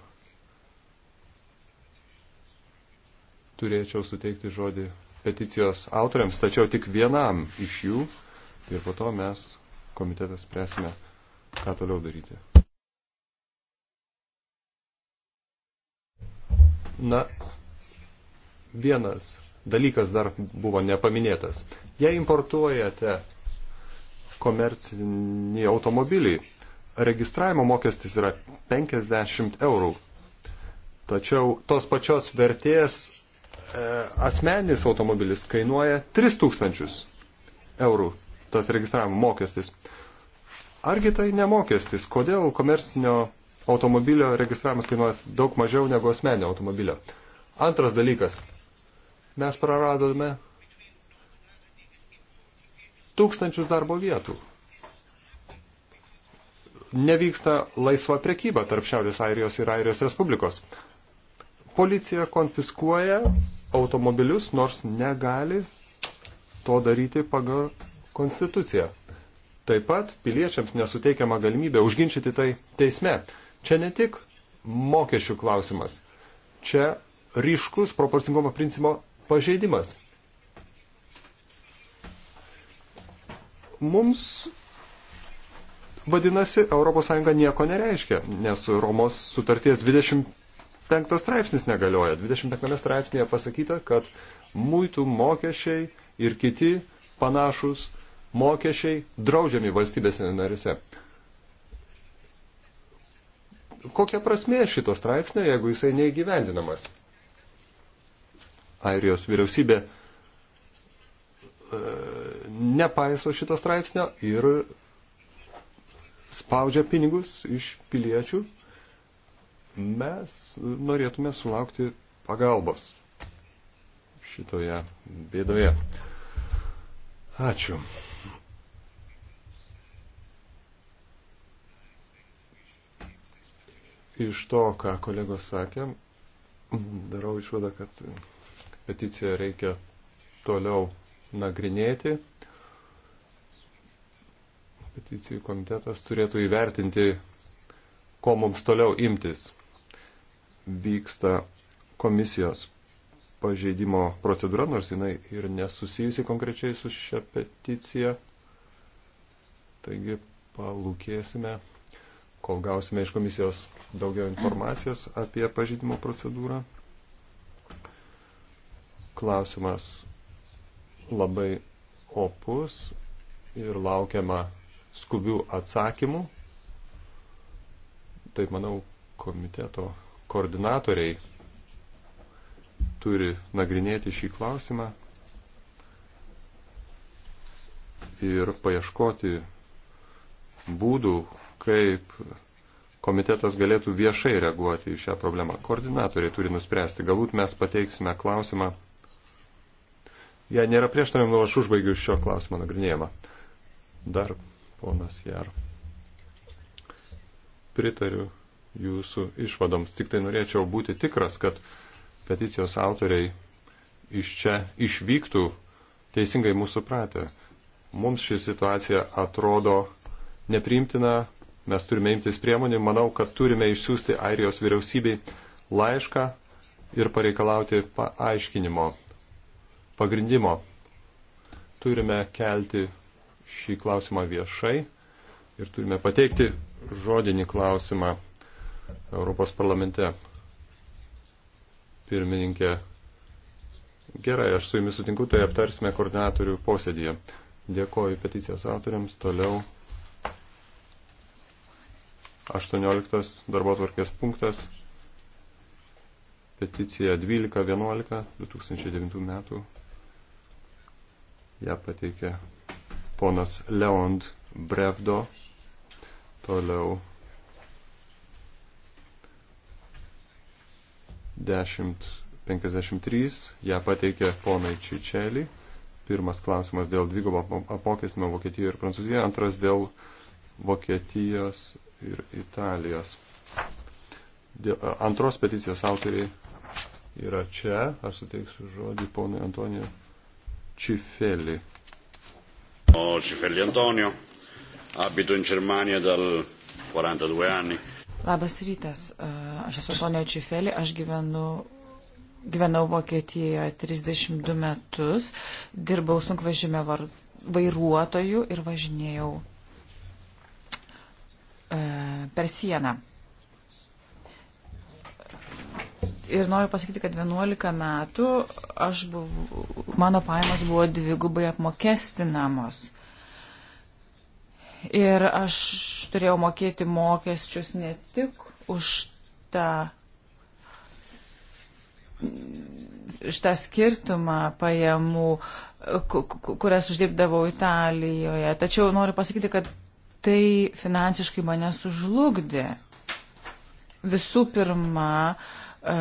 turėčiau suteikti žodį peticijos autoriams, tačiau tik vienam iš jų ir po to mes komitetas spręsime, ką toliau daryti. Na, vienas dalykas dar buvo nepaminėtas. Jei importuojate komercinį automobilį, registravimo mokestis yra 50 eurų. Tačiau tos pačios vertės e, asmeninis automobilis kainuoja 3000 eurų tas registravimo mokestis. Argi tai nemokestis? Kodėl komercinio automobilio registravimas kainuoja daug mažiau negu asmenio automobilio. Antras dalykas. Mes praradome tūkstančius darbo vietų. Nevyksta laisva prekyba tarp Šiaurės Airijos ir Airijos Respublikos. Policija konfiskuoja automobilius, nors negali to daryti pagal konstituciją. Taip pat piliečiams nesuteikiama galimybė užginčyti tai teisme. Čia ne tik mokesčių klausimas, čia ryškus proporcingumo principo pažeidimas. Mums vadinasi, ES nieko nereiškia, nes Romos sutarties 25 straipsnis negalioja. 25 straipsnėje pasakyta, kad muitų mokesčiai ir kiti panašus mokesčiai draudžiami valstybėse narise kokia prasmė šito straipsnio, jeigu jisai neįgyvendinamas? Airijos vyriausybė e, nepaiso šito straipsnio ir spaudžia pinigus iš piliečių, mes norėtume sulaukti pagalbos šitoje bėdoje. Ačiū. iš to, ką kolegos sakė, darau išvadą, kad peticiją reikia toliau nagrinėti. Peticijų komitetas turėtų įvertinti, ko mums toliau imtis. Vyksta komisijos pažeidimo procedūra, nors jinai ir nesusijusi konkrečiai su šia peticija. Taigi palūkėsime kol gausime iš komisijos daugiau informacijos apie pažydimo procedūrą. Klausimas labai opus ir laukiama skubių atsakymų. Taip manau, komiteto koordinatoriai turi nagrinėti šį klausimą ir paieškoti būdų, kaip komitetas galėtų viešai reaguoti į šią problemą. Koordinatoriai turi nuspręsti. Galbūt mes pateiksime klausimą. Jei nėra prieštaravimų, aš užbaigiu šio klausimo nagrinėjimą. Dar ponas Jar. Pritariu jūsų išvadoms. Tik tai norėčiau būti tikras, kad peticijos autoriai iš čia išvyktų teisingai mūsų pratę. Mums ši situacija atrodo nepriimtina mes turime imtis priemonių. Manau, kad turime išsiųsti Airijos vyriausybei laišką ir pareikalauti paaiškinimo, pagrindimo. Turime kelti šį klausimą viešai ir turime pateikti žodinį klausimą Europos parlamente. Pirmininkė, gerai, aš su jumis sutinku, tai aptarsime koordinatorių posėdėje. Dėkoju peticijos autoriams, toliau 18 darbo tvarkės punktas, peticija 12.11.2009 metų. Ja pateikė ponas Leond Brevdo. Toliau 10.53. Ja pateikė ponai Čičelį. Pirmas klausimas dėl dvigubo apmokestinimo Vokietijoje ir Prancūzijoje, antras dėl Vokietijos ir Italijos. Antros peticijos autoriai yra čia. Aš suteiksiu žodį ponui Antonijo Cifeli. O Cifeli Antonio, abito in Germania dal 42 anni. Labas rytas, aš esu Antonijo Cifeli, aš gyvenu gyvenau Vokietijoje 32 metus, dirbau sunkvežimio vairuotojų ir važinėjau E, per sieną. Ir noriu pasakyti, kad 11 metų aš buvau, mano pajamos buvo dvigubai apmokestinamos. Ir aš turėjau mokėti mokesčius ne tik už tą, šitą skirtumą pajamų, kurias uždirbdavau Italijoje. Tačiau noriu pasakyti, kad tai finansiškai mane sužlugdė. Visų pirma, e,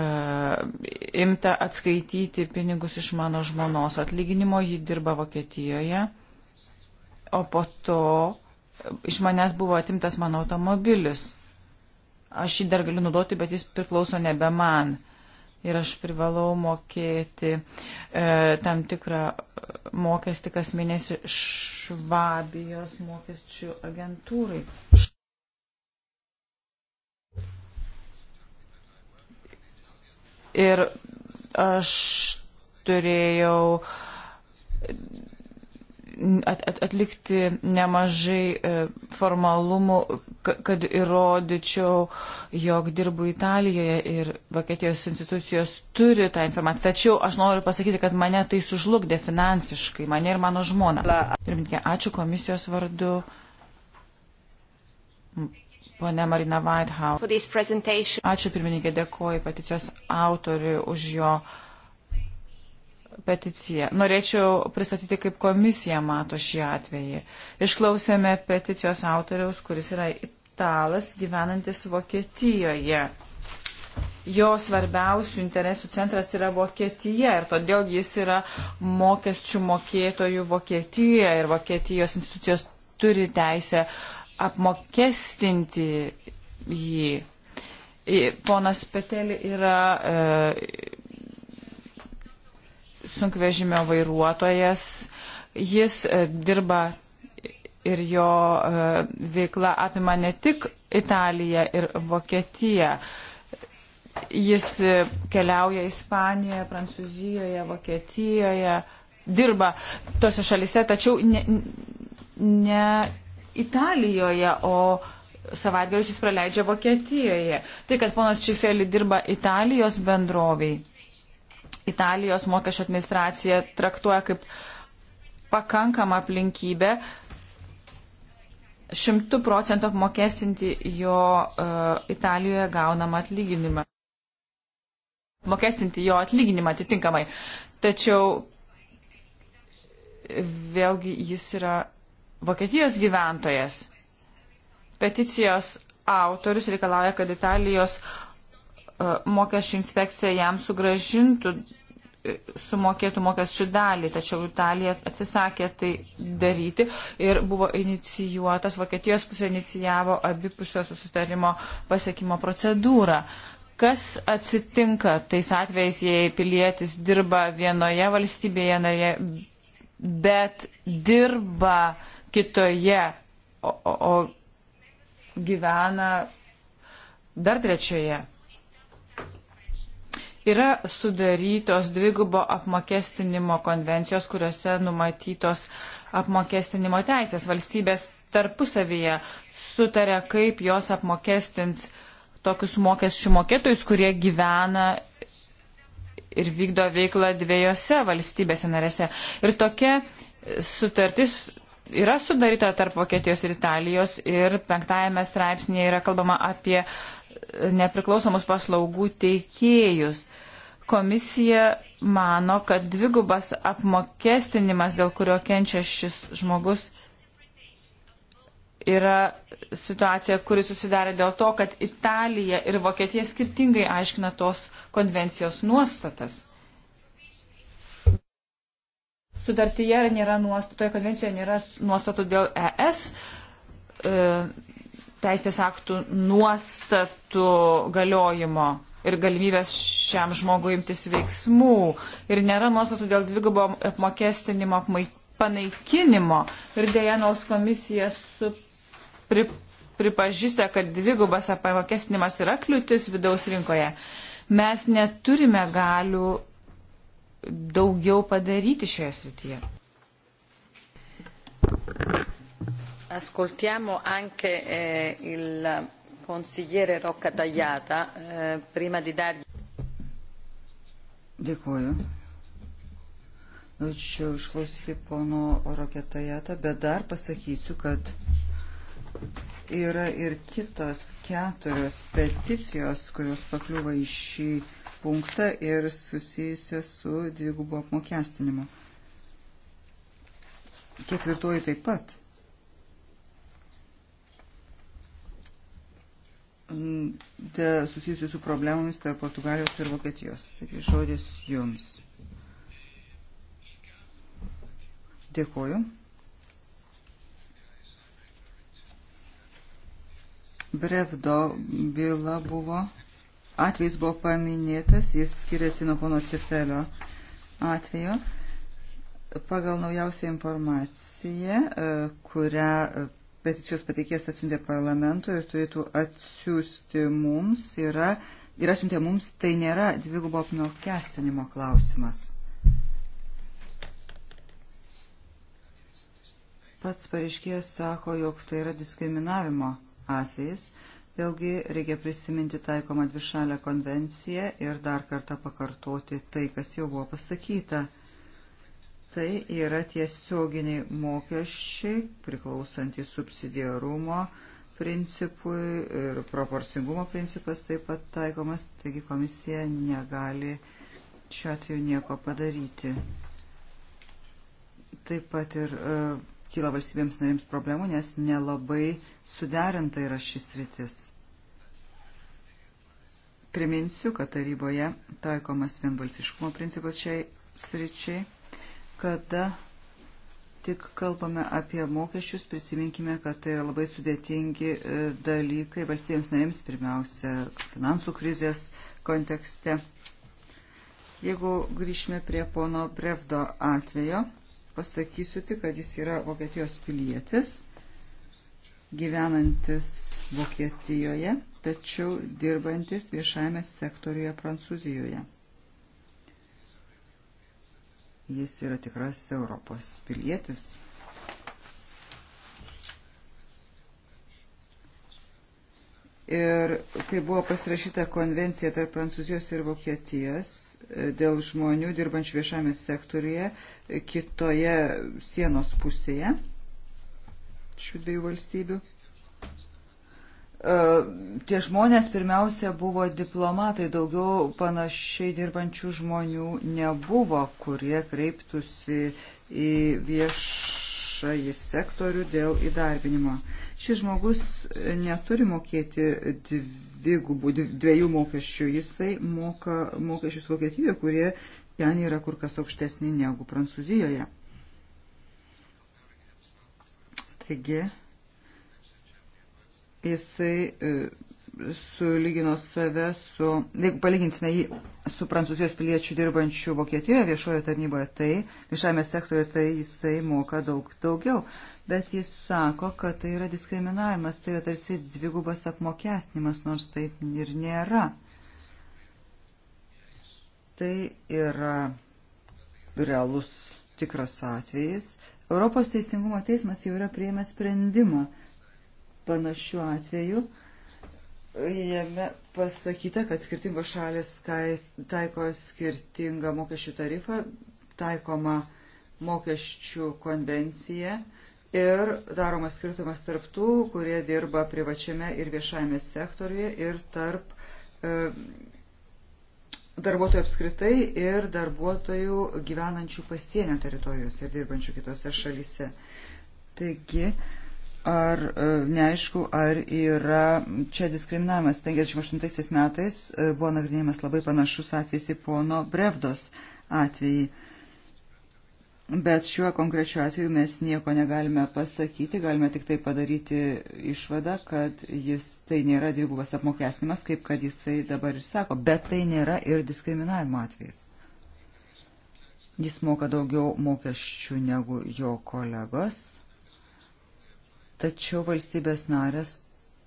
imta atskaityti pinigus iš mano žmonos atlyginimo, ji dirba Vokietijoje, o po to iš manęs buvo atimtas mano automobilis. Aš jį dar galiu naudoti, bet jis priklauso nebe man. Uh, ir aš privalau mokėti e, tam tikrą mokestį kas mėnesį Švabijos mokesčių agentūrai. Ir aš turėjau at, at, atlikti nemažai e, formalumų, kad įrodyčiau, jog dirbu Italijoje ir Vokietijos institucijos turi tą informaciją. Tačiau aš noriu pasakyti, kad mane tai sužlugdė finansiškai, mane ir mano žmona. Pirminkė, ačiū komisijos vardu. Pone Marina Whitehouse. Ačiū pirmininkė, dėkoju peticijos autoriui už jo uh, peticiją. Norėčiau pristatyti, kaip komisija mato šį atvejį. Išklausėme peticijos autoriaus, kuris yra italas gyvenantis Vokietijoje. Jo svarbiausių interesų centras yra Vokietija ir todėl jis yra mokesčių mokėtojų Vokietijoje ir Vokietijos institucijos turi teisę apmokestinti jį. Ponas Petelį yra. E, sunkvežimio vairuotojas, jis e, dirba ir jo e, veikla apima ne tik Italiją ir Vokietiją. Jis e, keliauja Ispanijoje, Prancūzijoje, Vokietijoje, dirba tose šalise, tačiau ne, ne Italijoje, o savaitgalius jis praleidžia Vokietijoje. Tai, kad ponas Čifeli dirba Italijos bendroviai Italijos mokesčio administracija traktuoja kaip pakankamą aplinkybę šimtų procentų apmokestinti jo uh, Italijoje gaunamą atlyginimą. Mokestinti jo atlyginimą atitinkamai. Tačiau vėlgi jis yra Vokietijos gyventojas. Peticijos autorius reikalauja, kad Italijos uh, E, mokesčių inspekcija jam sugražintų e, sumokėtų mokesčių dalį, tačiau Italija atsisakė tai daryti ir buvo inicijuotas, Vokietijos pusė inicijavo abipusio susitarimo pasiekimo procedūrą. Kas atsitinka tais atvejais, jei pilietis dirba vienoje valstybėje, narė, bet dirba kitoje, o, o, o gyvena dar trečioje? Yra sudarytos dvigubo apmokestinimo konvencijos, kuriuose numatytos apmokestinimo teisės. Valstybės tarpusavyje sutarė, kaip jos apmokestins tokius mokesčių mokėtojus, kurie gyvena ir vykdo veiklą dviejose valstybėse narėse. Ir tokia sutartis yra sudaryta tarp Vokietijos ir Italijos ir penktajame straipsnėje yra kalbama apie nepriklausomus paslaugų teikėjus. Komisija mano, kad dvigubas apmokestinimas, dėl kurio kenčia šis žmogus, yra situacija, kuri susidarė dėl to, kad Italija ir Vokietija skirtingai aiškina tos konvencijos nuostatas. Sudartyje nėra nuostatoje, konvencijoje nėra nuostatų dėl ES e, teisės aktų nuostatų galiojimo ir galimybės šiam žmogui imtis veiksmų. Ir nėra nuostatų dėl dvigubo apmokestinimo apmai, panaikinimo. Ir dėja, nors komisija su, pri, pripažįsta, kad dvigubas apmokestinimas yra kliūtis vidaus rinkoje. Mes neturime galių daugiau padaryti šioje srityje. Ascoltiamo anche eh, il Consigliere Rocca Tagliata, eh, prima di dargli. Dėkuoju. Norėčiau išklausyti pono Roketajatą, bet dar pasakysiu, kad yra ir kitos keturios peticijos, kurios pakliūva į šį punktą ir susijusios su dvigubo apmokestinimu. Ketvirtoji taip pat susijusių su problemomis tarp Portugalijos ir Vokietijos. Taigi žodis jums. Dėkuoju. Brevdo byla buvo, atvejs buvo paminėtas, jis skiriasi nuo pono Cifelio atvejo. Pagal naujausią informaciją, e, kurią peticijos pateikėjas atsiuntė parlamentui ir turėtų atsiųsti mums, yra, yra siuntė mums, tai nėra dvigubo apmokestinimo klausimas. Pats pareiškėjas sako, jog tai yra diskriminavimo atvejis. Vėlgi reikia prisiminti taikomą dvišalę konvenciją ir dar kartą pakartoti tai, kas jau buvo pasakyta. Tai yra tiesioginiai mokesčiai priklausantys subsidiarumo principui ir proporcingumo principas taip pat taikomas, taigi komisija negali šiuo atveju nieko padaryti. Taip pat ir e, kyla valstybėms narims problemų, nes nelabai suderinta yra šis rytis. Priminsiu, kad taryboje taikomas vienbalsiškumo principas šiai sričiai. Kada tik kalbame apie mokesčius, prisiminkime, kad tai yra labai sudėtingi e, dalykai valstybėms narėms, pirmiausia, finansų krizės kontekste. Jeigu grįžime prie pono Brevdo atvejo, pasakysiu tik, kad jis yra Vokietijos pilietis, gyvenantis Vokietijoje, tačiau dirbantis viešajame sektoriuje Prancūzijoje. Jis yra tikras Europos pilietis. Ir kai buvo pasirašyta konvencija tarp Prancūzijos ir Vokietijos e, dėl žmonių dirbančių viešame sektoriuje kitoje sienos pusėje šių dviejų valstybių, E, tie žmonės pirmiausia buvo diplomatai, daugiau panašiai dirbančių žmonių nebuvo, kurie kreiptųsi į viešąjį sektorių dėl įdarbinimo. Šis žmogus neturi mokėti dvigubų, dviejų mokesčių, jisai moka mokesčius Vokietijoje, kurie ten yra kur kas aukštesni negu Prancūzijoje. Taigi, Jisai e, sulygino save su, jeigu palyginsime jį su prancūzijos piliečių dirbančių Vokietijoje viešojo tarnyboje, tai viešajame sektoriuje tai jisai moka daug daugiau. Bet jis sako, kad tai yra diskriminavimas, tai yra tarsi dvigubas apmokestinimas, nors taip ir nėra. Tai yra realus tikras atvejis. Europos Teisingumo teismas jau yra prieimęs sprendimą panašių atvejų. Jame pasakyta, kad skirtingos šalis taiko skirtingą mokesčių tarifą, taikoma mokesčių konvencija ir daromas skirtumas tarp tų, kurie dirba privačiame ir viešajame sektoriuje ir tarp e, darbuotojų apskritai ir darbuotojų gyvenančių pasienio teritorijose ir dirbančių kitose šalyse. Taigi, e, ar e, neaišku, ar yra čia diskriminavimas. 58 metais e, buvo nagrinėjimas labai panašus atvejs į pono Brevdos atvejį. Bet šiuo konkrečiu atveju mes nieko negalime pasakyti, galime tik tai padaryti išvadą, kad jis tai nėra dvigubas apmokestinimas, kaip kad jisai dabar ir sako, bet tai nėra ir diskriminavimo atvejs. Jis moka daugiau mokesčių negu jo kolegos tačiau valstybės narės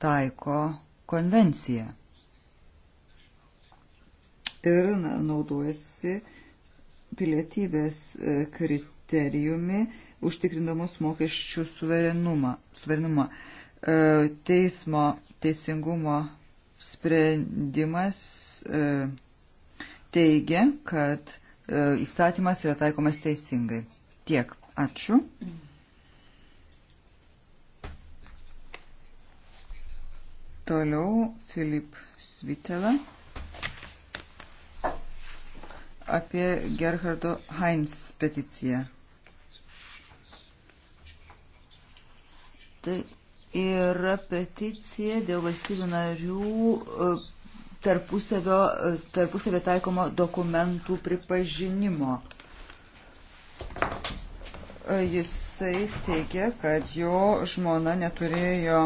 taiko konvenciją ir naudojasi pilietybės e, kriterijumi užtikrindamos mokesčių suverenumą. suverenumą. E, teismo teisingumo sprendimas e, teigia, kad įstatymas yra taikomas teisingai. Tiek. Ačiū. Mm. Toliau Filip Svitela apie Gerhardo Heinz peticiją. Tai yra peticija dėl valstybių narių e, tarpusavio, e, tarpusavio taikomo dokumentų pripažinimo. E, jisai teigia, kad jo žmona neturėjo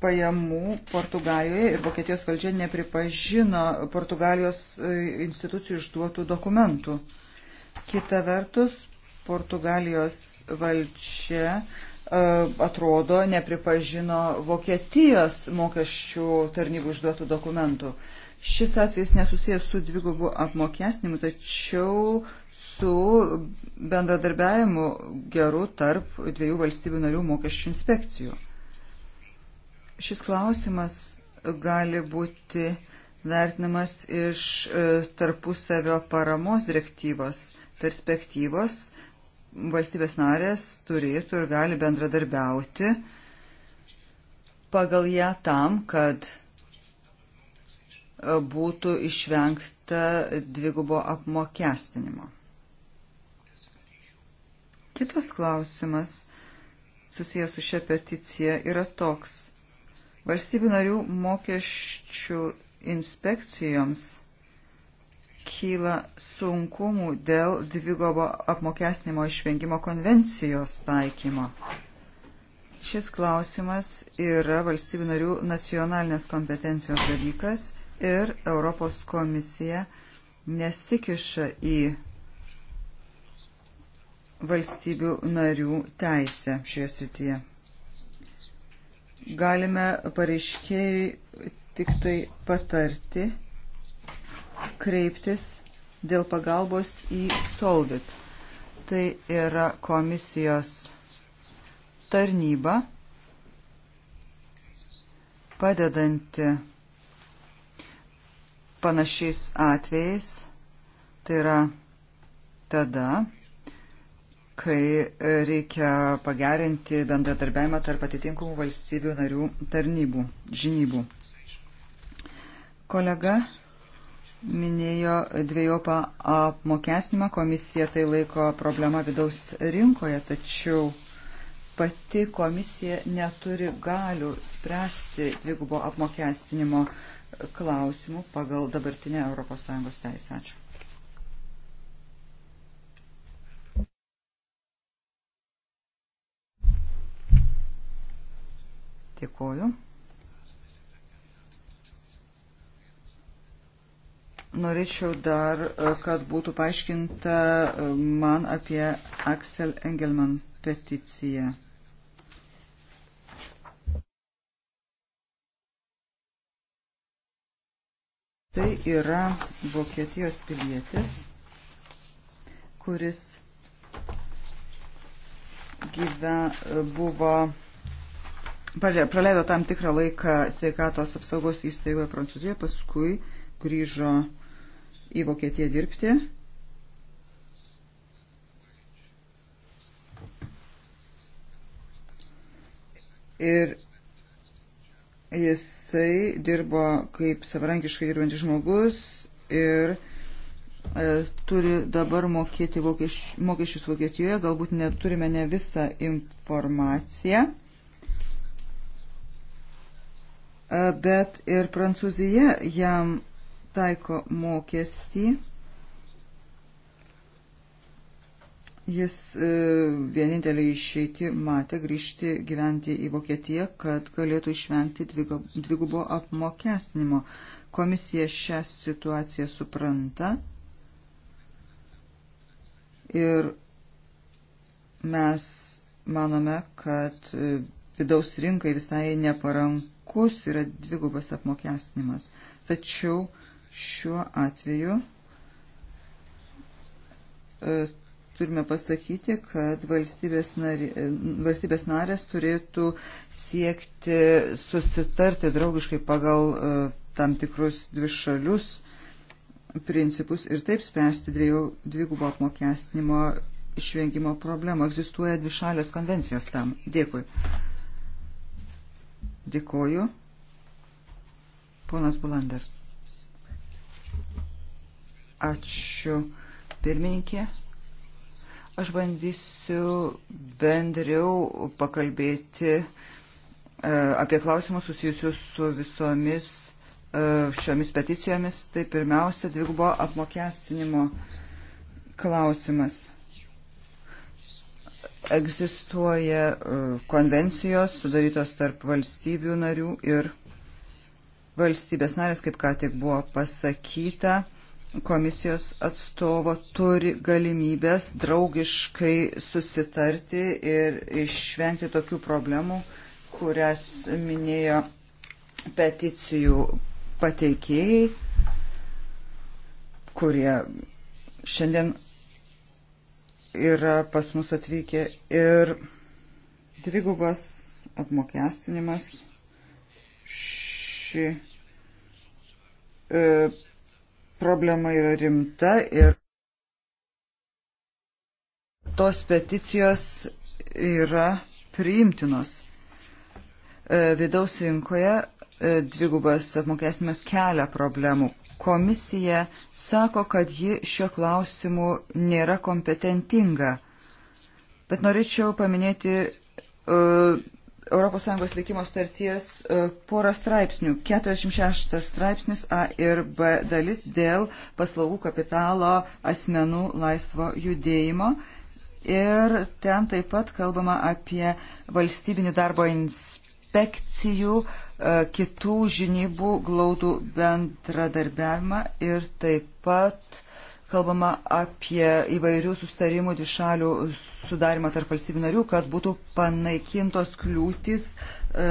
pajamų Portugalijoje ir Vokietijos valdžia nepripažino Portugalijos e, institucijų išduotų dokumentų. Kita vertus, Portugalijos valdžia e, atrodo nepripažino Vokietijos mokesčių tarnybų išduotų dokumentų. Šis atvejs nesusijęs su dvigubu apmokesnimu, tačiau su bendradarbiavimu geru tarp dviejų valstybių narių mokesčių inspekcijų. Šis klausimas gali būti vertinamas iš e, tarpusavio paramos direktyvos perspektyvos. Valstybės narės turėtų ir gali bendradarbiauti pagal ją tam, kad e, būtų išvengta dvigubo apmokestinimo. Kitas klausimas susijęs su šia peticija yra toks Valstybių narių mokesčių inspekcijoms kyla sunkumų dėl dvigobo apmokesnimo išvengimo konvencijos taikymo. Šis klausimas yra valstybių narių nacionalinės kompetencijos dalykas ir Europos komisija nesikiša į valstybių narių teisę šioje srityje galime pareiškėjai tik tai patarti, kreiptis dėl pagalbos į Solvit. Tai yra komisijos tarnyba, padedanti panašiais atvejais, tai yra tada, kai reikia pagerinti bendradarbiavimą tarp atitinkamų valstybių narių tarnybų, žinybų. Kolega minėjo dviejopą apmokesnimą, komisija tai laiko problema vidaus rinkoje, tačiau pati komisija neturi galių spręsti dvigubo apmokestinimo klausimų pagal dabartinę ES teisę. Ačiū. Dėkuoju. Norėčiau dar, e, kad būtų paaiškinta e, man apie Axel Engelman peticiją. Tai yra Vokietijos pilietis, kuris gyve, e, buvo praleido tam tikrą laiką sveikatos apsaugos įstaigoje Prancūzijoje, paskui grįžo į Vokietiją dirbti. Ir jisai dirbo kaip savarankiškai dirbantis žmogus ir e, turi dabar mokėti vokieč, mokesčius Vokietijoje, galbūt neturime ne visą informaciją. bet ir Prancūzija jam taiko mokestį. Jis e, vienintelį išeitį matė grįžti gyventi į Vokietiją, kad galėtų išvengti dvigubo apmokestinimo. Komisija šią situaciją supranta ir mes manome, kad e, vidaus rinkai visai neparanku sunkus yra dvigubas apmokestinimas. Tačiau šiuo atveju e, turime pasakyti, kad valstybės, nari, e, valstybės narės turėtų siekti susitarti draugiškai pagal e, tam tikrus dvišalius principus ir taip spręsti dviejų dvigubo apmokestinimo išvengimo problemų. Egzistuoja dvišalės konvencijos tam. Dėkui. Dėkoju. Ponas Bulander. Ačiū, pirmininkė. Aš bandysiu bendriau pakalbėti e, apie klausimus susijusius su visomis e, šiomis peticijomis. Tai pirmiausia, dvigubo apmokestinimo klausimas. Egzistuoja e, konvencijos sudarytos tarp valstybių narių ir valstybės narės, kaip ką tik buvo pasakyta, komisijos atstovo turi galimybės draugiškai susitarti ir išvengti tokių problemų, kurias minėjo peticijų pateikėjai, kurie šiandien yra pas mus atvykę ir dvigubas apmokestinimas ši e, problema yra rimta ir tos peticijos yra priimtinos. E, vidaus rinkoje e, dvigubas apmokestinimas kelia problemų. Komisija sako, kad ji šiuo klausimu nėra kompetentinga. Bet norėčiau paminėti uh, e, ES veikimo starties e, porą straipsnių. 46 straipsnis A ir B dalis dėl paslaugų kapitalo asmenų laisvo judėjimo. Ir ten taip pat kalbama apie valstybinių darbo inspekcijų uh, E, kitų žinybų glaudų bendradarbiavimą ir taip pat kalbama apie įvairių sustarimų dišalių sudarimą tarp valstybių narių, kad būtų panaikintos kliūtis e, e,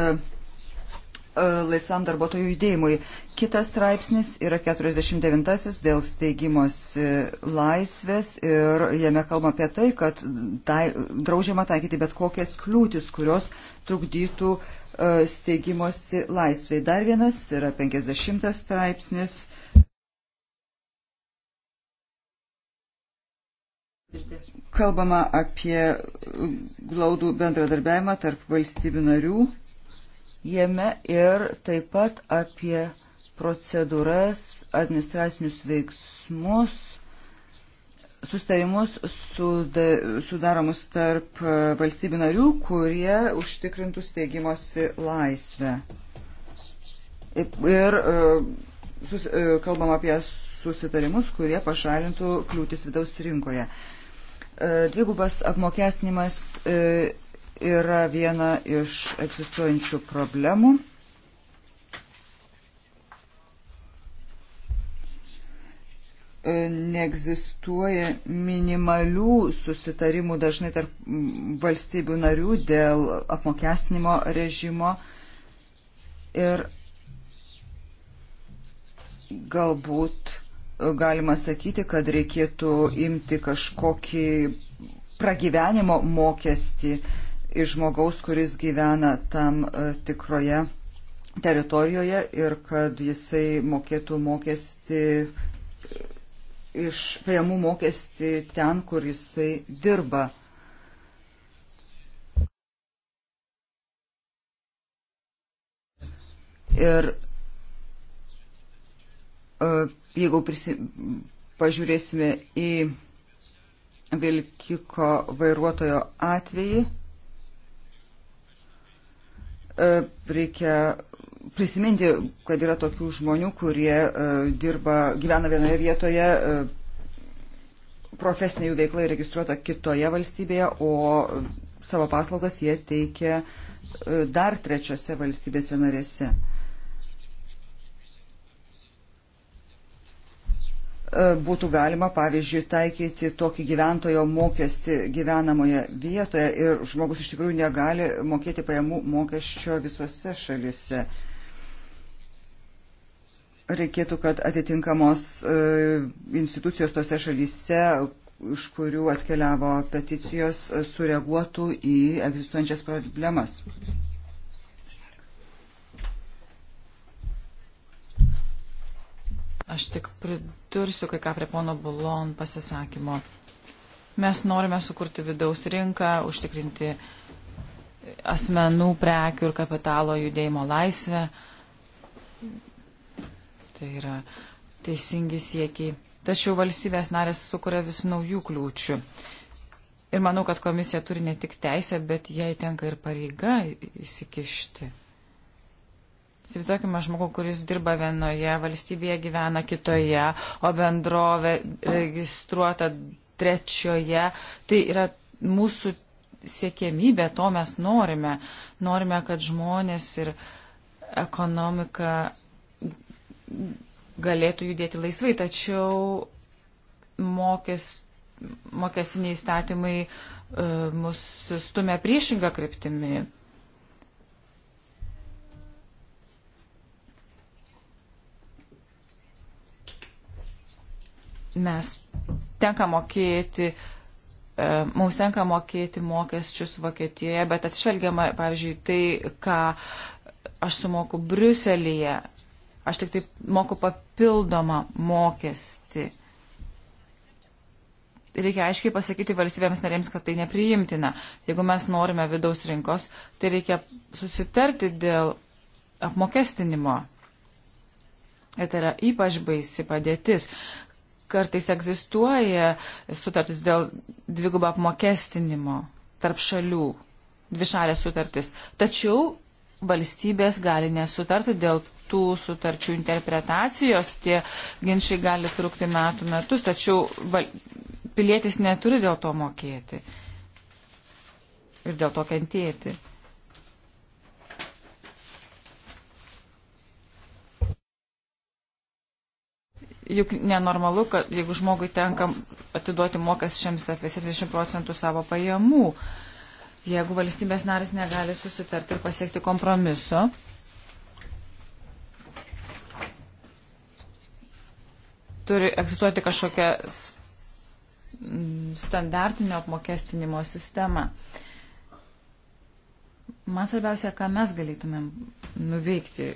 laisvam darbuotojų judėjimui. Kitas straipsnis yra 49-asis dėl steigimos laisvės ir jame kalbama apie tai, kad tai, draudžiama taikyti bet kokias kliūtis, kurios trukdytų E, steigimosi laisvai. Dar vienas yra 50 straipsnis. Kalbama apie glaudų bendradarbiavimą tarp valstybių narių jame ir taip pat apie procedūras, administracinius veiksmus sustarimus sudaromus tarp e, valstybių narių, kurie užtikrintų steigimosi laisvę. Ir e, sus, e, kalbam apie susitarimus, kurie pašalintų kliūtis vidaus rinkoje. Dvigubas apmokestinimas yra viena iš egzistuojančių problemų. neegzistuoja minimalių susitarimų dažnai tarp valstybių narių dėl apmokestinimo režimo ir galbūt galima sakyti, kad reikėtų imti kažkokį pragyvenimo mokestį iš žmogaus, kuris gyvena tam e, tikroje teritorijoje ir kad jisai mokėtų mokestį iš pajamų mokestį ten, kur jisai dirba. Ir e, jeigu prisi, pažiūrėsime į vilkiko vairuotojo atvejį, e, reikia prisiminti, kad yra tokių žmonių, kurie e, dirba, gyvena vienoje vietoje, e, profesinė jų veikla įregistruota kitoje valstybėje, o e, savo paslaugas jie teikia dar trečiose valstybėse narėse. Būtų galima, pavyzdžiui, taikyti tokį gyventojo mokestį gyvenamoje vietoje ir žmogus iš tikrųjų negali mokėti pajamų mokesčio visose šalise reikėtų, kad atitinkamos e, institucijos tose šalyse, iš kurių atkeliavo peticijos, e, sureaguotų į egzistuojančias problemas. Aš tik pridursiu kai ką prie pono Bulon pasisakymo. Mes norime sukurti vidaus rinką, užtikrinti asmenų, prekių ir kapitalo judėjimo laisvę. Uh, Tai yra teisingi siekiai. Tačiau valstybės narės sukuria vis naujų kliūčių. Ir manau, kad komisija turi ne tik teisę, bet jai tenka ir pareiga įsikišti. Įsivaizduokime žmogų, kuris dirba vienoje valstybėje, gyvena kitoje, o bendrovė registruota trečioje. Tai yra mūsų siekėmybė, to mes norime. Norime, kad žmonės ir ekonomika galėtų judėti laisvai, tačiau mokės, mokesiniai įstatymai e, mus stumia priešingą kryptimį. Mes tenka mokėti e, mums tenka mokėti mokesčius Vokietijoje, bet atšvelgiama, pavyzdžiui, tai, ką aš sumoku Briuselėje, Aš tik taip moku papildomą mokestį. Reikia aiškiai pasakyti valstybėms narėms, kad tai nepriimtina. Jeigu mes norime vidaus rinkos, tai reikia susitarti dėl apmokestinimo. Ir tai yra ypač baisi padėtis. Kartais egzistuoja sutartis dėl dvigubą apmokestinimo tarp šalių, dvišalės sutartis. Tačiau valstybės gali nesutarti dėl tų sutarčių interpretacijos, tie ginčiai gali trukti metų metus, tačiau pilietis neturi dėl to mokėti ir dėl to kentėti. Juk nenormalu, kad jeigu žmogui tenka atiduoti mokesčiams apie 70 procentų savo pajamų, jeigu valstybės narys negali susitarti ir pasiekti kompromiso, turi egzistuoti kažkokia standartinio apmokestinimo sistema. Man svarbiausia, ką mes galėtumėm nuveikti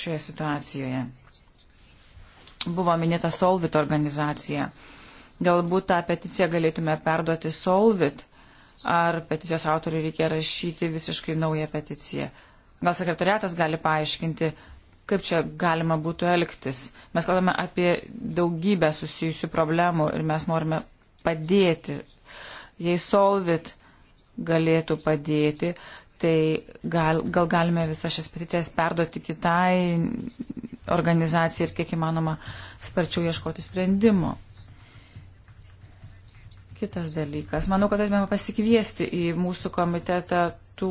šioje situacijoje. Buvo minėta Solvit organizacija. Galbūt tą peticiją galėtume perduoti Solvit, ar peticijos autoriui reikia rašyti visiškai naują peticiją. Gal sekretariatas gali paaiškinti, Kaip čia galima būtų elgtis? Mes kalbame apie daugybę susijusių problemų ir mes norime padėti. Jei Solvit galėtų padėti, tai gal, gal galime visas šias peticijas perduoti kitai organizacijai ir kiek įmanoma sparčiau ieškoti sprendimo. Kitas dalykas. Manau, kad galime pasikviesti į mūsų komitetą tų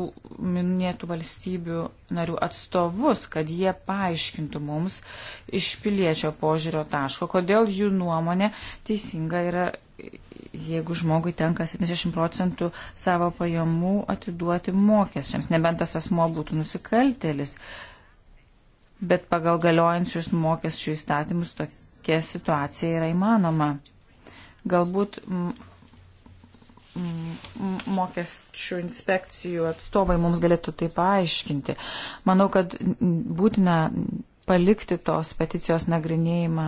minėtų valstybių narių atstovus, kad jie paaiškintų mums iš piliečio požiūrio taško, kodėl jų nuomonė teisinga yra, jeigu žmogui tenka 70 procentų savo pajamų atiduoti mokesčiams, nebent tas asmo būtų nusikaltelis. Bet pagal galiojančius mokesčių įstatymus tokia situacija yra įmanoma. Galbūt mokesčių inspekcijų atstovai mums galėtų tai paaiškinti. Manau, kad būtina palikti tos peticijos nagrinėjimą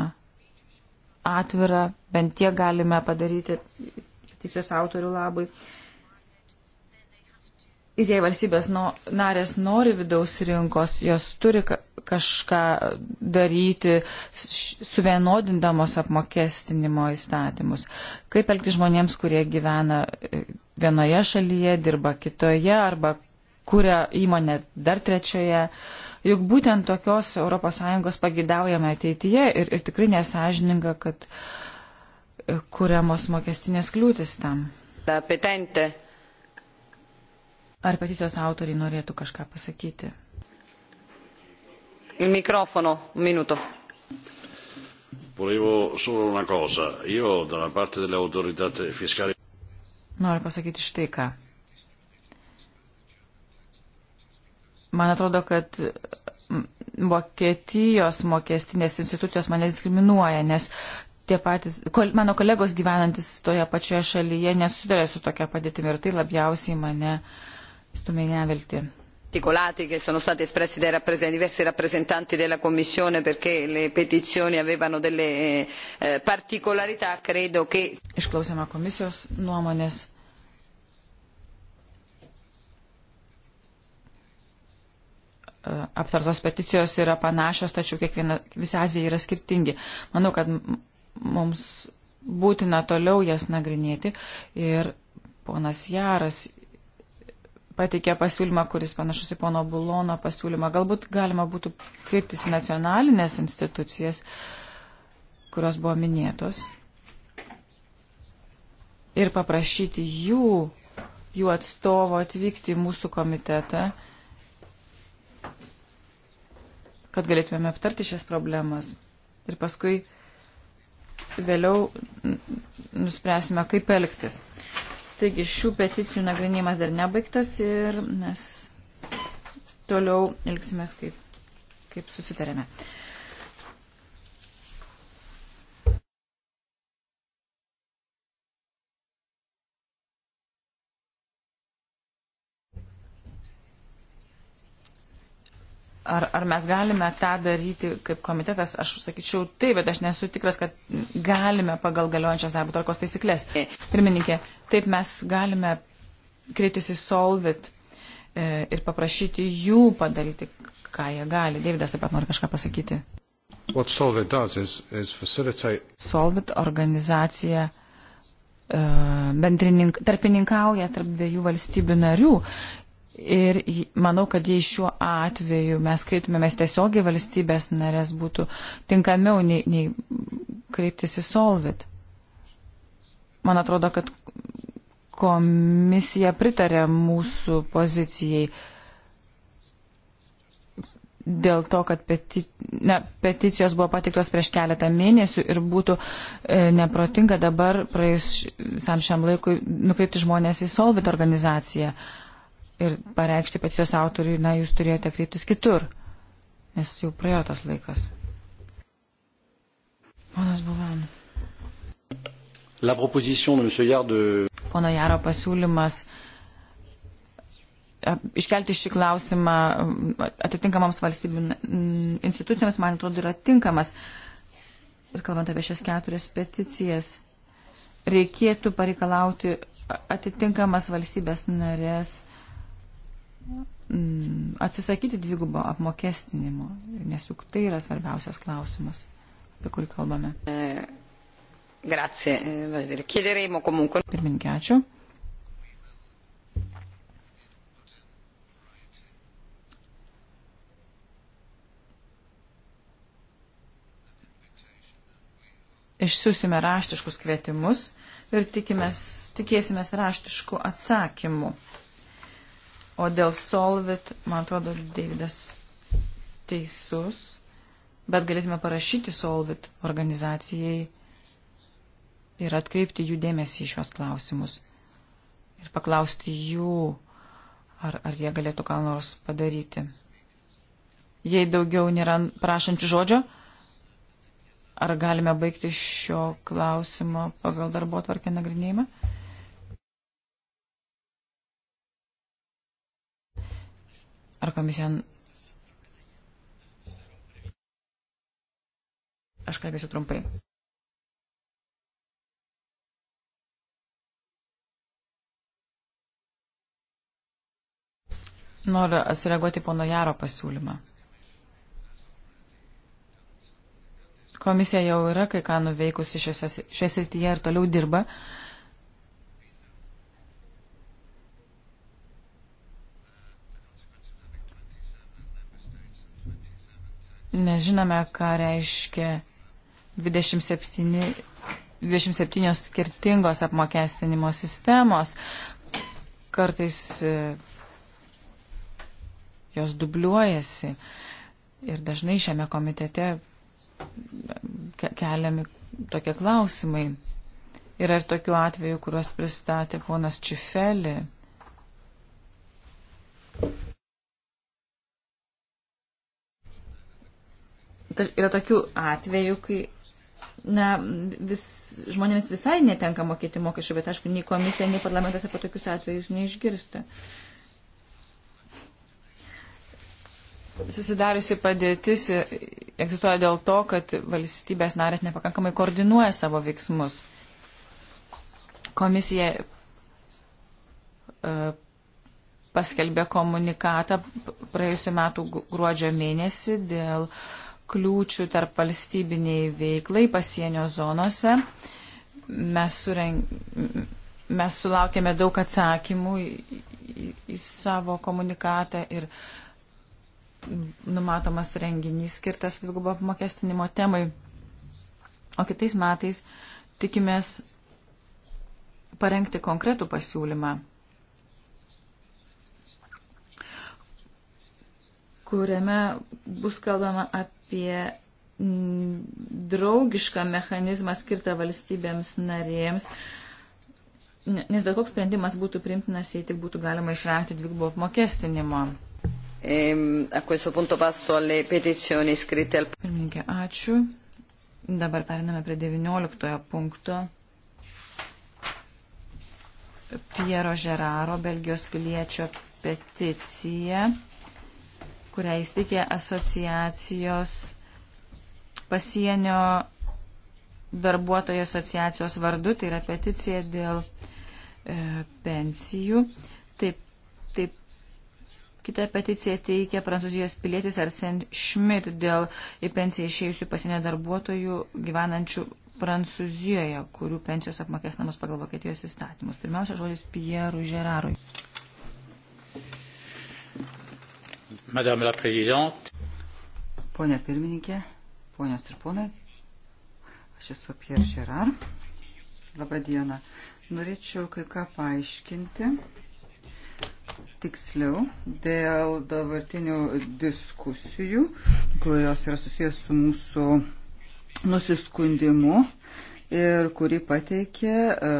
atvirą, bent tiek galime padaryti peticijos autorių labai. Uh, Ir jei valstybės no, narės nori vidaus rinkos, jos turi ka, kažką daryti, suvienodindamos apmokestinimo įstatymus. Kaip elgti žmonėms, kurie gyvena e, vienoje šalyje, dirba kitoje arba kuria įmonė dar trečioje. Juk būtent tokios ES pagidaujame ateityje ir, ir tikrai nesažininga, kad e, kuriamos mokestinės kliūtis tam. Ta, petente. Ar peticijos autoriai norėtų kažką pasakyti? Il mikrofono, un minuto. Volevo solo una cosa. Io dalla parte delle autorità fiscali. Noriu pasakyti štai ką. Man atrodo, kad Vokietijos mokestinės institucijos mane diskriminuoja, nes tie patys, kol, mano kolegos gyvenantis toje pačioje šalyje nesusidarė su tokia padėtimi ir tai labiausiai mane uh, Stumenea Velti articolati che sono stati espressi dai rappresent- diversi rappresentanti della Commissione perché le petizioni avevano delle eh, eh particolarità, credo che. Išklausėme komisijos nuomonės. E, aptartos peticijos yra panašios, tačiau kiekviena, visi atvejai yra skirtingi. Manau, kad mums būtina toliau jas nagrinėti ir ponas Jaras pateikė pasiūlymą, kuris panašus į pono Bulono pasiūlymą. Galbūt galima būtų kreiptis į nacionalinės institucijas, kurios buvo minėtos, ir paprašyti jų, jų atstovo atvykti į mūsų komitetą, kad galėtumėme aptarti šias problemas. Ir paskui vėliau nuspręsime, kaip elgtis. Taigi šių peticijų nagrinėjimas dar nebaigtas ir mes toliau elgsimės kaip, kaip susitarėme. Ar, ar mes galime tą daryti kaip komitetas? Aš sakyčiau taip, bet aš nesu tikras, kad galime pagal galiojančias darbo tvarkos taisyklės. Pirmininkė, taip mes galime kreiptis į Solvit e, ir paprašyti jų padaryti, ką jie gali. Davidas taip pat nori kažką pasakyti. Solvit, is, is facilitate... Solvit organizacija e, tarpininkauja tarp dviejų valstybių narių Ir manau, kad jei šiuo atveju mes kreiptumėmės tiesiogiai valstybės narės būtų tinkamiau nei, nei kreiptis į Solvit. Man atrodo, kad komisija pritarė mūsų pozicijai dėl to, kad peti, ne, peticijos buvo patiktos prieš keletą mėnesių ir būtų e, neprotinga dabar praėjus visam šiam laikui nukreipti žmonės į Solvit organizaciją. E, ir pareikšti pačios autoriui, na, jūs turėjote kreiptis kitur, nes jau praėjo tas laikas. Ponas Bulan. La proposition de M. Yard. Euh, Pono Jaro pasiūlymas iškelti šį klausimą atitinkamams valstybių institucijoms, man atrodo, yra tinkamas. Ir kalbant apie šias keturias peticijas, reikėtų pareikalauti atitinkamas valstybės narės Mm, atsisakyti dvigubo apmokestinimo, nes juk tai yra svarbiausias klausimas, apie kurį kalbame. Eh, grazie, eh, chiederemo comunque. Pirmininkė, ačiū. Išsiusime raštiškus kvietimus ir tikimės, tikėsimės raštiškų atsakymų. O dėl Solvit, man atrodo, Davidas teisus, bet galėtume parašyti Solvit organizacijai ir atkreipti jų dėmesį į šios klausimus. Ir paklausti jų, ar, ar jie galėtų ką nors padaryti. Jei daugiau nėra prašančių žodžio, ar galime baigti šio klausimo pagal darbo tvarkę nagrinėjimą? Ar komisija... Aš kalbėsiu trumpai. Noriu sureaguoti pono Jaro pasiūlymą. Komisija jau yra kai ką nuveikusi šiose srityje ir toliau dirba. Uh, Mes žinome, ką reiškia 27, 27 skirtingos apmokestinimo sistemos. Kartais e, jos dubliuojasi ir dažnai šiame komitete keliami tokie klausimai. Yra ir tokių atvejų, kuriuos pristatė ponas Čifeli. yra tokių atvejų, kai na, vis, žmonėms visai netenka mokėti mokesčių, bet aišku, nei komisija, nei parlamentas apie tokius atvejus neišgirsta. Susidariusi padėtis egzistuoja dėl to, kad valstybės narės nepakankamai koordinuoja savo veiksmus. Komisija uh, paskelbė komunikatą praėjusiu metu gruodžio mėnesį dėl uh, kliūčių tarp valstybiniai veiklai pasienio zonose. Mes, sureng... Mes sulaukėme daug atsakymų į, į, į savo komunikatą ir numatomas renginys skirtas dvigubo apmokestinimo temai. O kitais metais tikimės parengti konkretų pasiūlymą, kuriame bus kalbama apie apie draugišką mechanizmą skirtą valstybėms narėms, nes bet koks sprendimas būtų primtinas, jei tik būtų galima išvengti dvigubo apmokestinimo. Pirmininkė, ačiū. Dabar periname prie 19 punkto. Piero Žeraro, Belgijos piliečio peticija kurią įsteigė asociacijos pasienio darbuotojų asociacijos vardu, tai yra peticija dėl e, pensijų. Taip, taip, kitą peticiją teikia prancūzijos pilietis Arsen Schmidt dėl į pensiją išėjusių pasienio darbuotojų gyvenančių Prancūzijoje, kurių pensijos apmokestinamos pagal Vokietijos įstatymus. Pirmiausia, žodis Pierui Žerarui. Madame la Présidente. Pone pirmininkė, ponios ir ponai, aš esu Pierre Gerard. Labadiena. Norėčiau kai ką paaiškinti tiksliau dėl dabartinių diskusijų, kurios yra susijęs su mūsų nusiskundimu ir kurį pateikė e,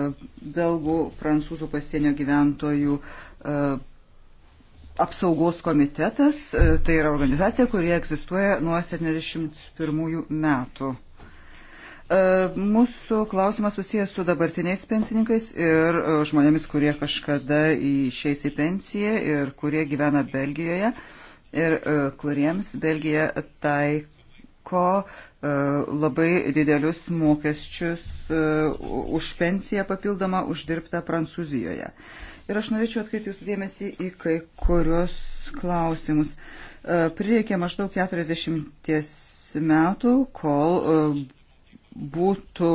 belgų prancūzų pasienio gyventojų e, apsaugos komitetas, e, tai yra organizacija, kurie egzistuoja nuo 71 metų. E, mūsų klausimas susijęs su dabartiniais pensininkais ir e, žmonėmis, kurie kažkada išeis į pensiją ir kurie gyvena Belgijoje ir kuriems Belgija taiko labai didelius mokesčius už pensiją papildomą uždirbtą Prancūzijoje. Uh, Ir aš norėčiau atkreipti jūsų dėmesį į kai kurios klausimus. E, prireikė maždaug 40 metų, kol e, būtų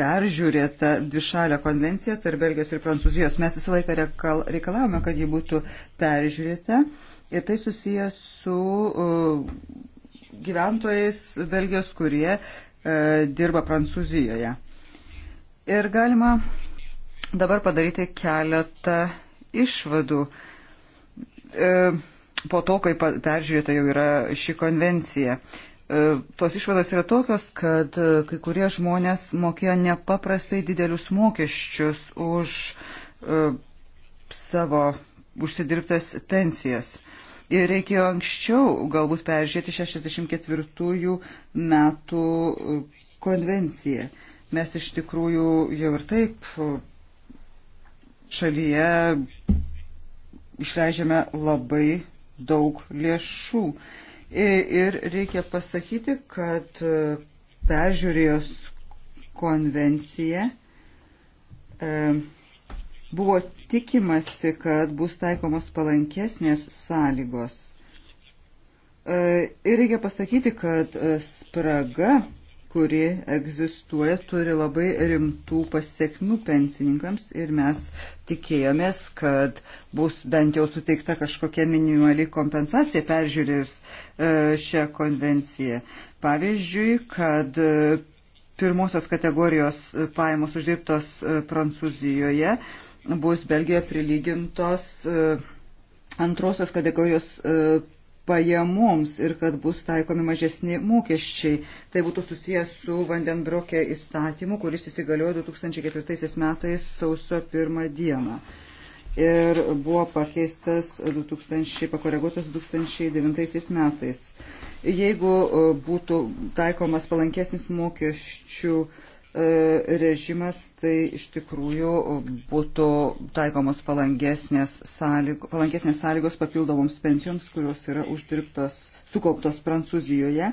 peržiūrėta dvišalė konvencija tarp Belgijos ir Prancūzijos. Mes visą laiką reikalavome, kad ji būtų peržiūrėta. Ir tai susijęs su e, gyventojais Belgijos, kurie dirba Prancūzijoje. Ir galima dabar padaryti keletą išvadų. E, po to, kai peržiūrėta jau yra ši konvencija. E, tos išvados yra tokios, kad e, kai kurie žmonės mokėjo nepaprastai didelius mokesčius už savo užsidirbtas pensijas. Ir reikėjo anksčiau galbūt peržiūrėti 64 metų konvenciją. Mes iš tikrųjų jau ir taip šalyje išleidžiame labai daug lėšų. Ir reikia pasakyti, kad e, peržiūrėjus konvenciją e, buvo tikimasi, kad bus taikomos palankesnės sąlygos. E, ir reikia pasakyti, kad spraga kuri egzistuoja, turi labai rimtų pasiekmių pensininkams ir mes tikėjomės, kad bus bent jau suteikta kažkokia minimali kompensacija peržiūrėjus e, šią konvenciją. Pavyzdžiui, kad e, pirmosios kategorijos pajamos uždirbtos e, Prancūzijoje bus Belgijoje prilygintos antrosios kategorijos pajamoms ir kad bus taikomi mažesni mokesčiai. Tai būtų susijęs su Vandenbrokė įstatymu, kuris įsigaliojo 2004 metais sausio 1 dieną. Ir buvo pakeistas 2000, pakoreguotas 2009 metais. Jeigu e, būtų taikomas palankesnis mokesčių uh, E, režimas, tai iš tikrųjų būtų taikomos palankesnės, sąlygo, palankesnės sąlygos papildomoms pensijoms, kurios yra uždirbtos, sukauptos Prancūzijoje.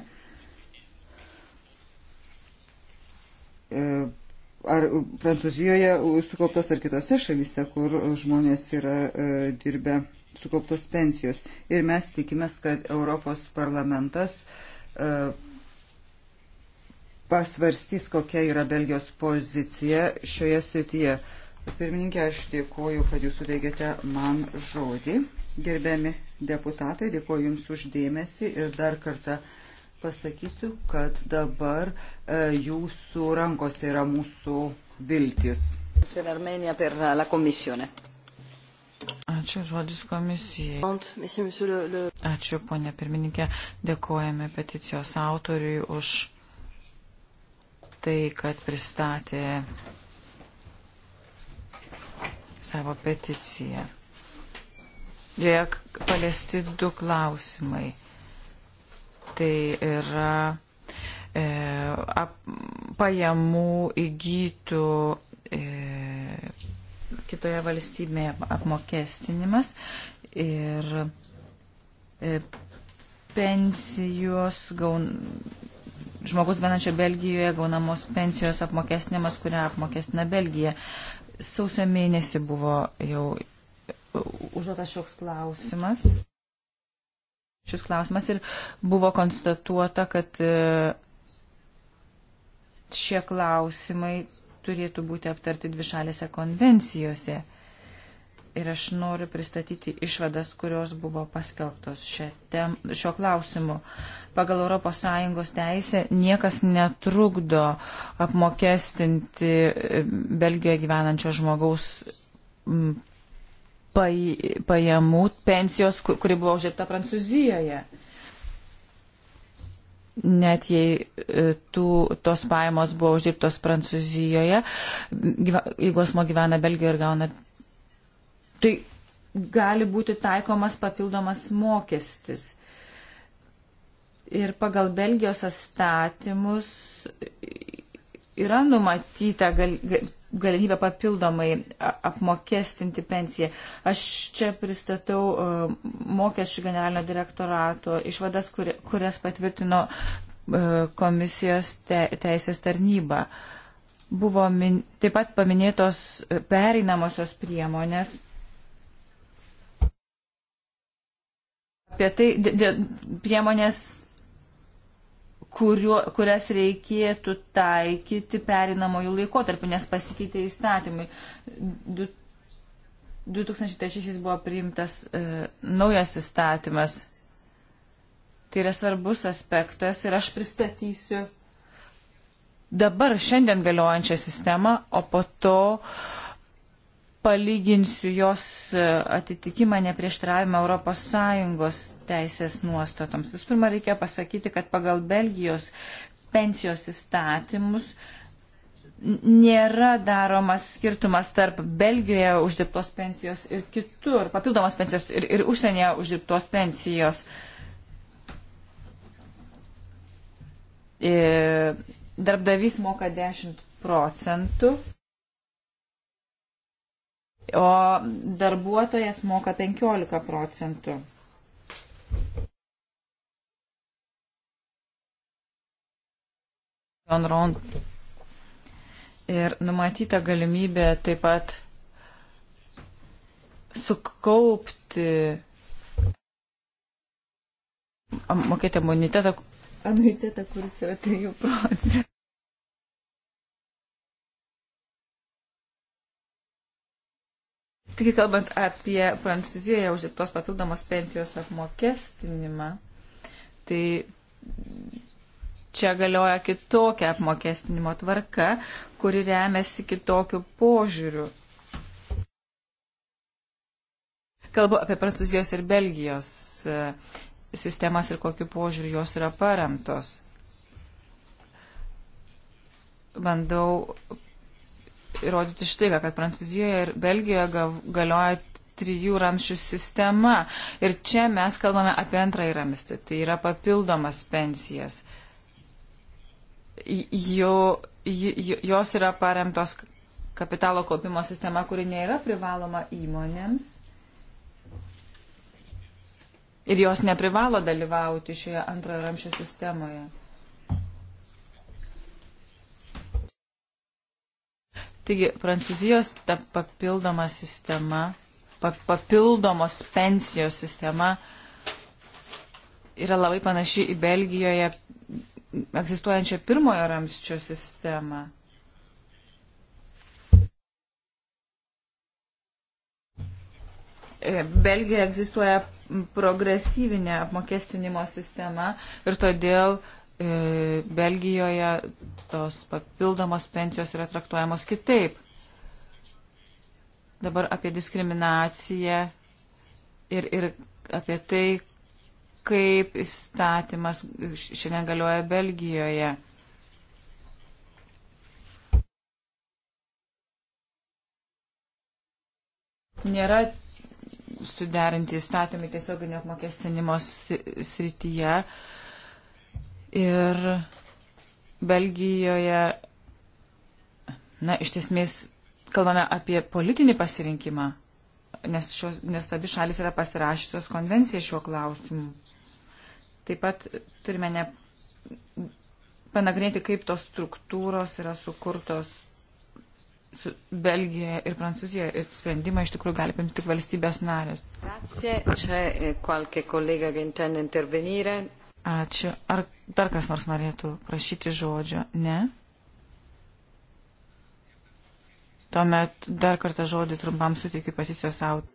E, ar Prancūzijoje sukauptos ar kitose šalyse, kur žmonės yra e, dirbę sukauptos pensijos. Ir mes tikimės, kad Europos parlamentas pasvarstys, kokia yra Belgijos pozicija šioje srityje. Pirmininkė, aš dėkoju, kad jūs suteikėte man žodį. Gerbiami deputatai, dėkoju Jums uždėmesi ir dar kartą pasakysiu, kad dabar e, jūsų rankose yra mūsų viltis. Ačiū žodis komisijai. Ačiū, ponė pirmininkė, dėkojame peticijos autoriui už tai, kad pristatė savo peticiją. Joje paliesti du klausimai. Tai yra e, ap, pajamų įgytų e, kitoje valstybėje apmokestinimas ir e, pensijos gaun, žmogus gyvenančio Belgijoje gaunamos pensijos apmokestinimas, kurią apmokestina Belgija. Sausio mėnesį buvo jau e, užduotas šioks klausimas. Šis klausimas ir buvo konstatuota, kad e, šie klausimai turėtų būti aptarti dvišalėse konvencijose ir aš noriu pristatyti išvadas, kurios buvo paskelbtos tem, šio klausimu. Pagal ES teisę niekas netrukdo apmokestinti e, Belgijoje gyvenančio žmogaus pajamų pensijos, kuri buvo uždirbta Prancūzijoje. Net jei e, tų, tos pajamos buvo uždirbtos Prancūzijoje, jeigu asmo gyvena Belgijoje ir gauna tai gali būti taikomas papildomas mokestis. Ir pagal Belgijos atstatymus yra numatyta gal, galimybė papildomai apmokestinti pensiją. Aš čia pristatau uh, mokesčių generalinio direktorato išvadas, kur, kurias patvirtino uh, komisijos te, teisės tarnyba. Buvo min, taip pat paminėtos pereinamosios priemonės apie tai priemonės, kuriuo, kurias reikėtų taikyti perinamojų laikotarpių, nes pasikeitė įstatymai. 2006 buvo priimtas e, naujas įstatymas. Tai yra svarbus aspektas ir aš pristatysiu dabar šiandien galiojančią sistemą, o po to palyginsiu jos e, atitikimą neprieštaravimą ES teisės nuostatoms. Visų pirma, reikia pasakyti, kad pagal Belgijos pensijos įstatymus nėra daromas skirtumas tarp Belgijoje uždirbtos pensijos ir kitur, papildomos pensijos ir, ir užsienyje uždirbtos pensijos. E, darbdavys moka 10 procentų o darbuotojas moka 15 procentų. Ir numatyta galimybė taip pat sukaupti mokėti amunitetą, anuitetą, kuris yra 3 procentų. Taigi, kalbant apie Prancūzijoje uždirbtos papildomos pensijos apmokestinimą, tai čia galioja kitokia apmokestinimo tvarka, kuri remiasi kitokiu požiūriu. Kalbu apie Prancūzijos ir Belgijos e, sistemas ir kokiu požiūriu jos yra paremtos. Bandau įrodyti štai, kad Prancūzijoje ir Belgijoje galioja trijų ramščių sistema. Ir čia mes kalbame apie antrąjį ramstį, tai yra papildomas pensijas. Jo, jos yra paremtos kapitalo kaupimo sistema, kuri nėra privaloma įmonėms. Ir jos neprivalo dalyvauti šioje antrojo ramščio sistemoje. Taigi, Prancūzijos ta papildoma sistema, papildomos pensijos sistema yra labai panaši į Belgijoje egzistuojančią pirmojo ramščio sistemą. E, Belgijoje egzistuoja progresyvinė apmokestinimo sistema ir todėl uh, E, Belgijoje tos papildomos pensijos yra traktuojamos kitaip. Dabar apie diskriminaciją ir, ir apie tai, kaip įstatymas šiandien galioja Belgijoje. Nėra suderinti įstatymai tiesioginio apmokestinimo srityje. Uh, Ir Belgijoje, na, iš tiesmės, kalbame apie politinį pasirinkimą, nes, šios, nes abi šalis yra pasirašytos konvenciją šiuo klausimu. Taip pat turime ne, panagrinėti, kaip tos struktūros yra sukurtos su Belgija ir Prancūzija ir sprendimą iš tikrųjų gali paimti tik valstybės narės. Grazie, c'è eh, qualche collega che intende intervenire. Ačiū. Ar dar kas nors norėtų prašyti žodžio? Ne? Tuomet dar kartą žodį trumpam suteikiu peticijos autoriui.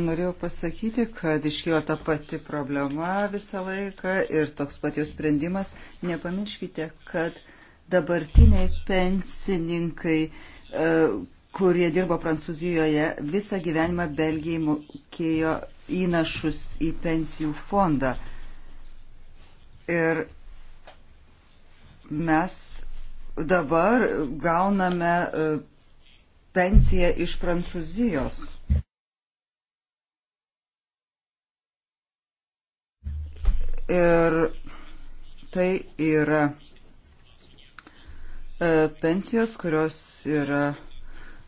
Norėjau pasakyti, kad iškyla ta pati problema visą laiką ir toks pat jau sprendimas. Nepamirškite, kad dabartiniai pensininkai, e, kurie dirbo Prancūzijoje, visą gyvenimą Belgijai mokėjo įnašus į pensijų fondą. Ir mes dabar gauname e, pensiją iš Prancūzijos. Ir tai yra E, pensijos, kurios yra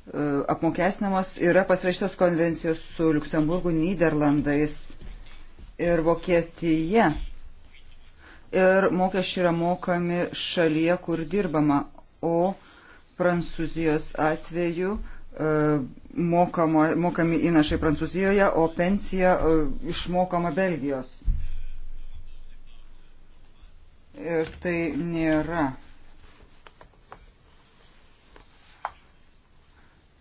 e, apmokestinamos, yra pasirašytos konvencijos su Luksemburgu, Niderlandais ir Vokietija. Ir mokesčiai yra mokami šalyje, kur dirbama, o Prancūzijos atveju e, mokamo, mokami įnašai Prancūzijoje, o pensija išmokama Belgijos. Ir tai nėra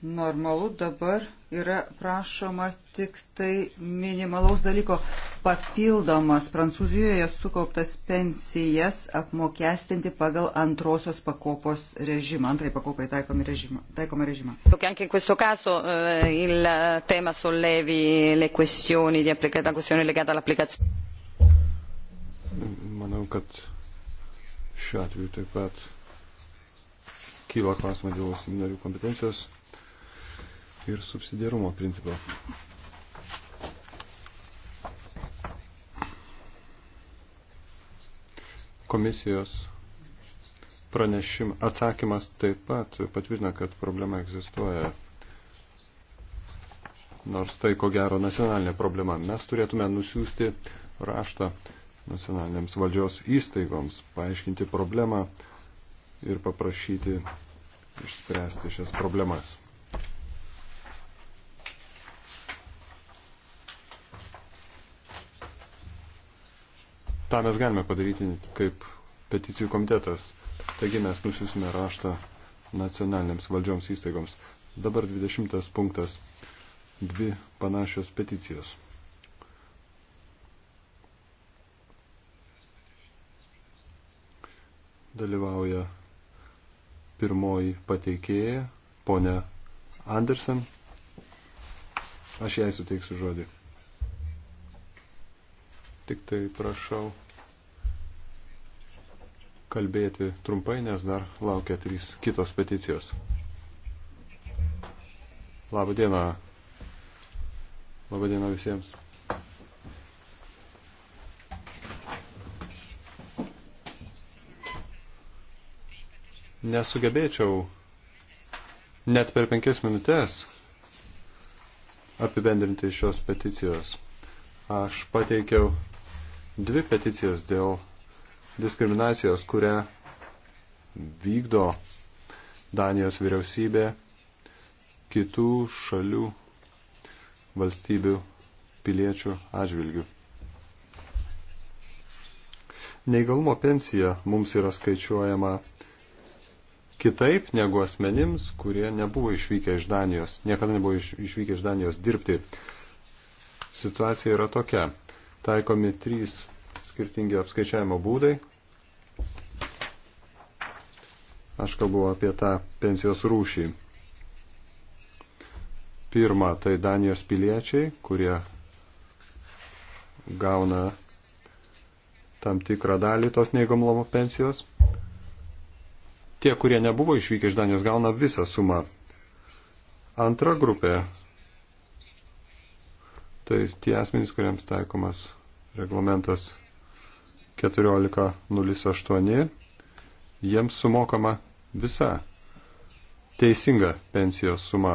normalu dabar yra prašoma tik tai minimalaus dalyko papildomas Prancūzijoje sukauptas pensijas apmokestinti pagal antrosios pakopos režimą, antrai pakopai taikomą režimą. Taikomą režimą. Anche in questo caso eh, il tema sollevi le questioni, di applica- la questione legata all'applicazione. Manau, kad šiuo atveju taip pat kyla klausimai dėl valstybių narių kompetencijos ir subsidiarumo principo. Komisijos pranešim, atsakymas taip pat patvirtina, kad problema egzistuoja. Nors tai, ko gero, nacionalinė problema. Mes turėtume nusiųsti raštą nacionalinėms valdžios įstaigoms, paaiškinti problemą ir paprašyti išspręsti šias problemas. tą mes galime padaryti kaip peticijų komitetas. Taigi mes nusiusime raštą nacionaliniams valdžioms įstaigoms. Dabar 20 punktas. Dvi panašios peticijos. Dalyvauja pirmoji pateikėja, ponia Andersen. Aš jai suteiksiu žodį. Tik tai prašau kalbėti trumpai, nes dar laukia trys kitos peticijos. Labą dieną. Labą dieną visiems. Nesugebėčiau net per penkias minutės apibendrinti šios peticijos. Aš pateikiau dvi peticijos dėl diskriminacijos, kurią vykdo Danijos vyriausybė kitų šalių valstybių piliečių atžvilgių. Neįgalumo pensija mums yra skaičiuojama kitaip negu asmenims, kurie nebuvo išvykę iš Danijos, niekada nebuvo išvykę iš Danijos dirbti. Situacija yra tokia taikomi trys skirtingi apskaičiavimo būdai. Aš kalbu apie tą pensijos rūšį. Pirma, tai Danijos piliečiai, kurie gauna tam tikrą dalį tos neįgomlomo pensijos. Tie, kurie nebuvo išvykę iš Danijos, gauna visą sumą. Antra grupė tai tie asmenys, kuriems taikomas reglamentas 1408, jiems sumokama visa teisinga pensijos suma.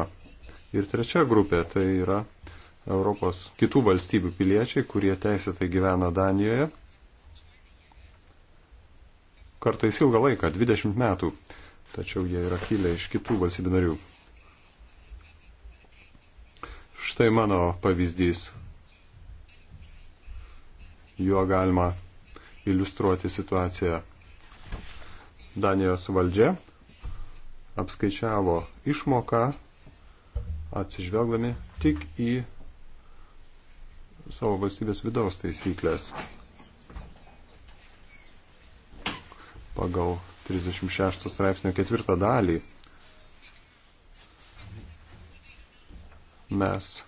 Ir trečia grupė tai yra Europos kitų valstybių piliečiai, kurie teisėtai gyvena Danijoje, kartais ilgą laiką, 20 metų, tačiau jie yra kilę iš kitų valstybių narių. Štai mano pavyzdys. Juo galima iliustruoti situaciją. Danijos valdžia apskaičiavo išmoką atsižvelgdami tik į savo valstybės vidaus taisyklės. Pagal 36 straipsnio ketvirtą dalį mes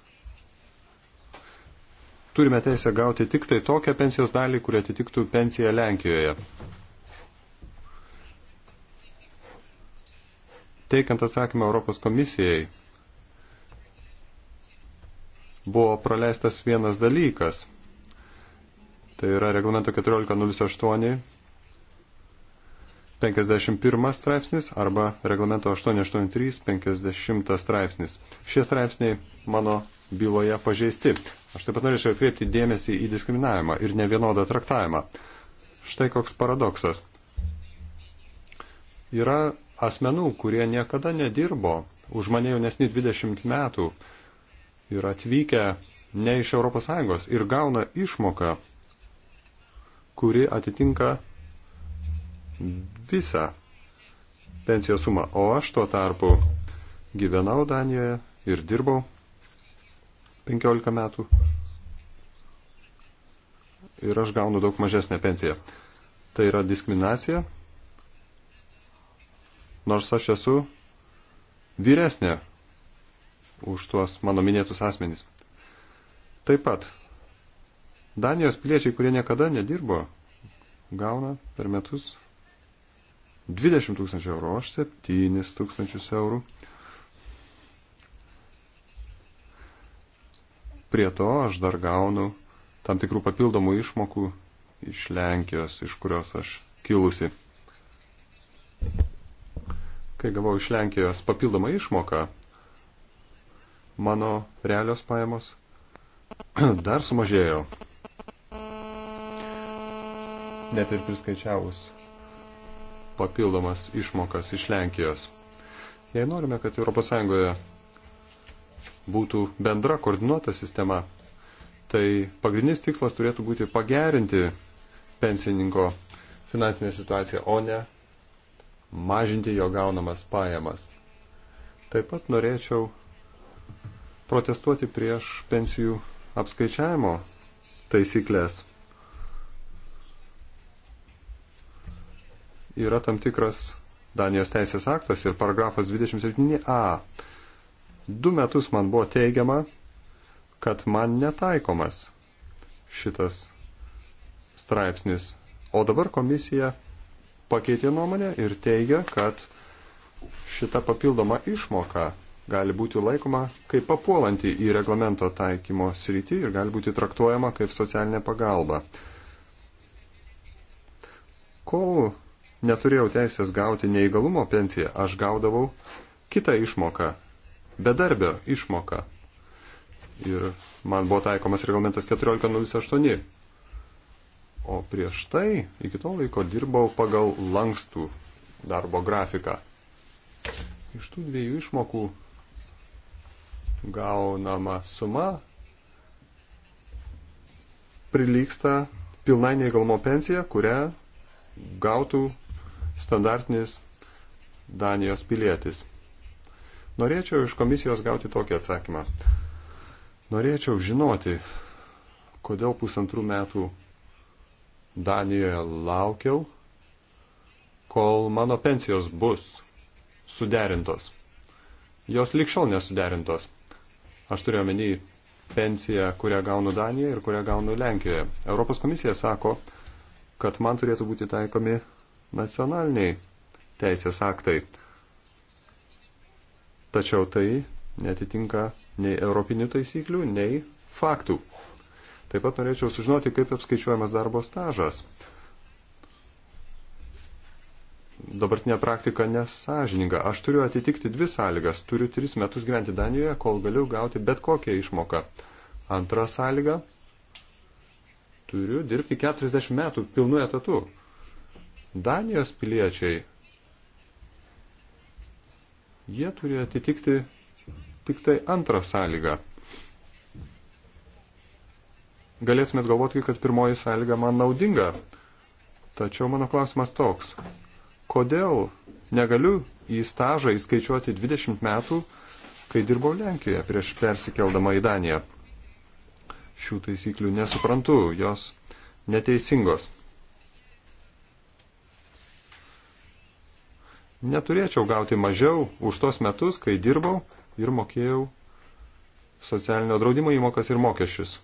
turime teisę gauti tik tai tokią pensijos dalį, kuri atitiktų pensiją Lenkijoje. Teikiant atsakymą Europos komisijai, buvo praleistas vienas dalykas. Tai yra reglamento 1408 51 straipsnis arba reglamento 883 50 straipsnis. Šie straipsniai mano byloje pažeisti. Aš taip pat norėčiau atkreipti dėmesį į diskriminavimą ir nevienodą traktavimą. Štai koks paradoksas. Yra asmenų, kurie niekada nedirbo, už mane jaunesni 20 metų, yra atvykę ne iš ES ir gauna išmoką, kuri atitinka visą pensijos sumą, o aš tuo tarpu gyvenau Danijoje ir dirbau 15 metų ir aš gaunu daug mažesnę pensiją. Tai yra diskriminacija, nors aš esu vyresnė už tuos mano minėtus asmenys. Taip pat Danijos piliečiai, kurie niekada nedirbo, gauna per metus 20 tūkstančių eurų, aš 7 tūkstančius eurų. Prie to aš dar gaunu tam tikrų papildomų išmokų iš Lenkijos, iš kurios aš kilusi. Kai gavau iš Lenkijos papildomą išmoką, mano realios pajamos <clears throat> dar sumažėjo. Net ir priskaičiavus papildomas išmokas iš Lenkijos. Jei norime, kad ES būtų bendra koordinuota sistema, tai pagrindinis tikslas turėtų būti pagerinti pensininko finansinę situaciją, o ne mažinti jo gaunamas pajamas. Taip pat norėčiau protestuoti prieš pensijų apskaičiavimo taisyklės. yra tam tikras Danijos teisės aktas ir paragrafas 27a. Du metus man buvo teigiama, kad man netaikomas šitas straipsnis. O dabar komisija pakeitė nuomonę ir teigia, kad šita papildoma išmoka gali būti laikoma kaip papuolanti į reglamento taikymo sritį ir gali būti traktuojama kaip socialinė pagalba. Kol neturėjau teisės gauti neįgalumo pensiją, aš gaudavau kitą išmoką, bedarbio išmoką. Ir man buvo taikomas reglamentas 1408. O prieš tai iki to laiko dirbau pagal lankstų darbo grafiką. Iš tų dviejų išmokų gaunama suma prilyksta pilnai neįgalumo pensija, kurią gautų standartinis Danijos pilietis. Norėčiau iš komisijos gauti tokį atsakymą. Norėčiau žinoti, kodėl pusantrų metų Danijoje laukiau, kol mano pensijos bus suderintos. Jos likščiau nesuderintos. Aš turiu omeny pensiją, kurią gaunu Danijoje ir kurią gaunu Lenkijoje. Europos komisija sako, kad man turėtų būti taikomi nacionaliniai teisės aktai. Tačiau tai netitinka nei europinių taisyklių, nei faktų. Taip pat norėčiau sužinoti, kaip apskaičiuojamas darbo stažas. Dabartinė praktika nesažininga. Aš turiu atitikti dvi sąlygas. Turiu tris metus gyventi Danijoje, kol galiu gauti bet kokią išmoką. Antra sąlyga. Turiu dirbti 40 metų pilnu etatu. Danijos piliečiai, jie turi atitikti tik tai antrą sąlygą. Galėtumėt galvoti, kad pirmoji sąlyga man naudinga. Tačiau mano klausimas toks. Kodėl negaliu į stažą įskaičiuoti 20 metų, kai dirbau Lenkijoje prieš persikeldama į Daniją? Šių taisyklių nesuprantu, jos neteisingos. neturėčiau gauti mažiau už tos metus, kai dirbau ir mokėjau socialinio draudimo įmokas ir mokesčius.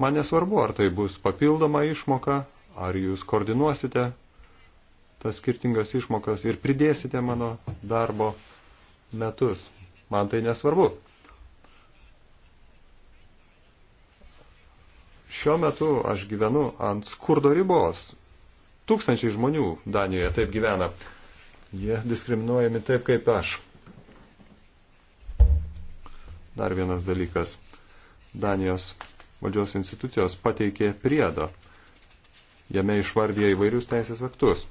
Man nesvarbu, ar tai bus papildoma išmoka, ar jūs koordinuosite tas skirtingas išmokas ir pridėsite mano darbo metus. Man tai nesvarbu. Šiuo metu aš gyvenu ant skurdo ribos. Tūkstančiai žmonių Danijoje taip gyvena. Jie diskriminuojami taip kaip aš. Dar vienas dalykas. Danijos valdžios institucijos pateikė priedą. Jame išvardė įvairius teisės aktus,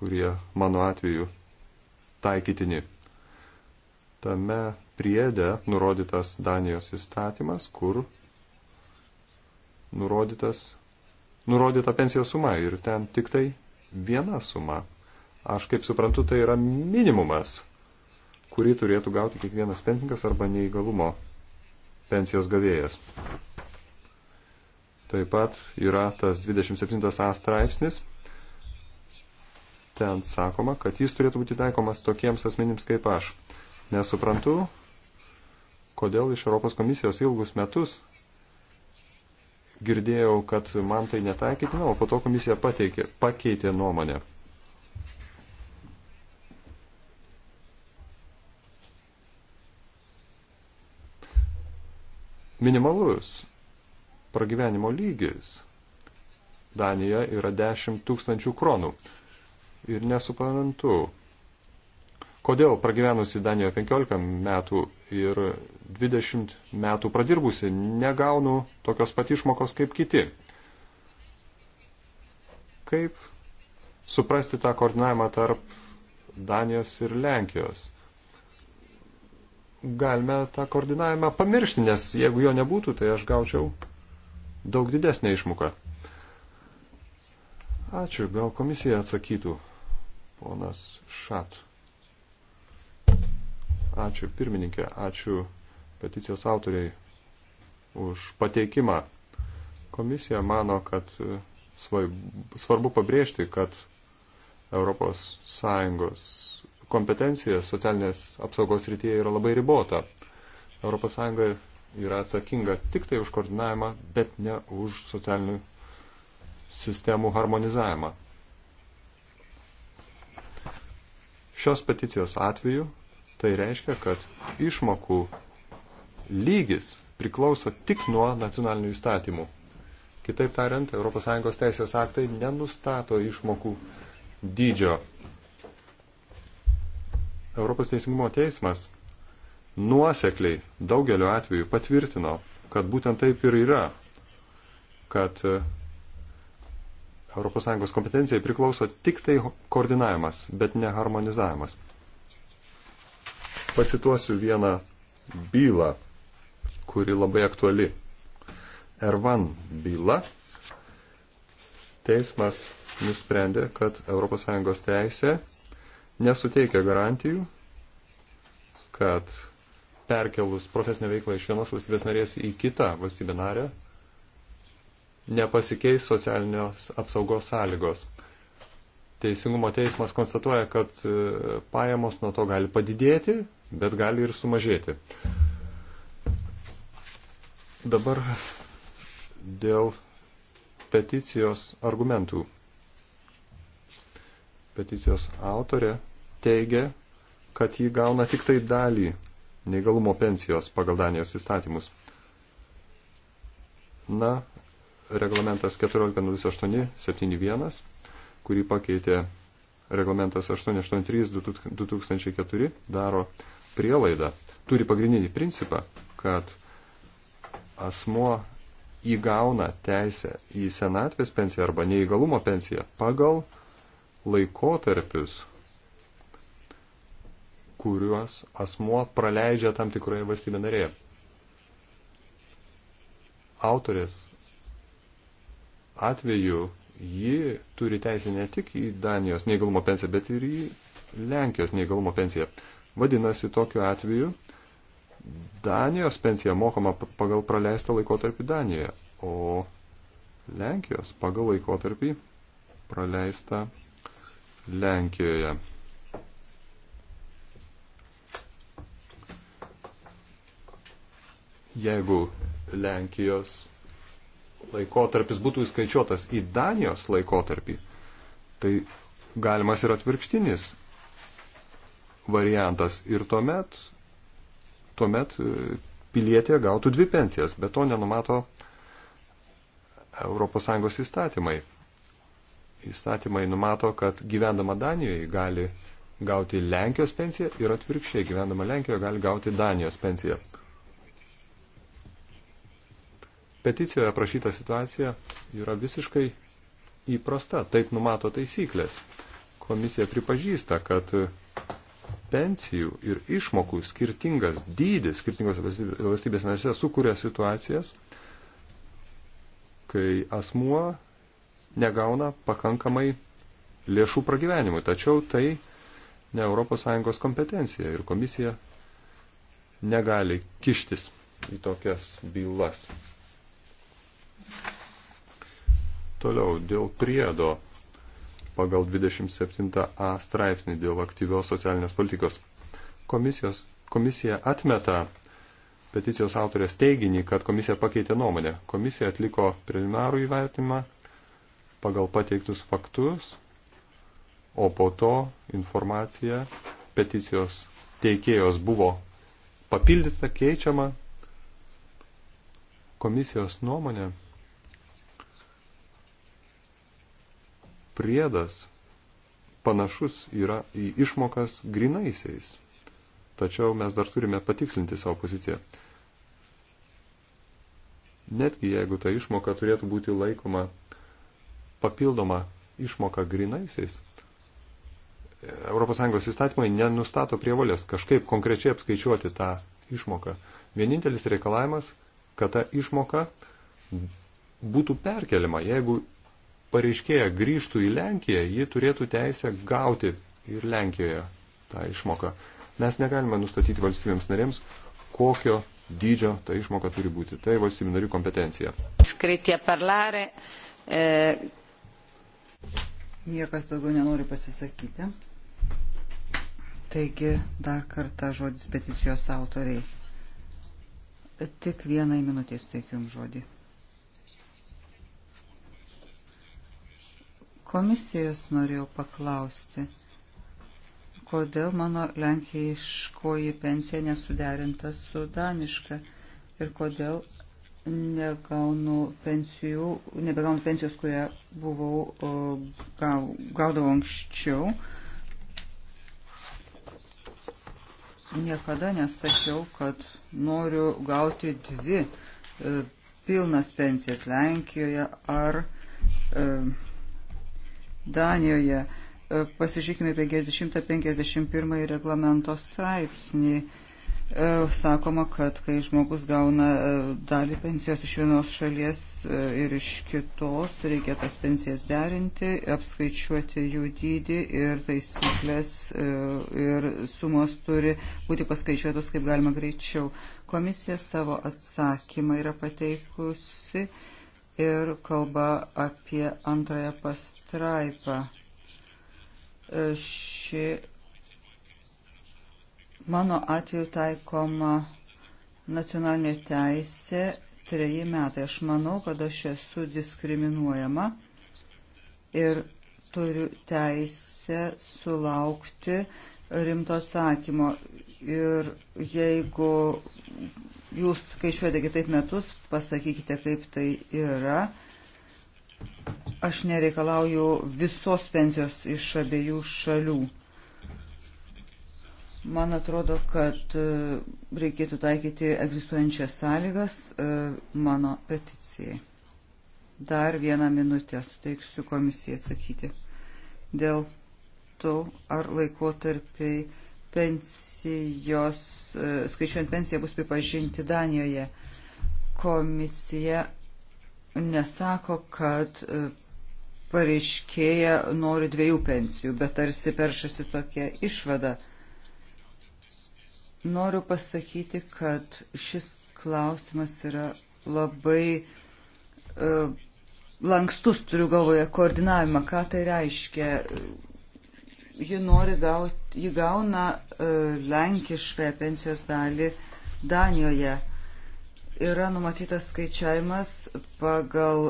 kurie mano atveju taikytini. Tame priedė nurodytas Danijos įstatymas, kur nurodytas, nurodyta pensijos suma ir ten tik tai viena suma Aš kaip suprantu, tai yra minimumas, kurį turėtų gauti kiekvienas pensininkas arba neįgalumo pensijos gavėjas. Taip pat yra tas 27a straipsnis. Ten sakoma, kad jis turėtų būti taikomas tokiems asmenims kaip aš. Nesuprantu, kodėl iš Europos komisijos ilgus metus girdėjau, kad man tai netaikytina, o po to komisija pateikė, pakeitė nuomonę. minimalus pragyvenimo lygis Danijoje yra 10 tūkstančių kronų. Ir nesuprantu, kodėl pragyvenusi Danijoje 15 metų ir 20 metų pradirbusi negaunu tokios pat išmokos kaip kiti. Kaip suprasti tą koordinavimą tarp Danijos ir Lenkijos? galime tą koordinavimą pamiršti, nes jeigu jo nebūtų, tai aš gaučiau daug didesnę išmoką. Ačiū, gal komisija atsakytų, ponas Šat. Ačiū pirmininkė, ačiū peticijos autoriai už pateikimą. Komisija mano, kad svarbu pabrėžti, kad Europos Sąjungos kompetencija socialinės apsaugos rytyje yra labai ribota. ES yra atsakinga tik tai už koordinavimą, bet ne už socialinių sistemų harmonizavimą. Šios peticijos atveju tai reiškia, kad išmokų lygis priklauso tik nuo nacionalinių įstatymų. Kitaip tariant, ES teisės aktai nenustato išmokų dydžio Europos Teisingumo teismas nuosekliai daugeliu atveju patvirtino, kad būtent taip ir yra, kad ES kompetencijai priklauso tik tai koordinavimas, bet ne harmonizavimas. Pasituosiu vieną bylą, kuri labai aktuali. Ervan byla. Teismas nusprendė, kad ES teisė nesuteikia garantijų, kad perkelus profesinę veiklą iš vienos valstybės narės į kitą valstybę narę, nepasikeis socialinios apsaugos sąlygos. Teisingumo teismas konstatuoja, kad e, pajamos nuo to gali padidėti, bet gali ir sumažėti. Dabar dėl peticijos argumentų peticijos autorė teigia, kad jį gauna tik tai dalį neįgalumo pensijos pagal Danijos įstatymus. Na, reglamentas 14.08.71, kurį pakeitė reglamentas 883-2004, daro prielaidą, turi pagrindinį principą, kad asmuo įgauna teisę į senatvės pensiją arba neįgalumo pensiją pagal laikotarpius, kuriuos asmuo praleidžia tam tikroje valstybė narėje. Autorės atveju ji turi teisę ne tik į Danijos neįgalumo pensiją, bet ir į Lenkijos neįgalumo pensiją. Vadinasi, tokiu atveju Danijos pensija mokama pagal praleistą laikotarpį Danijoje, o Lenkijos pagal laikotarpį praleistą Lenkijoje. Jeigu Lenkijos laikotarpis būtų įskaičiuotas į Danijos laikotarpį, tai galimas ir atvirkštinis variantas. Ir tuomet, tuomet e, pilietė gautų dvi pensijas, bet to nenumato ES įstatymai įstatymai numato, kad gyvendama Danijoje gali gauti Lenkijos pensiją ir atvirkščiai gyvendama Lenkijoje gali gauti Danijos pensiją. Peticijoje aprašyta situacija yra visiškai įprasta, taip numato taisyklės. Komisija pripažįsta, kad pensijų ir išmokų skirtingas dydis skirtingos valstybės narėse sukuria situacijas, kai asmuo negauna pakankamai lėšų pragyvenimui. Tačiau tai ne ES kompetencija ir komisija negali kištis į tokias bylas. Toliau, dėl priedo pagal 27a straipsnį dėl aktyvios socialinės politikos. Komisijos, komisija atmeta peticijos autorės teiginį, kad komisija pakeitė nuomonę. Komisija atliko preliminarų įvertimą pagal pateiktus faktus, o po to informacija peticijos teikėjos buvo papildyta, keičiama. Komisijos nuomonė priedas panašus yra į išmokas grinaisiais. Tačiau mes dar turime patikslinti savo poziciją. Netgi jeigu ta išmoka turėtų būti laikoma papildomą išmoką grinaisiais, ES įstatymai nenustato prievolės kažkaip konkrečiai apskaičiuoti tą išmoką. Vienintelis reikalavimas, kad ta išmoka būtų perkeliama. Jeigu pareiškėja grįžtų į Lenkiją, ji turėtų teisę gauti ir Lenkijoje tą išmoką. Mes negalime nustatyti valstybėms narėms, kokio dydžio ta išmoka turi būti. Tai valstybių narių kompetencija. Skritė parlare. E... Niekas daugiau nenori pasisakyti. Taigi dar kartą žodis peticijos autoriai. Tik vienai minutės teikiu jums žodį. Komisijos norėjau paklausti, kodėl mano lenkiškoji pensija nesuderinta su daniška ir kodėl negaunu pensijų, nebegaunu pensijos, kurią buvau gau, gaudavau anksčiau. Niekada nesakiau, kad noriu gauti dvi e, pilnas pensijas Lenkijoje ar e, Danijoje. E, pasižiūrėkime 50-51 reglamento straipsnį. E, E, sakoma, kad kai žmogus gauna e, dalį pensijos iš vienos šalies e, ir iš kitos, reikia tas pensijas derinti, apskaičiuoti jų dydį ir taisyklės ir sumos turi būti paskaičiuotos kaip galima greičiau. Komisija savo atsakymą yra pateikusi ir kalba apie antrąją pastraipą. Ši Mano atveju taikoma nacionalinė teisė treji metai. Aš manau, kad aš esu diskriminuojama ir turiu teisę sulaukti rimto atsakymo. Ir jeigu jūs skaičiuojate kitaip metus, pasakykite, kaip tai yra. Aš nereikalauju visos pensijos iš abiejų šalių. Man atrodo, kad e, reikėtų taikyti egzistuojančias sąlygas e, mano peticijai. Dar vieną minutę suteiksiu komisijai atsakyti. Dėl to, ar laikotarpiai pensijos, e, skaičiuojant pensiją, bus pripažinti Danijoje. Komisija nesako, kad pareiškėja nori dviejų pensijų, bet tarsi peršasi tokia išvada Noriu pasakyti, kad šis klausimas yra labai uh, lankstus, turiu galvoje, koordinavimą. Ką tai reiškia? Ji nori gauti, ji gauna uh, lenkiškąją pensijos dalį Danijoje. Yra numatytas skaičiavimas, pagal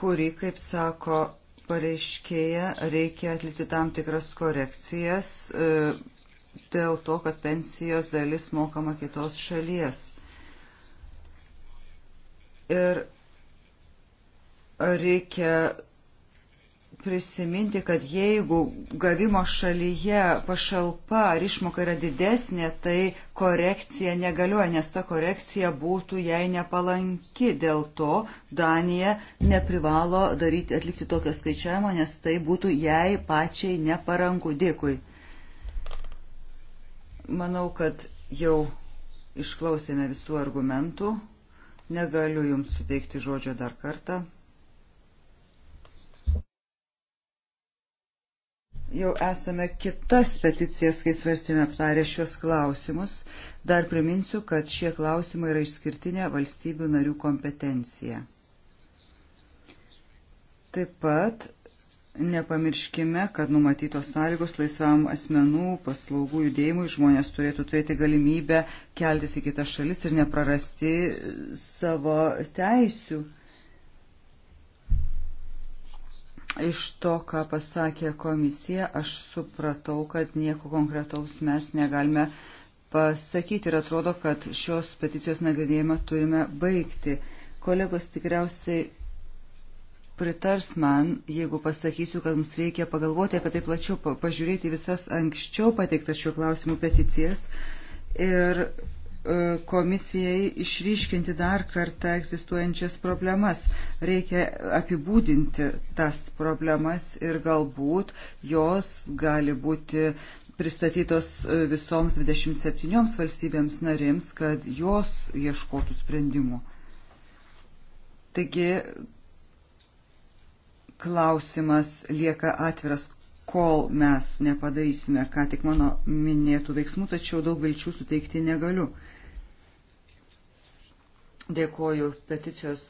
kurį, kaip sako pareiškėja, reikia atlikti tam tikras korekcijas. Uh, dėl to, kad pensijos dalis mokama kitos šalies. Ir reikia prisiminti, kad jeigu gavimo šalyje pašalpa ar išmoka yra didesnė, tai korekcija negaliuoja, nes ta korekcija būtų jai nepalanki. Dėl to Danija neprivalo daryti, atlikti tokio skaičiavimo, nes tai būtų jai pačiai neparanku. Dėkui. Manau, kad jau išklausėme visų argumentų. Negaliu Jums suteikti žodžio dar kartą. Jau esame kitas peticijas, kai svarstėme aptarę šios klausimus. Dar priminsiu, kad šie klausimai yra išskirtinė valstybių narių kompetencija. Taip pat Nepamirškime, kad numatytos sąlygos laisvam asmenų paslaugų judėjimui žmonės turėtų turėti galimybę keltis į kitas šalis ir neprarasti savo teisių. Iš to, ką pasakė komisija, aš supratau, kad nieko konkretaus mes negalime pasakyti ir atrodo, kad šios peticijos nagrinėjimą turime baigti. Kolegos tikriausiai pritars man, jeigu pasakysiu, kad mums reikia pagalvoti apie tai plačiau, pažiūrėti visas anksčiau pateiktas šiuo klausimu peticijas ir e, komisijai išryškinti dar kartą egzistuojančias problemas. Reikia apibūdinti tas problemas ir galbūt jos gali būti pristatytos e, visoms 27 valstybėms narims, kad jos ieškotų sprendimų. Taigi klausimas lieka atviras, kol mes nepadarysime ką tik mano minėtų veiksmų, tačiau daug vilčių suteikti negaliu. Dėkoju peticijos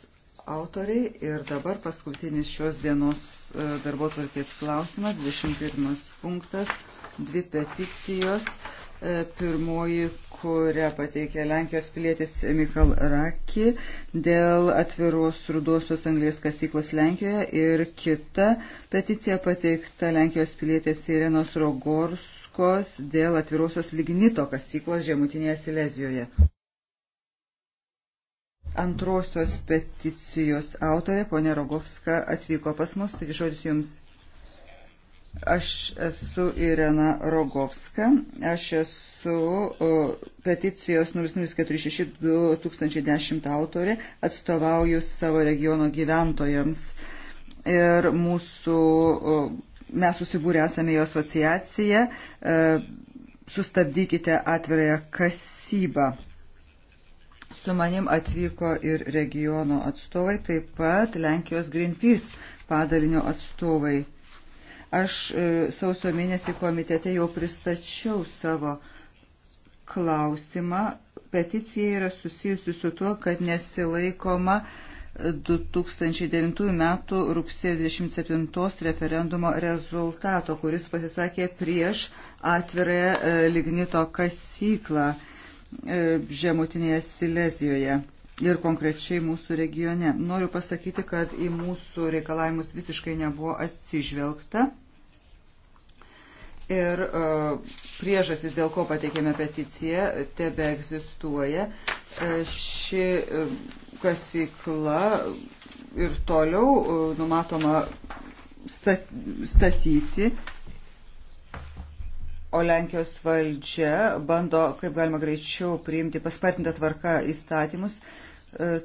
autoriai ir dabar paskutinis šios dienos e, darbo tvarkės klausimas, 21 punktas, dvi peticijos E, pirmoji, kurią pateikė Lenkijos pilietis Mikal Raki dėl atviros rudosios anglės kasyklos Lenkijoje ir kita peticija pateikta Lenkijos pilietės Irenos Rogorskos dėl atvirosios lignito kasyklos Žemutinėje Silezijoje. Antrosios peticijos autorė, ponė Rogovska, atvyko pas mus, taigi žodis jums. Aš esu Irena Rogovska, aš esu peticijos 0046-2010 autorė, atstovauju savo regiono gyventojams ir mūsų, mes susibūrę esame jo asociacija, e, sustabdykite atvirąją kasybą. Su manim atvyko ir regiono atstovai, taip pat Lenkijos Greenpeace padalinio atstovai Aš e, sausio mėnesį komitete jau pristačiau savo klausimą. Peticija yra susijusi su tuo, kad nesilaikoma 2009 m. rugsėjo 27 referendumo rezultato, kuris pasisakė prieš atvirąją e, lignito kasyklą e, žemutinėje Silezijoje ir konkrečiai mūsų regione. Noriu pasakyti, kad į mūsų reikalavimus visiškai nebuvo atsižvelgta. Ir uh, e, priežasis, dėl ko pateikėme peticiją, tebe egzistuoja. Uh, e, ši uh, kasykla ir toliau uh, numatoma stat statyti. O Lenkijos valdžia bando, kaip galima greičiau, priimti paspartintą tvarką įstatymus uh, E,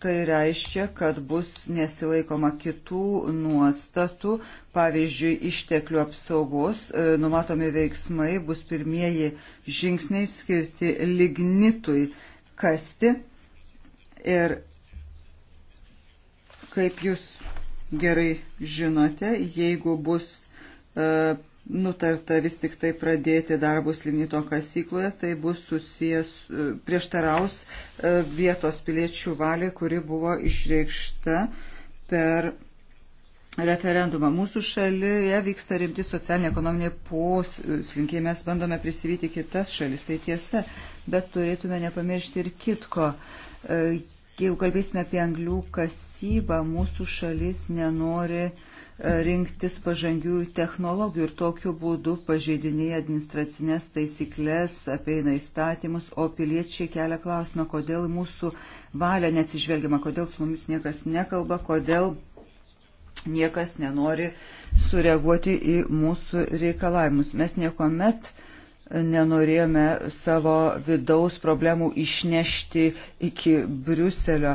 tai reiškia, kad bus nesilaikoma kitų nuostatų, pavyzdžiui, išteklių apsaugos, e, numatomi veiksmai bus pirmieji žingsniai skirti lignitui kasti. Ir kaip jūs gerai žinote, jeigu bus e, nutarta vis tik tai pradėti darbus lignito kasykloje, tai bus susijęs prieštaraus e, vietos piliečių valiai, kuri buvo išreikšta per referendumą. Mūsų šalyje vyksta rimti socialiniai ekonominiai poslinkiai, mes bandome prisivyti kitas šalis, tai tiesa, bet turėtume nepamiršti ir kitko. E, jeigu kalbėsime apie anglių kasybą, mūsų šalis nenori uh, rinktis pažangių technologijų ir tokiu būdu pažeidinėja administracinės taisyklės, apeina įstatymus, o piliečiai kelia klausimą, kodėl mūsų valia neatsižvelgiama, kodėl su mumis niekas nekalba, kodėl niekas nenori sureaguoti į mūsų reikalavimus. Mes niekuomet nenorėjome savo vidaus problemų išnešti iki Briuselio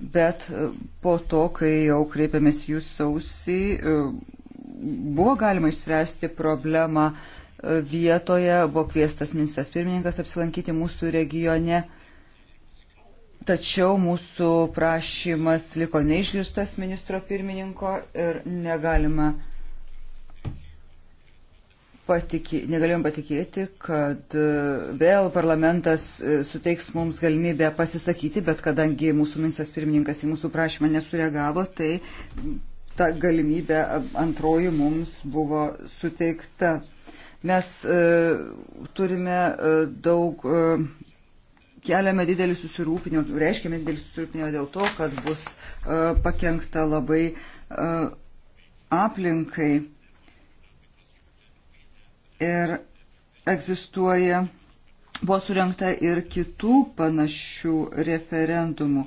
bet e, po to, kai jau kreipėmės jų sausį, e, buvo galima išspręsti problemą e, vietoje, buvo kviestas ministras pirmininkas apsilankyti mūsų regione, tačiau mūsų prašymas liko neišgirstas ministro pirmininko ir negalima patikė, negalėjom patikėti, kad e, vėl parlamentas e, suteiks mums galimybę pasisakyti, bet kadangi mūsų ministras pirmininkas į mūsų prašymą nesureagavo, tai ta galimybė antroji mums buvo suteikta. Mes e, turime e, daug, e, keliame didelį susirūpinimą, reiškiame didelį susirūpinimą dėl to, kad bus e, pakengta labai e, aplinkai ir egzistuoja, buvo surinkta ir kitų panašių referendumų.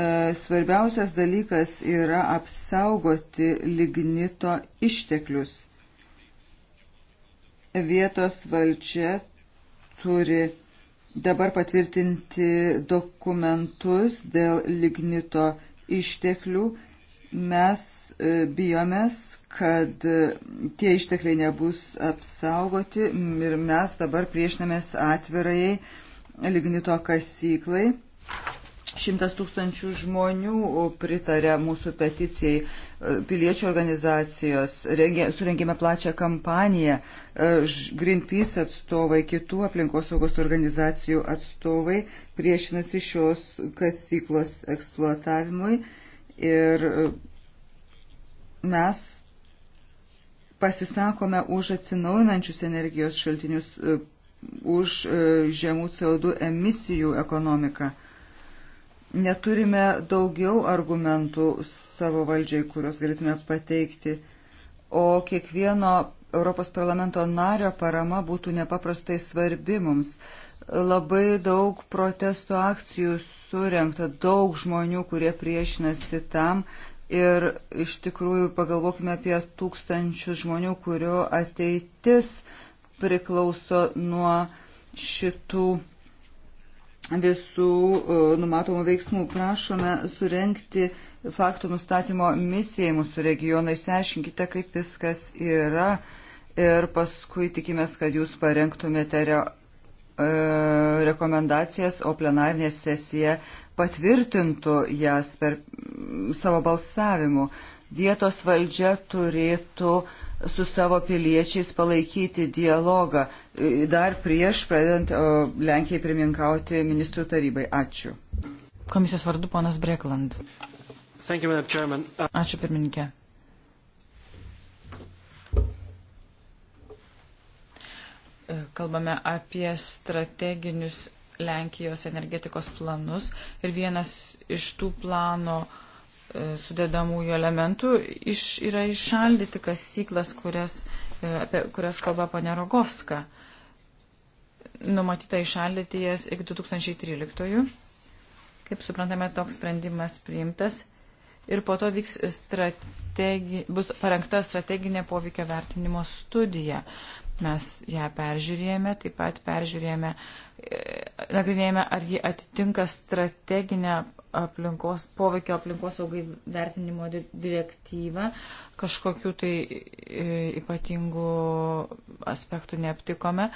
E, svarbiausias dalykas yra apsaugoti lignito išteklius. Vietos valdžia turi dabar patvirtinti dokumentus dėl lignito išteklių. Mes e, bijomės, kad e, tie ištekliai nebus apsaugoti ir mes dabar priešinamės atvirai lignito kasyklai. Šimtas tūkstančių žmonių pritarė mūsų peticijai, e, piliečių organizacijos, rengė, surengėme plačią kampaniją, e, Greenpeace atstovai, kitų aplinkosaugos organizacijų atstovai priešinasi šios kasyklos eksploatavimui ir mes pasisakome už atsinaujinančius energijos šaltinius, e, už e, žemų CO2 emisijų ekonomiką. Neturime daugiau argumentų savo valdžiai, kuriuos galėtume pateikti, o kiekvieno Europos parlamento nario parama būtų nepaprastai svarbi mums. Labai daug protestų akcijų surinkta, daug žmonių, kurie priešinasi tam, uh, ir iš tikrųjų pagalvokime apie tūkstančius žmonių, kurio ateitis priklauso nuo šitų visų e, numatomų veiksmų. Prašome surenkti faktų nustatymo misiją mūsų regionai, išsiaiškinkite, kaip viskas yra ir paskui tikimės, kad jūs parengtumėte re, e, rekomendacijas, o plenarinė sesija patvirtintų jas per mm, savo balsavimu. Vietos valdžia turėtų su savo piliečiais palaikyti dialogą e, dar prieš pradedant Lenkijai pirmininkauti ministrų tarybai. Ačiū. Komisijos vardu ponas Brekland. Ačiū pirmininkė. Kalbame apie strateginius Lenkijos energetikos planus ir vienas iš tų plano e, sudėdamųjų elementų iš, yra išaldyti kasyklas, kurias, e, apie kurias kalba ponė Rogovska. Numatyta išaldyti jas iki 2013. Kaip suprantame, toks sprendimas priimtas ir po to vyks strategi, bus parengta strateginė poveikio vertinimo studija. Mes ją peržiūrėjome, taip pat peržiūrėjome nagrinėjame, ar ji atitinka strateginę aplinkos, poveikio aplinkos saugai vertinimo direktyvą. Kažkokių tai e, ypatingų aspektų neaptikome.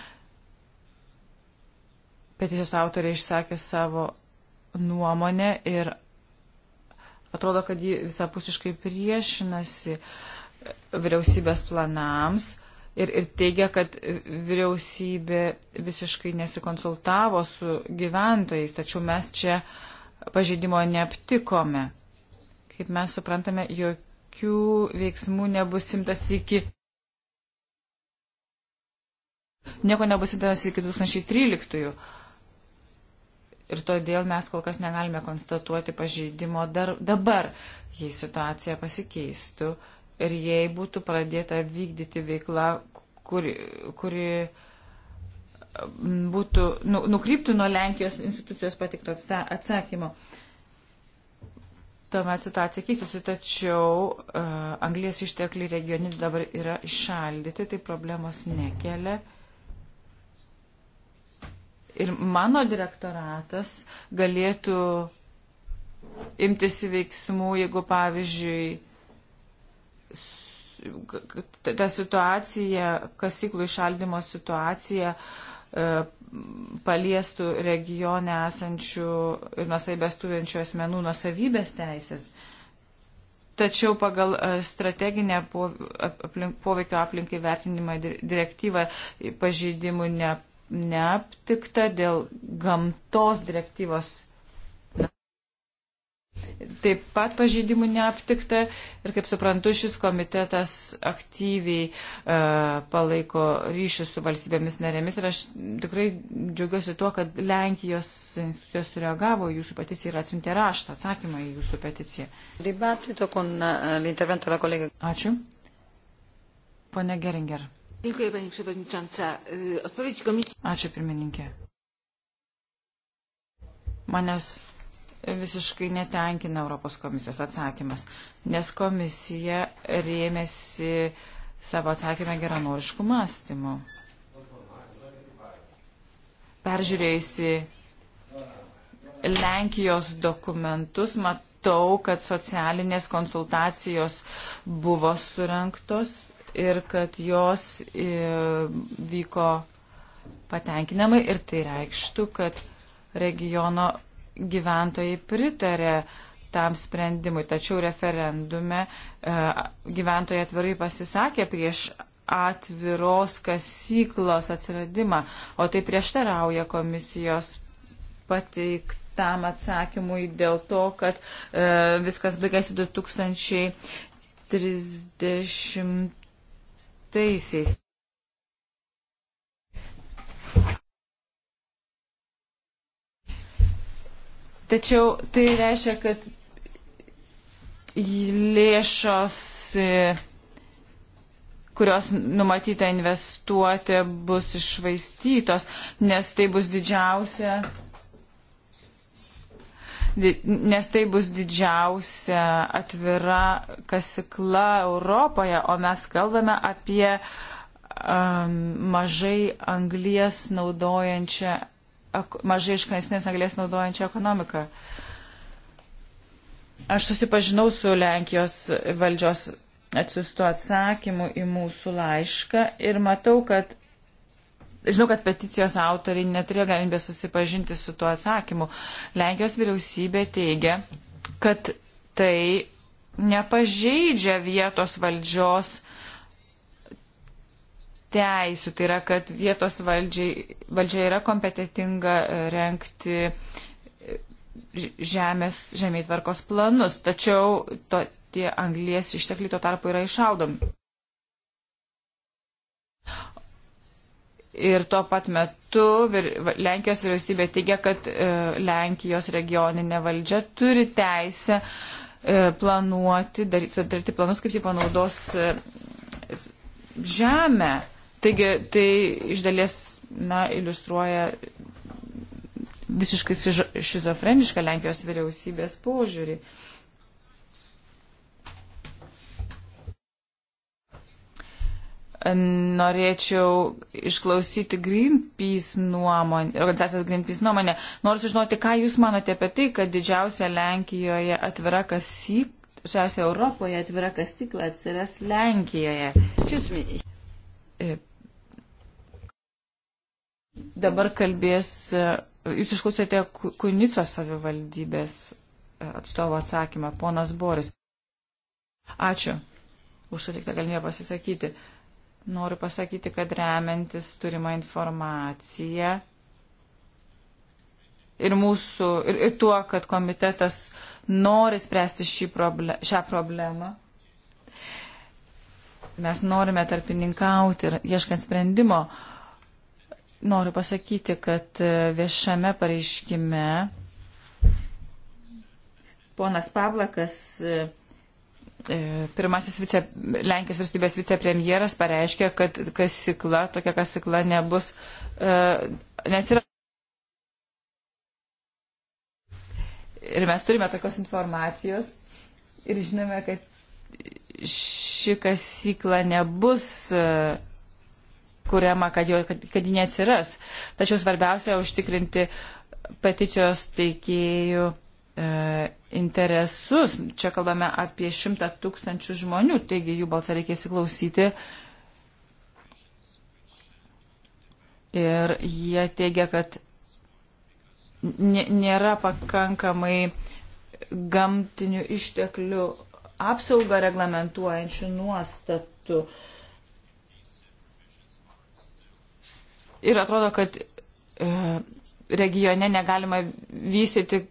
Peticijos autoriai išsakė savo nuomonę ir atrodo, kad ji visapusiškai priešinasi vyriausybės planams ir, ir teigia, kad vyriausybė visiškai nesikonsultavo su gyventojais, tačiau mes čia pažeidimo neaptikome. Kaip mes suprantame, jokių veiksmų nebus imtas iki. Nieko nebus imtas iki 2013. Ir todėl mes kol kas negalime konstatuoti pažeidimo dar dabar, jei situacija pasikeistų ir jei būtų pradėta vykdyti veikla, kuri, kuri būtų, nu, nukryptų nuo Lenkijos institucijos patikto atsakymo. Tuomet situacija keistusi, tačiau uh, e, anglės ištekliai regioni dabar yra išaldyti, tai problemos nekelia. Ir mano direktoratas galėtų imtis veiksmų, jeigu, pavyzdžiui, ta situacija, kasyklų išaldimo situacija e, paliestų regione esančių ir nusaibės turinčių asmenų nusavybės teisės. Tačiau pagal e, strateginę poveikio aplinkai vertinimą direktyvą pažydimų ne, neaptikta dėl gamtos direktyvos Taip pat pažydimų neaptikta ir, kaip suprantu, šis komitetas aktyviai e, palaiko ryšius su valstybėmis narėmis ir aš tikrai džiaugiuosi tuo, kad Lenkijos institucijos sureagavo jūsų peticiją ir atsiuntė raštą atsakymą į jūsų peticiją. E, Ačiū. Pone Geringer. E, Ačiū, pirmininkė. Manęs visiškai netenkina Europos komisijos atsakymas, nes komisija rėmėsi savo atsakymę geranoriškų mąstymų. Peržiūrėjusi Lenkijos dokumentus, matau, kad socialinės konsultacijos buvo surinktos ir kad jos e, vyko patenkinamai ir tai reikštų, kad regiono gyventojai pritarė tam sprendimui, tačiau referendume e, gyventojai atvirai pasisakė prieš atviros kasyklos atsiradimą, o tai prieštarauja komisijos pateikti tam atsakymui dėl to, kad e, viskas baigėsi 2030-aisiais. Tačiau tai reiškia, kad lėšos, e, kurios numatyta investuoti, bus išvaistytos, nes tai bus didžiausia. Nes tai bus didžiausia atvira kasikla Europoje, o mes kalbame apie um, mažai anglies naudojančią mažai iškaisnės anglės naudojančią ekonomiką. Aš susipažinau su Lenkijos valdžios atsiustu atsakymu į mūsų laišką ir matau, kad Žinau, kad peticijos autoriai neturėjo galimybės susipažinti su tuo atsakymu. Lenkijos vyriausybė teigia, kad tai nepažeidžia vietos valdžios uh, teisų, tai yra, kad vietos valdžiai, valdžia yra kompetitinga e, renkti e, žemės, žemėtvarkos planus, tačiau to, tie anglies ištekliai tuo tarpu yra išaudomi. Ir tuo pat metu vir, Lenkijos vyriausybė teigia, kad e, Lenkijos regioninė valdžia turi teisę e, planuoti, daryti, daryti planus, kaip jį panaudos e, žemę. Taigi tai iš dalies na, iliustruoja visiškai šizofrenišką Lenkijos vyriausybės požiūrį. norėčiau išklausyti Greenpeace nuomonę, organizacijos Greenpeace nuomonę. Noriu sužinoti, ką Jūs manote apie tai, kad didžiausia Lenkijoje atvira kasykla, didžiausia Europoje atvira kasykla atsiras Lenkijoje. Excuse me. E, Dabar kalbės, jūs išklausėte Kunicos savivaldybės e, atstovo atsakymą, ponas Boris. Ačiū už sutiktą galimybę pasisakyti. Noriu pasakyti, kad remiantis turimą informaciją ir mūsų, ir, ir tuo, kad komitetas nori spręsti problem, šią problemą, mes norime tarpininkauti ir ieškant sprendimo. Uh, Noriu pasakyti, kad e, viešame pareiškime ponas Pavlakas, e, e, pirmasis vice, Lenkijos valstybės vicepremjeras, pareiškė, kad kasykla, tokia kasykla nebus, nes yra. Ir mes turime tokios informacijos ir žinome, kad ši kasykla nebus kuriama, kad, jo, kad, kad ji neatsiras. Tačiau svarbiausia užtikrinti peticijos teikėjų e, interesus. Čia kalbame apie šimtą tūkstančių žmonių, taigi jų balsą reikia įsiklausyti. Ir jie teigia, kad nėra pakankamai gamtinių išteklių apsaugą reglamentuojančių nuostatų. E, ir atrodo, kad e, regione negalima vystyti,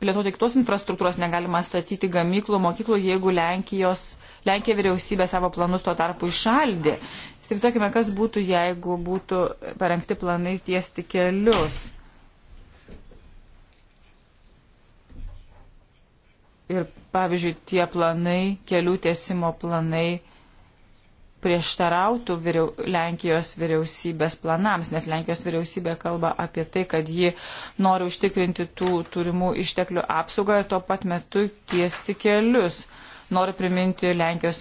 plėtoti kitos infrastruktūros, negalima statyti gamyklų, mokyklų, jeigu Lenkijos, Lenkija vyriausybė savo planus tuo tarpu išaldė. Įsivaizduokime, kas būtų, jeigu būtų parengti planai tiesti kelius. Ir pavyzdžiui, tie planai, kelių tiesimo planai prieštarautų vyriau, Lenkijos vyriausybės planams, nes Lenkijos vyriausybė kalba apie tai, kad ji nori užtikrinti tų turimų išteklių apsaugą ir tuo pat metu tiesti kelius. Noriu priminti Lenkijos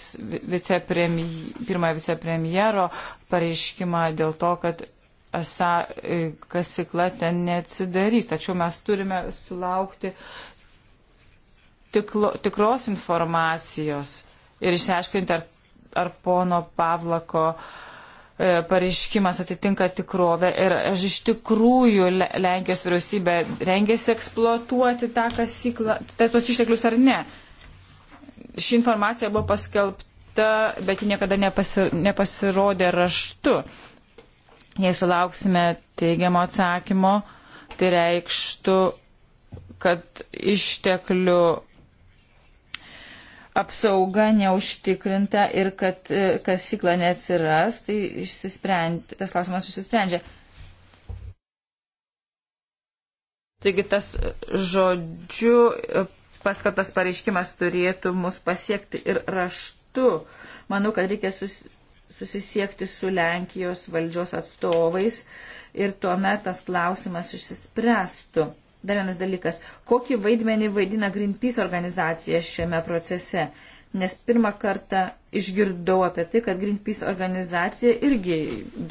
vicepremj... pirmąją vicepremjero pareiškimą dėl to, kad esą e, kasykla ten neatsidarys. Tačiau mes turime sulaukti tiklo, tikros informacijos ir išsiaiškinti, ar ar pono Pavlako e, pareiškimas atitinka tikrovę ir aš iš tikrųjų Lenkijos vyriausybė rengėsi eksploatuoti tą kasyklą, tos tai išteklius ar ne. Ši informacija buvo paskelbta, bet ji niekada nepasi, nepasirodė raštu. Jei sulauksime teigiamo atsakymo, tai reikštų, kad išteklių apsauga neužtikrinta ir kad e, kasykla neatsiras, tai tas klausimas išsisprendžia. Taigi tas žodžiu e, paskatas pareiškimas turėtų mus pasiekti ir raštu. Manau, kad reikia sus, susisiekti su Lenkijos valdžios atstovais ir tuomet tas klausimas išsispręstų. Dar vienas dalykas. Kokį vaidmenį vaidina Greenpeace organizacija šiame procese? Nes pirmą kartą išgirdau apie tai, kad Greenpeace organizacija irgi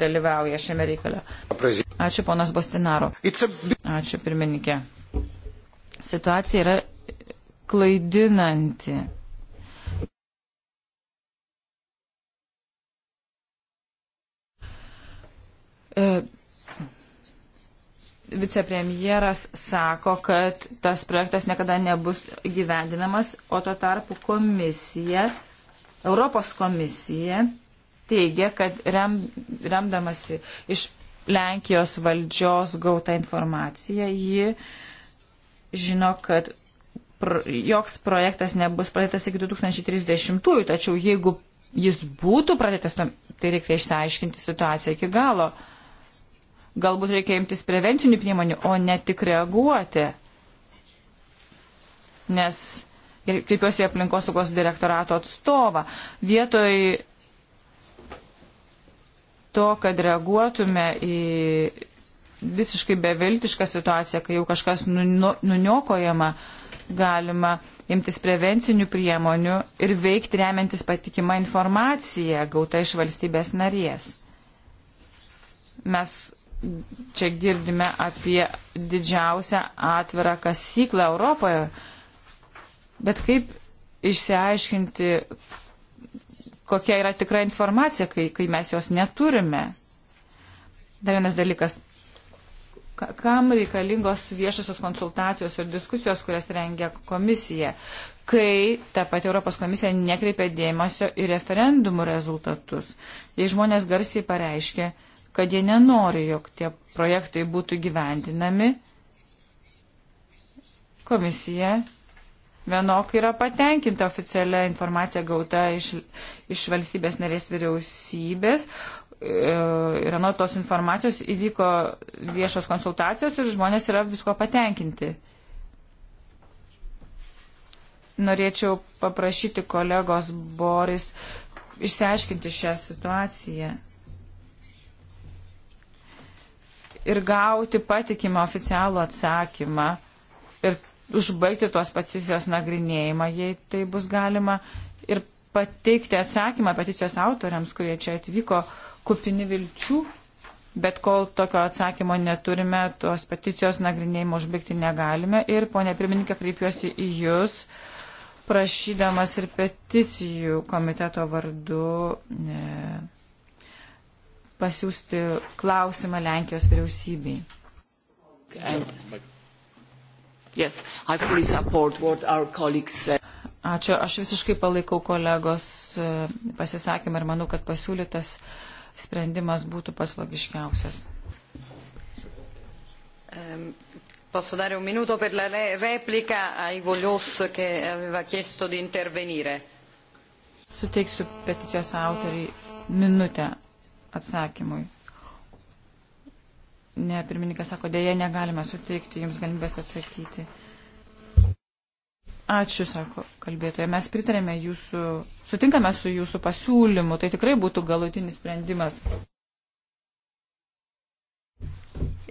dalyvauja šiame reikale. Ačiū, ponas Bostinaro. Ačiū, pirmininkė. Situacija yra klaidinanti. E, vicepremjeras sako, kad tas projektas niekada nebus gyvendinamas, o to tarpu komisija, Europos komisija teigia, kad rem, remdamasi iš Lenkijos valdžios gauta informacija, ji žino, kad pro, joks projektas nebus pradėtas iki 2030-ųjų, tačiau jeigu jis būtų pradėtas, tai reikia išsiaiškinti situaciją iki galo. Galbūt reikia imtis prevencinių priemonių, o ne tik reaguoti. Nes kreipiuosi aplinkosaugos direktorato atstovą. Vietoj to, kad reaguotume į visiškai beviltišką situaciją, kai jau kažkas nuniokojama, galima imtis prevencinių priemonių ir veikti remiantis patikimą informaciją gautą iš valstybės narės. Mes čia girdime apie didžiausią atvirą kasyklą Europoje. Bet kaip išsiaiškinti, kokia yra tikra informacija, kai, kai mes jos neturime? Dar vienas dalykas. Kam reikalingos viešosios konsultacijos ir diskusijos, kurias rengia komisija, kai ta pati Europos komisija nekreipia dėmesio į referendumų rezultatus? Jei žmonės garsiai pareiškia, kad jie nenori, jog tie projektai būtų gyvendinami. Komisija vienok yra patenkinta oficialia informacija gauta iš, iš valstybės narės vyriausybės. Ir e, nuo tos informacijos įvyko viešos konsultacijos ir žmonės yra visko patenkinti. Norėčiau paprašyti kolegos Boris išsiaiškinti šią situaciją. ir gauti patikimą oficialų atsakymą ir užbaigti tos peticijos nagrinėjimą, jei tai bus galima, ir pateikti atsakymą peticijos autoriams, kurie čia atvyko kupini vilčių, bet kol tokio atsakymo neturime, tos peticijos nagrinėjimo užbaigti negalime. Ir, ponė pirmininkė, kreipiuosi į Jūs, prašydamas ir peticijų komiteto vardu. Ne, pasiūsti klausimą Lenkijos vyriausybei. And, yes, Ačiū, aš visiškai palaikau kolegos e, pasisakymą ir manau, kad pasiūlytas sprendimas būtų paslogiškiausias. Um. Ehm, posso dare un minuto per la replica a Ivo Lios che aveva chiesto di intervenire. Suteiksiu peticijos autoriai minutę atsakymui. Ne, pirmininkas sako, dėja negalime suteikti jums galimybės atsakyti. Ačiū, sako kalbėtoja. Mes pritarėme jūsų, sutinkame su jūsų pasiūlymu, tai tikrai būtų galutinis sprendimas.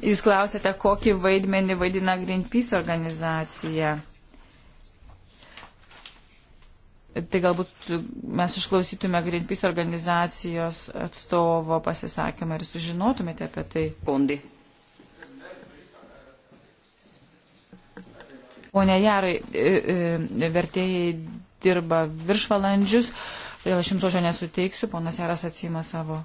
Jūs klausėte, kokį vaidmenį vaidina Greenpeace organizacija. Tai galbūt mes išklausytume Greenpeace organizacijos atstovo pasisakymą ir sužinotumėte apie tai. Kondi. Pone Jarai, e, e, vertėjai dirba viršvalandžius, todėl aš jums žodžio nesuteiksiu, ponas Jaras atsima savo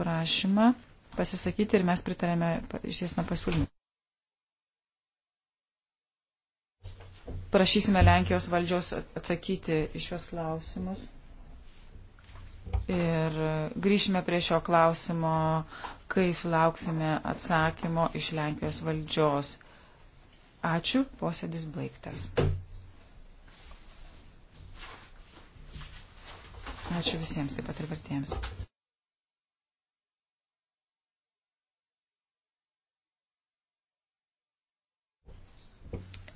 prašymą pasisakyti ir mes pritarėme išdėstymą pasiūlymą. prašysime Lenkijos valdžios atsakyti iš šios klausimus. Ir grįšime prie šio klausimo, kai sulauksime atsakymo iš Lenkijos valdžios. Ačiū, posėdis baigtas. Ačiū visiems, taip pat ir vertėjams.